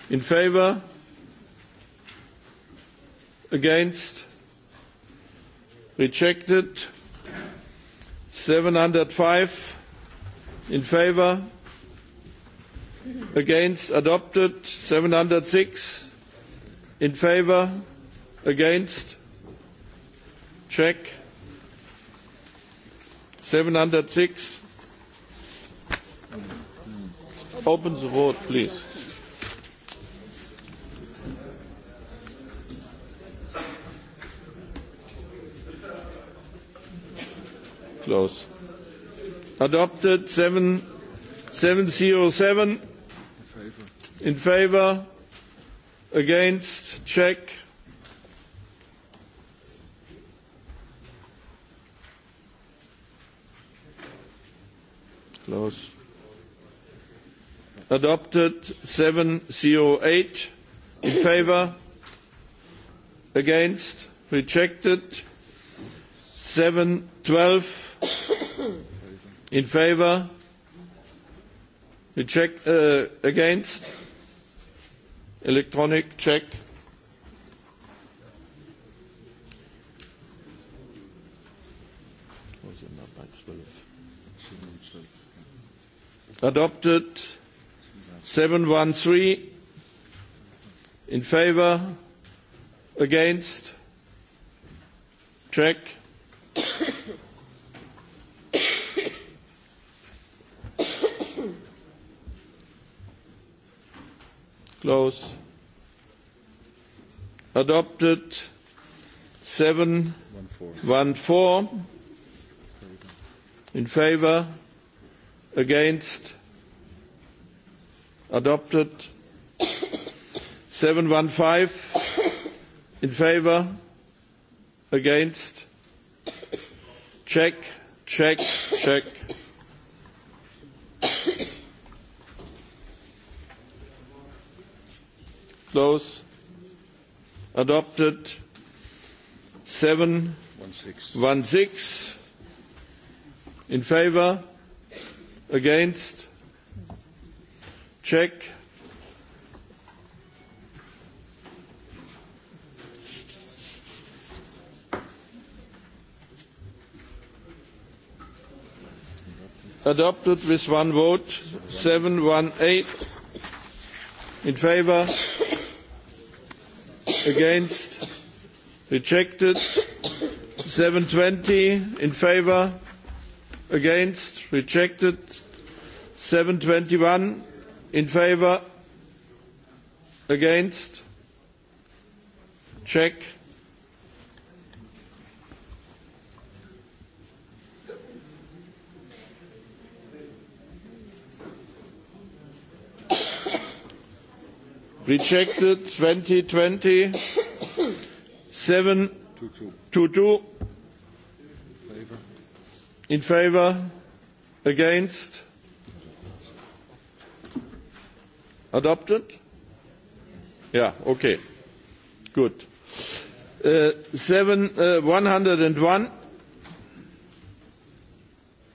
In favor? Against? rejected 705 in favor against adopted 706 in favor against check 706 open the vote please close. Adopted. 707 in favor, against, check. Close. Adopted. 708 in favor, against, rejected. 712 in favor check uh, against electronic check adopted 713 in favor against check Close. Adopted. 7 1 4 in favor against adopted 715 in favor against check check check close. Adopted. 716 in favor, against, check. Adopted with one vote, 718 in favor, against rejected 720 in favour. against rejected 721 in favour. against check rejected 2020 7-2-2. in favor against adopted yeah okay good uh, 7 uh, 101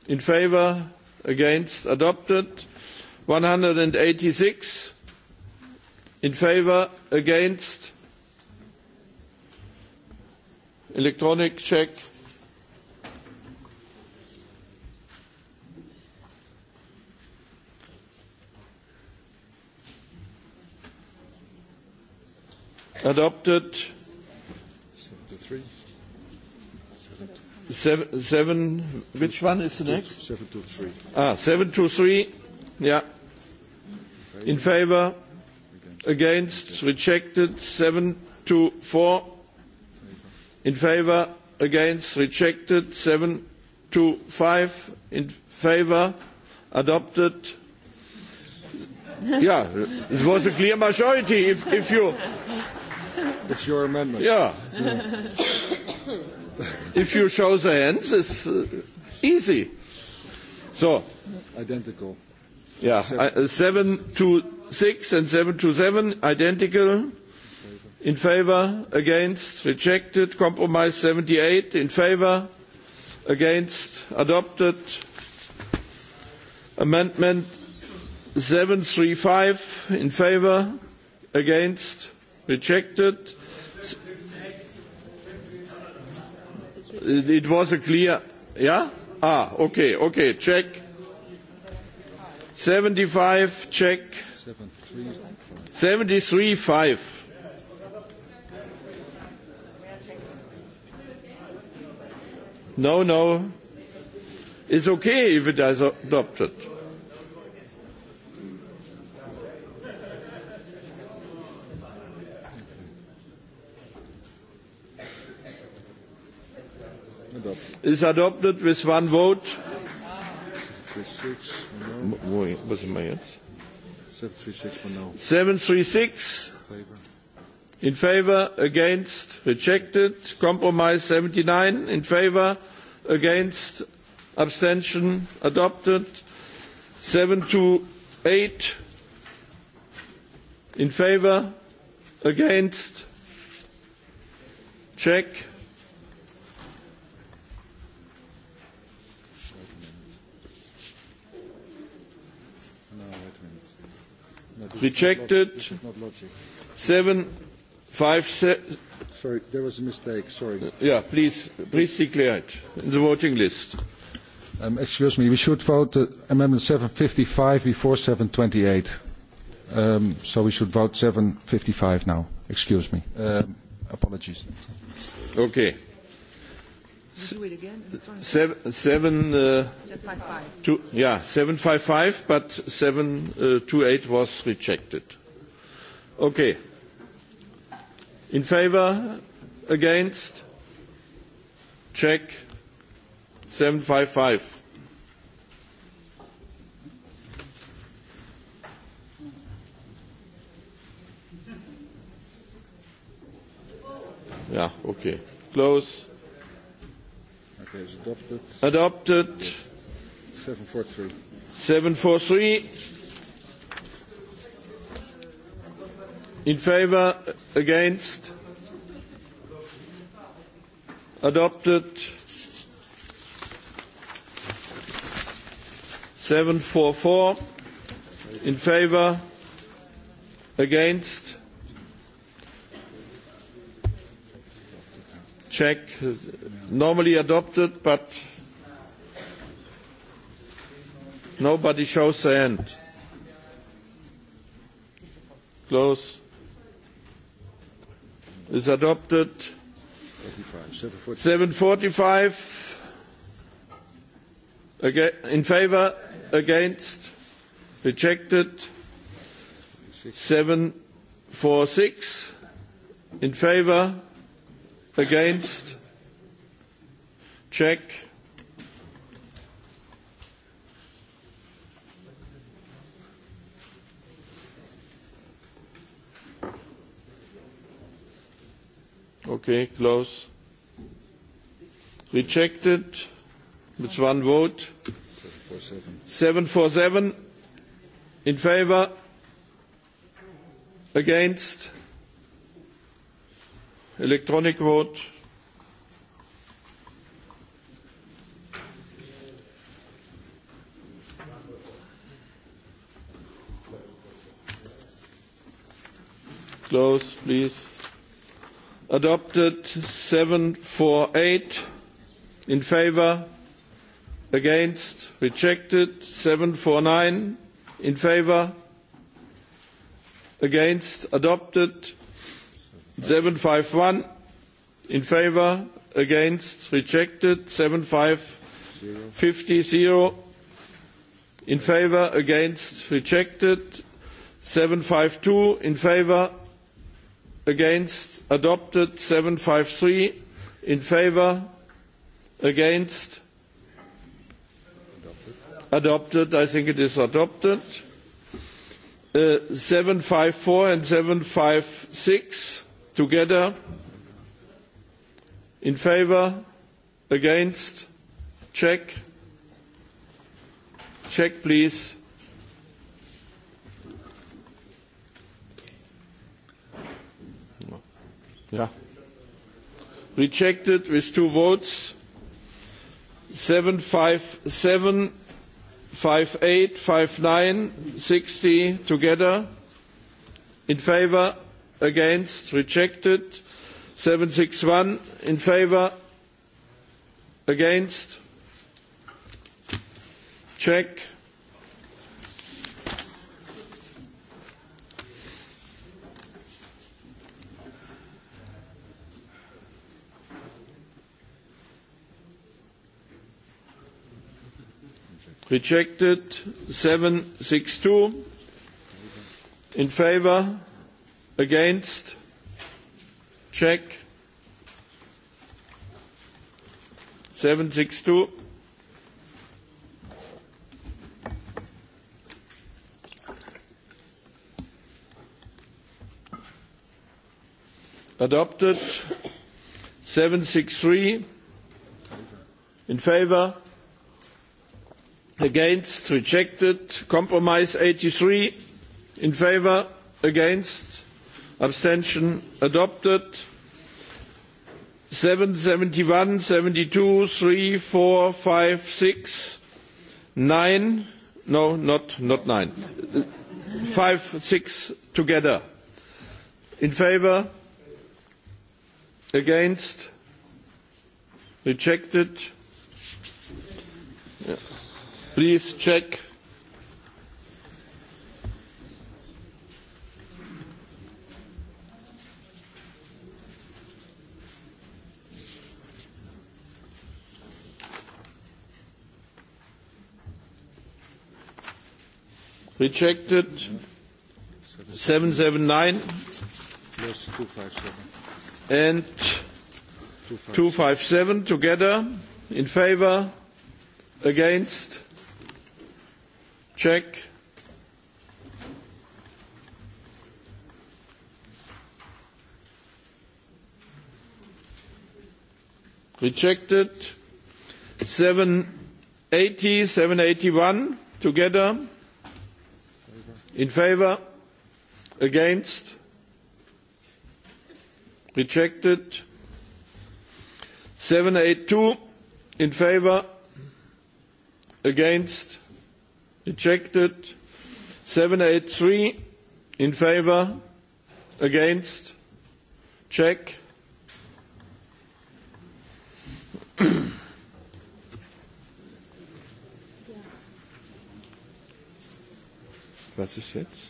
in favor against adopted 186 in favor against electronic check adopted 73 seven, seven which one is the next three. ah three, yeah in favor against rejected 7 to 4 in favor against rejected 7 to 5 in favor adopted yeah it was a clear majority if, if you it's your amendment yeah, yeah. if you show the hands it's uh, easy so identical yeah uh, seven. Uh, to Six and seven to seven identical. In favor, against, rejected. Compromise 78 in favor, against, adopted. Amendment 735 in favor, against, rejected. It was a clear, yeah? Ah, okay, okay, check. 75, check. 735. No, no. It's okay if it is adopted. is adopted with one vote. No. Wo, was sind wir jetzt? 736 no. in favour, against, rejected. Compromise 79 in favour, against, abstention, adopted. 728 in favour, against, check. Rejected. Seven, five, se Sorry, there was a mistake. Sorry. Yeah, please, please declare it in the voting list. Um, excuse me, we should vote uh, Amendment 755 before 728. Um, so we should vote 755 now. Excuse me. Um, apologies. Okay seven, uh, two, yeah, 755, but 728 uh, was rejected. Okay. In favor? Against? Check. 755. Yeah, okay. Close Okay, adopted. Adopted. 743. 743. In favor, against, adopted. 744. In favor, against, check normally adopted but nobody shows the end close is adopted 745 Again, in favor against rejected 746 in favor Against? Check. Okay, close. Rejected. With one vote. Seven seven. in favor. Against? Electronic vote. Close, please. Adopted 748 in favor, against, rejected 749 in favor, against, adopted 751 in favor, against, rejected. 7550 zero. in favor, against, rejected. 752 in favor, against, adopted. 753 in favor, against, adopted. I think it is adopted. 754 uh, and 756 together in favour against check check please yeah rejected with two votes 757 58 59 60 together in favour against rejected 761 in favor against check rejected 762 in favor Against? Check. 762. Adopted. 763. In favor? Against? Rejected. Compromise 83. In favor? Against? abstention adopted 771 72 3 4 5 6 9 no not not nine, 5 6 together in favor against rejected please check Rejected. 779 And 257 together. In favor? Against? Check. Rejected. 780, 781 together in favour against rejected Seven two, in favour against rejected Seven three, in favour against check Was ist jetzt?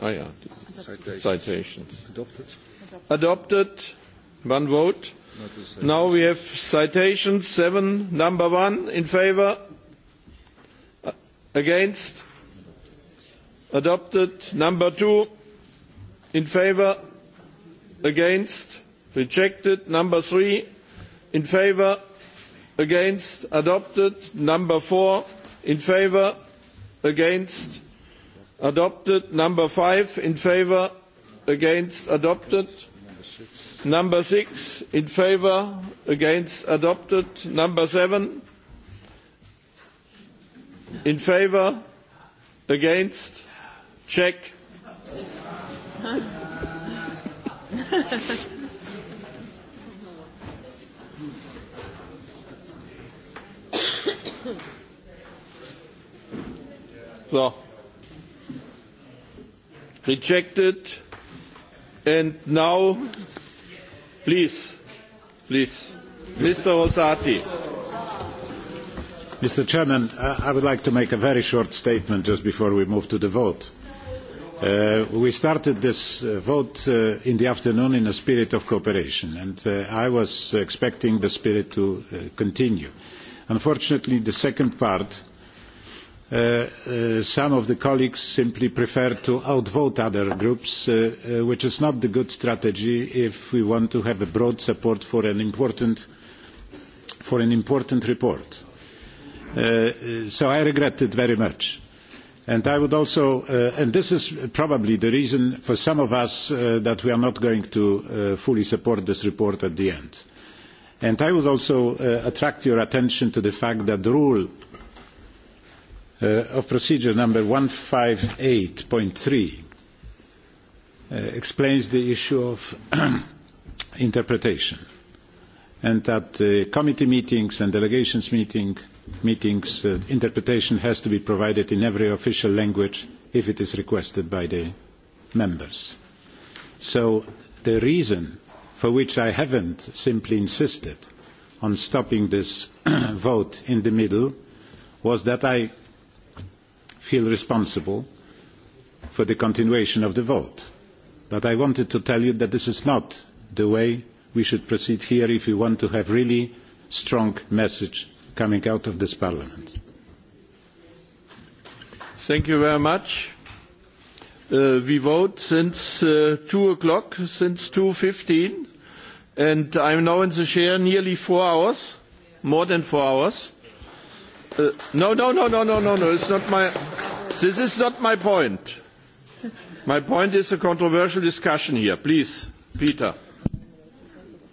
Ah ja, die Citations. Citations. Adopted. Adopted. One vote. Now we have citations. Seven. Number one in favor. Against. Adopted. Number two in favor. Against. Rejected. Number three in favor. Against. Adopted. Number four in favor. Against adopted number five in favour against adopted number six in favour against adopted number seven in favour against check so rejected and now please please mr rosati mr chairman i would like to make a very short statement just before we move to the vote uh, we started this uh, vote uh, in the afternoon in a spirit of cooperation and uh, i was expecting the spirit to uh, continue unfortunately the second part Uh, uh, some of the colleagues simply prefer to outvote other groups, uh, which is not the good strategy if we want to have a broad support for an important, for an important report. so I regret it very much. And I would also, uh, and this is probably the reason for some of us uh, that we are not going to uh, fully support this report at the end. And I would also attract your attention to the fact that the rule Uh, of procedure number 158.3 uh, explains the issue of interpretation. And at committee meetings and delegations meeting, meetings, uh, interpretation has to be provided in every official language if it is requested by the members. So the reason for which I haven't simply insisted on stopping this vote in the middle was that I feel responsible for the continuation of the vote. But I wanted to tell you that this is not the way we should proceed here if we want to have really strong message coming out of this parliament. Thank you very much. Uh, we vote since uh, 2 o'clock, since 2.15, and I'm now in the chair nearly four hours, more than four hours Uh, no, no, no, no, no, no, no. It's not my. This is not my point. My point is a controversial discussion here. Please, Peter.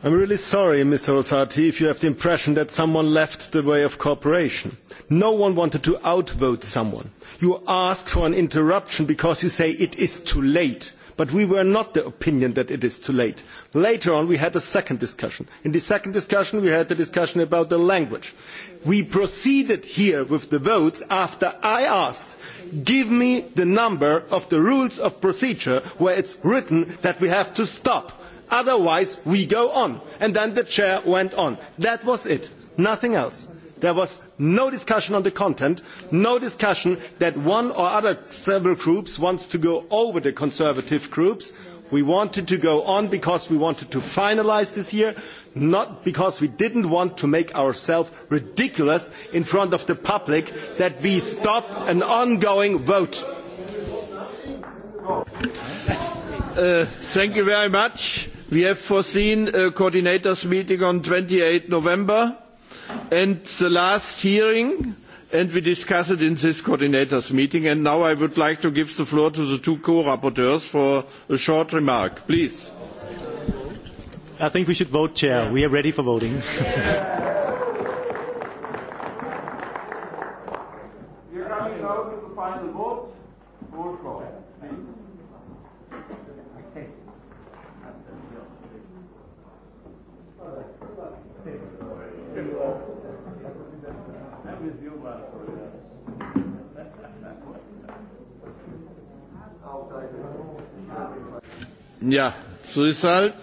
I'm really sorry, Mr. Rosati, if you have the impression that someone left the way of cooperation. No one wanted to outvote someone. You ask for an interruption because you say it is too late but we were not the opinion that it is too late. Later on, we had a second discussion. In the second discussion, we had the discussion about the language we proceeded here with the votes after I asked, give me the number of the rules of procedure where it's written that we have to stop. Otherwise, we go on. And then the chair went on. That was it. Nothing else. There was no discussion on the content, no discussion that one or other several groups wants to go over the conservative groups We wanted to go on because we wanted to finalise this year, not because we didn't want to make ourselves ridiculous in front of the public that we stop an ongoing vote. Uh, thank you very much. We have foreseen a coordinators meeting on 28 November and the last hearing and we discussed it in this coordinators' meeting. And now I would like to give the floor to the two co-rapporteurs for a short remark. Please. I think we should vote, Chair. We are ready for voting. We are ja, so ist halt.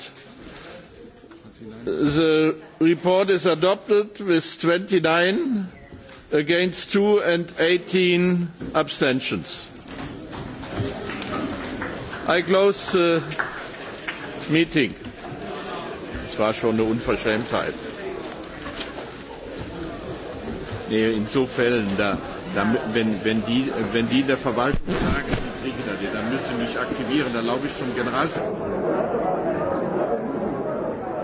The report is adopted with 29 against 2 and 18 abstentions. I close the meeting. Das war schon eine Unverschämtheit. Nee, in so Fällen, da, da, wenn, wenn, die, wenn die der Verwaltung sagen, sie kriegen das, dann müssen sie mich aktivieren, dann laufe ich zum Generalsekretär.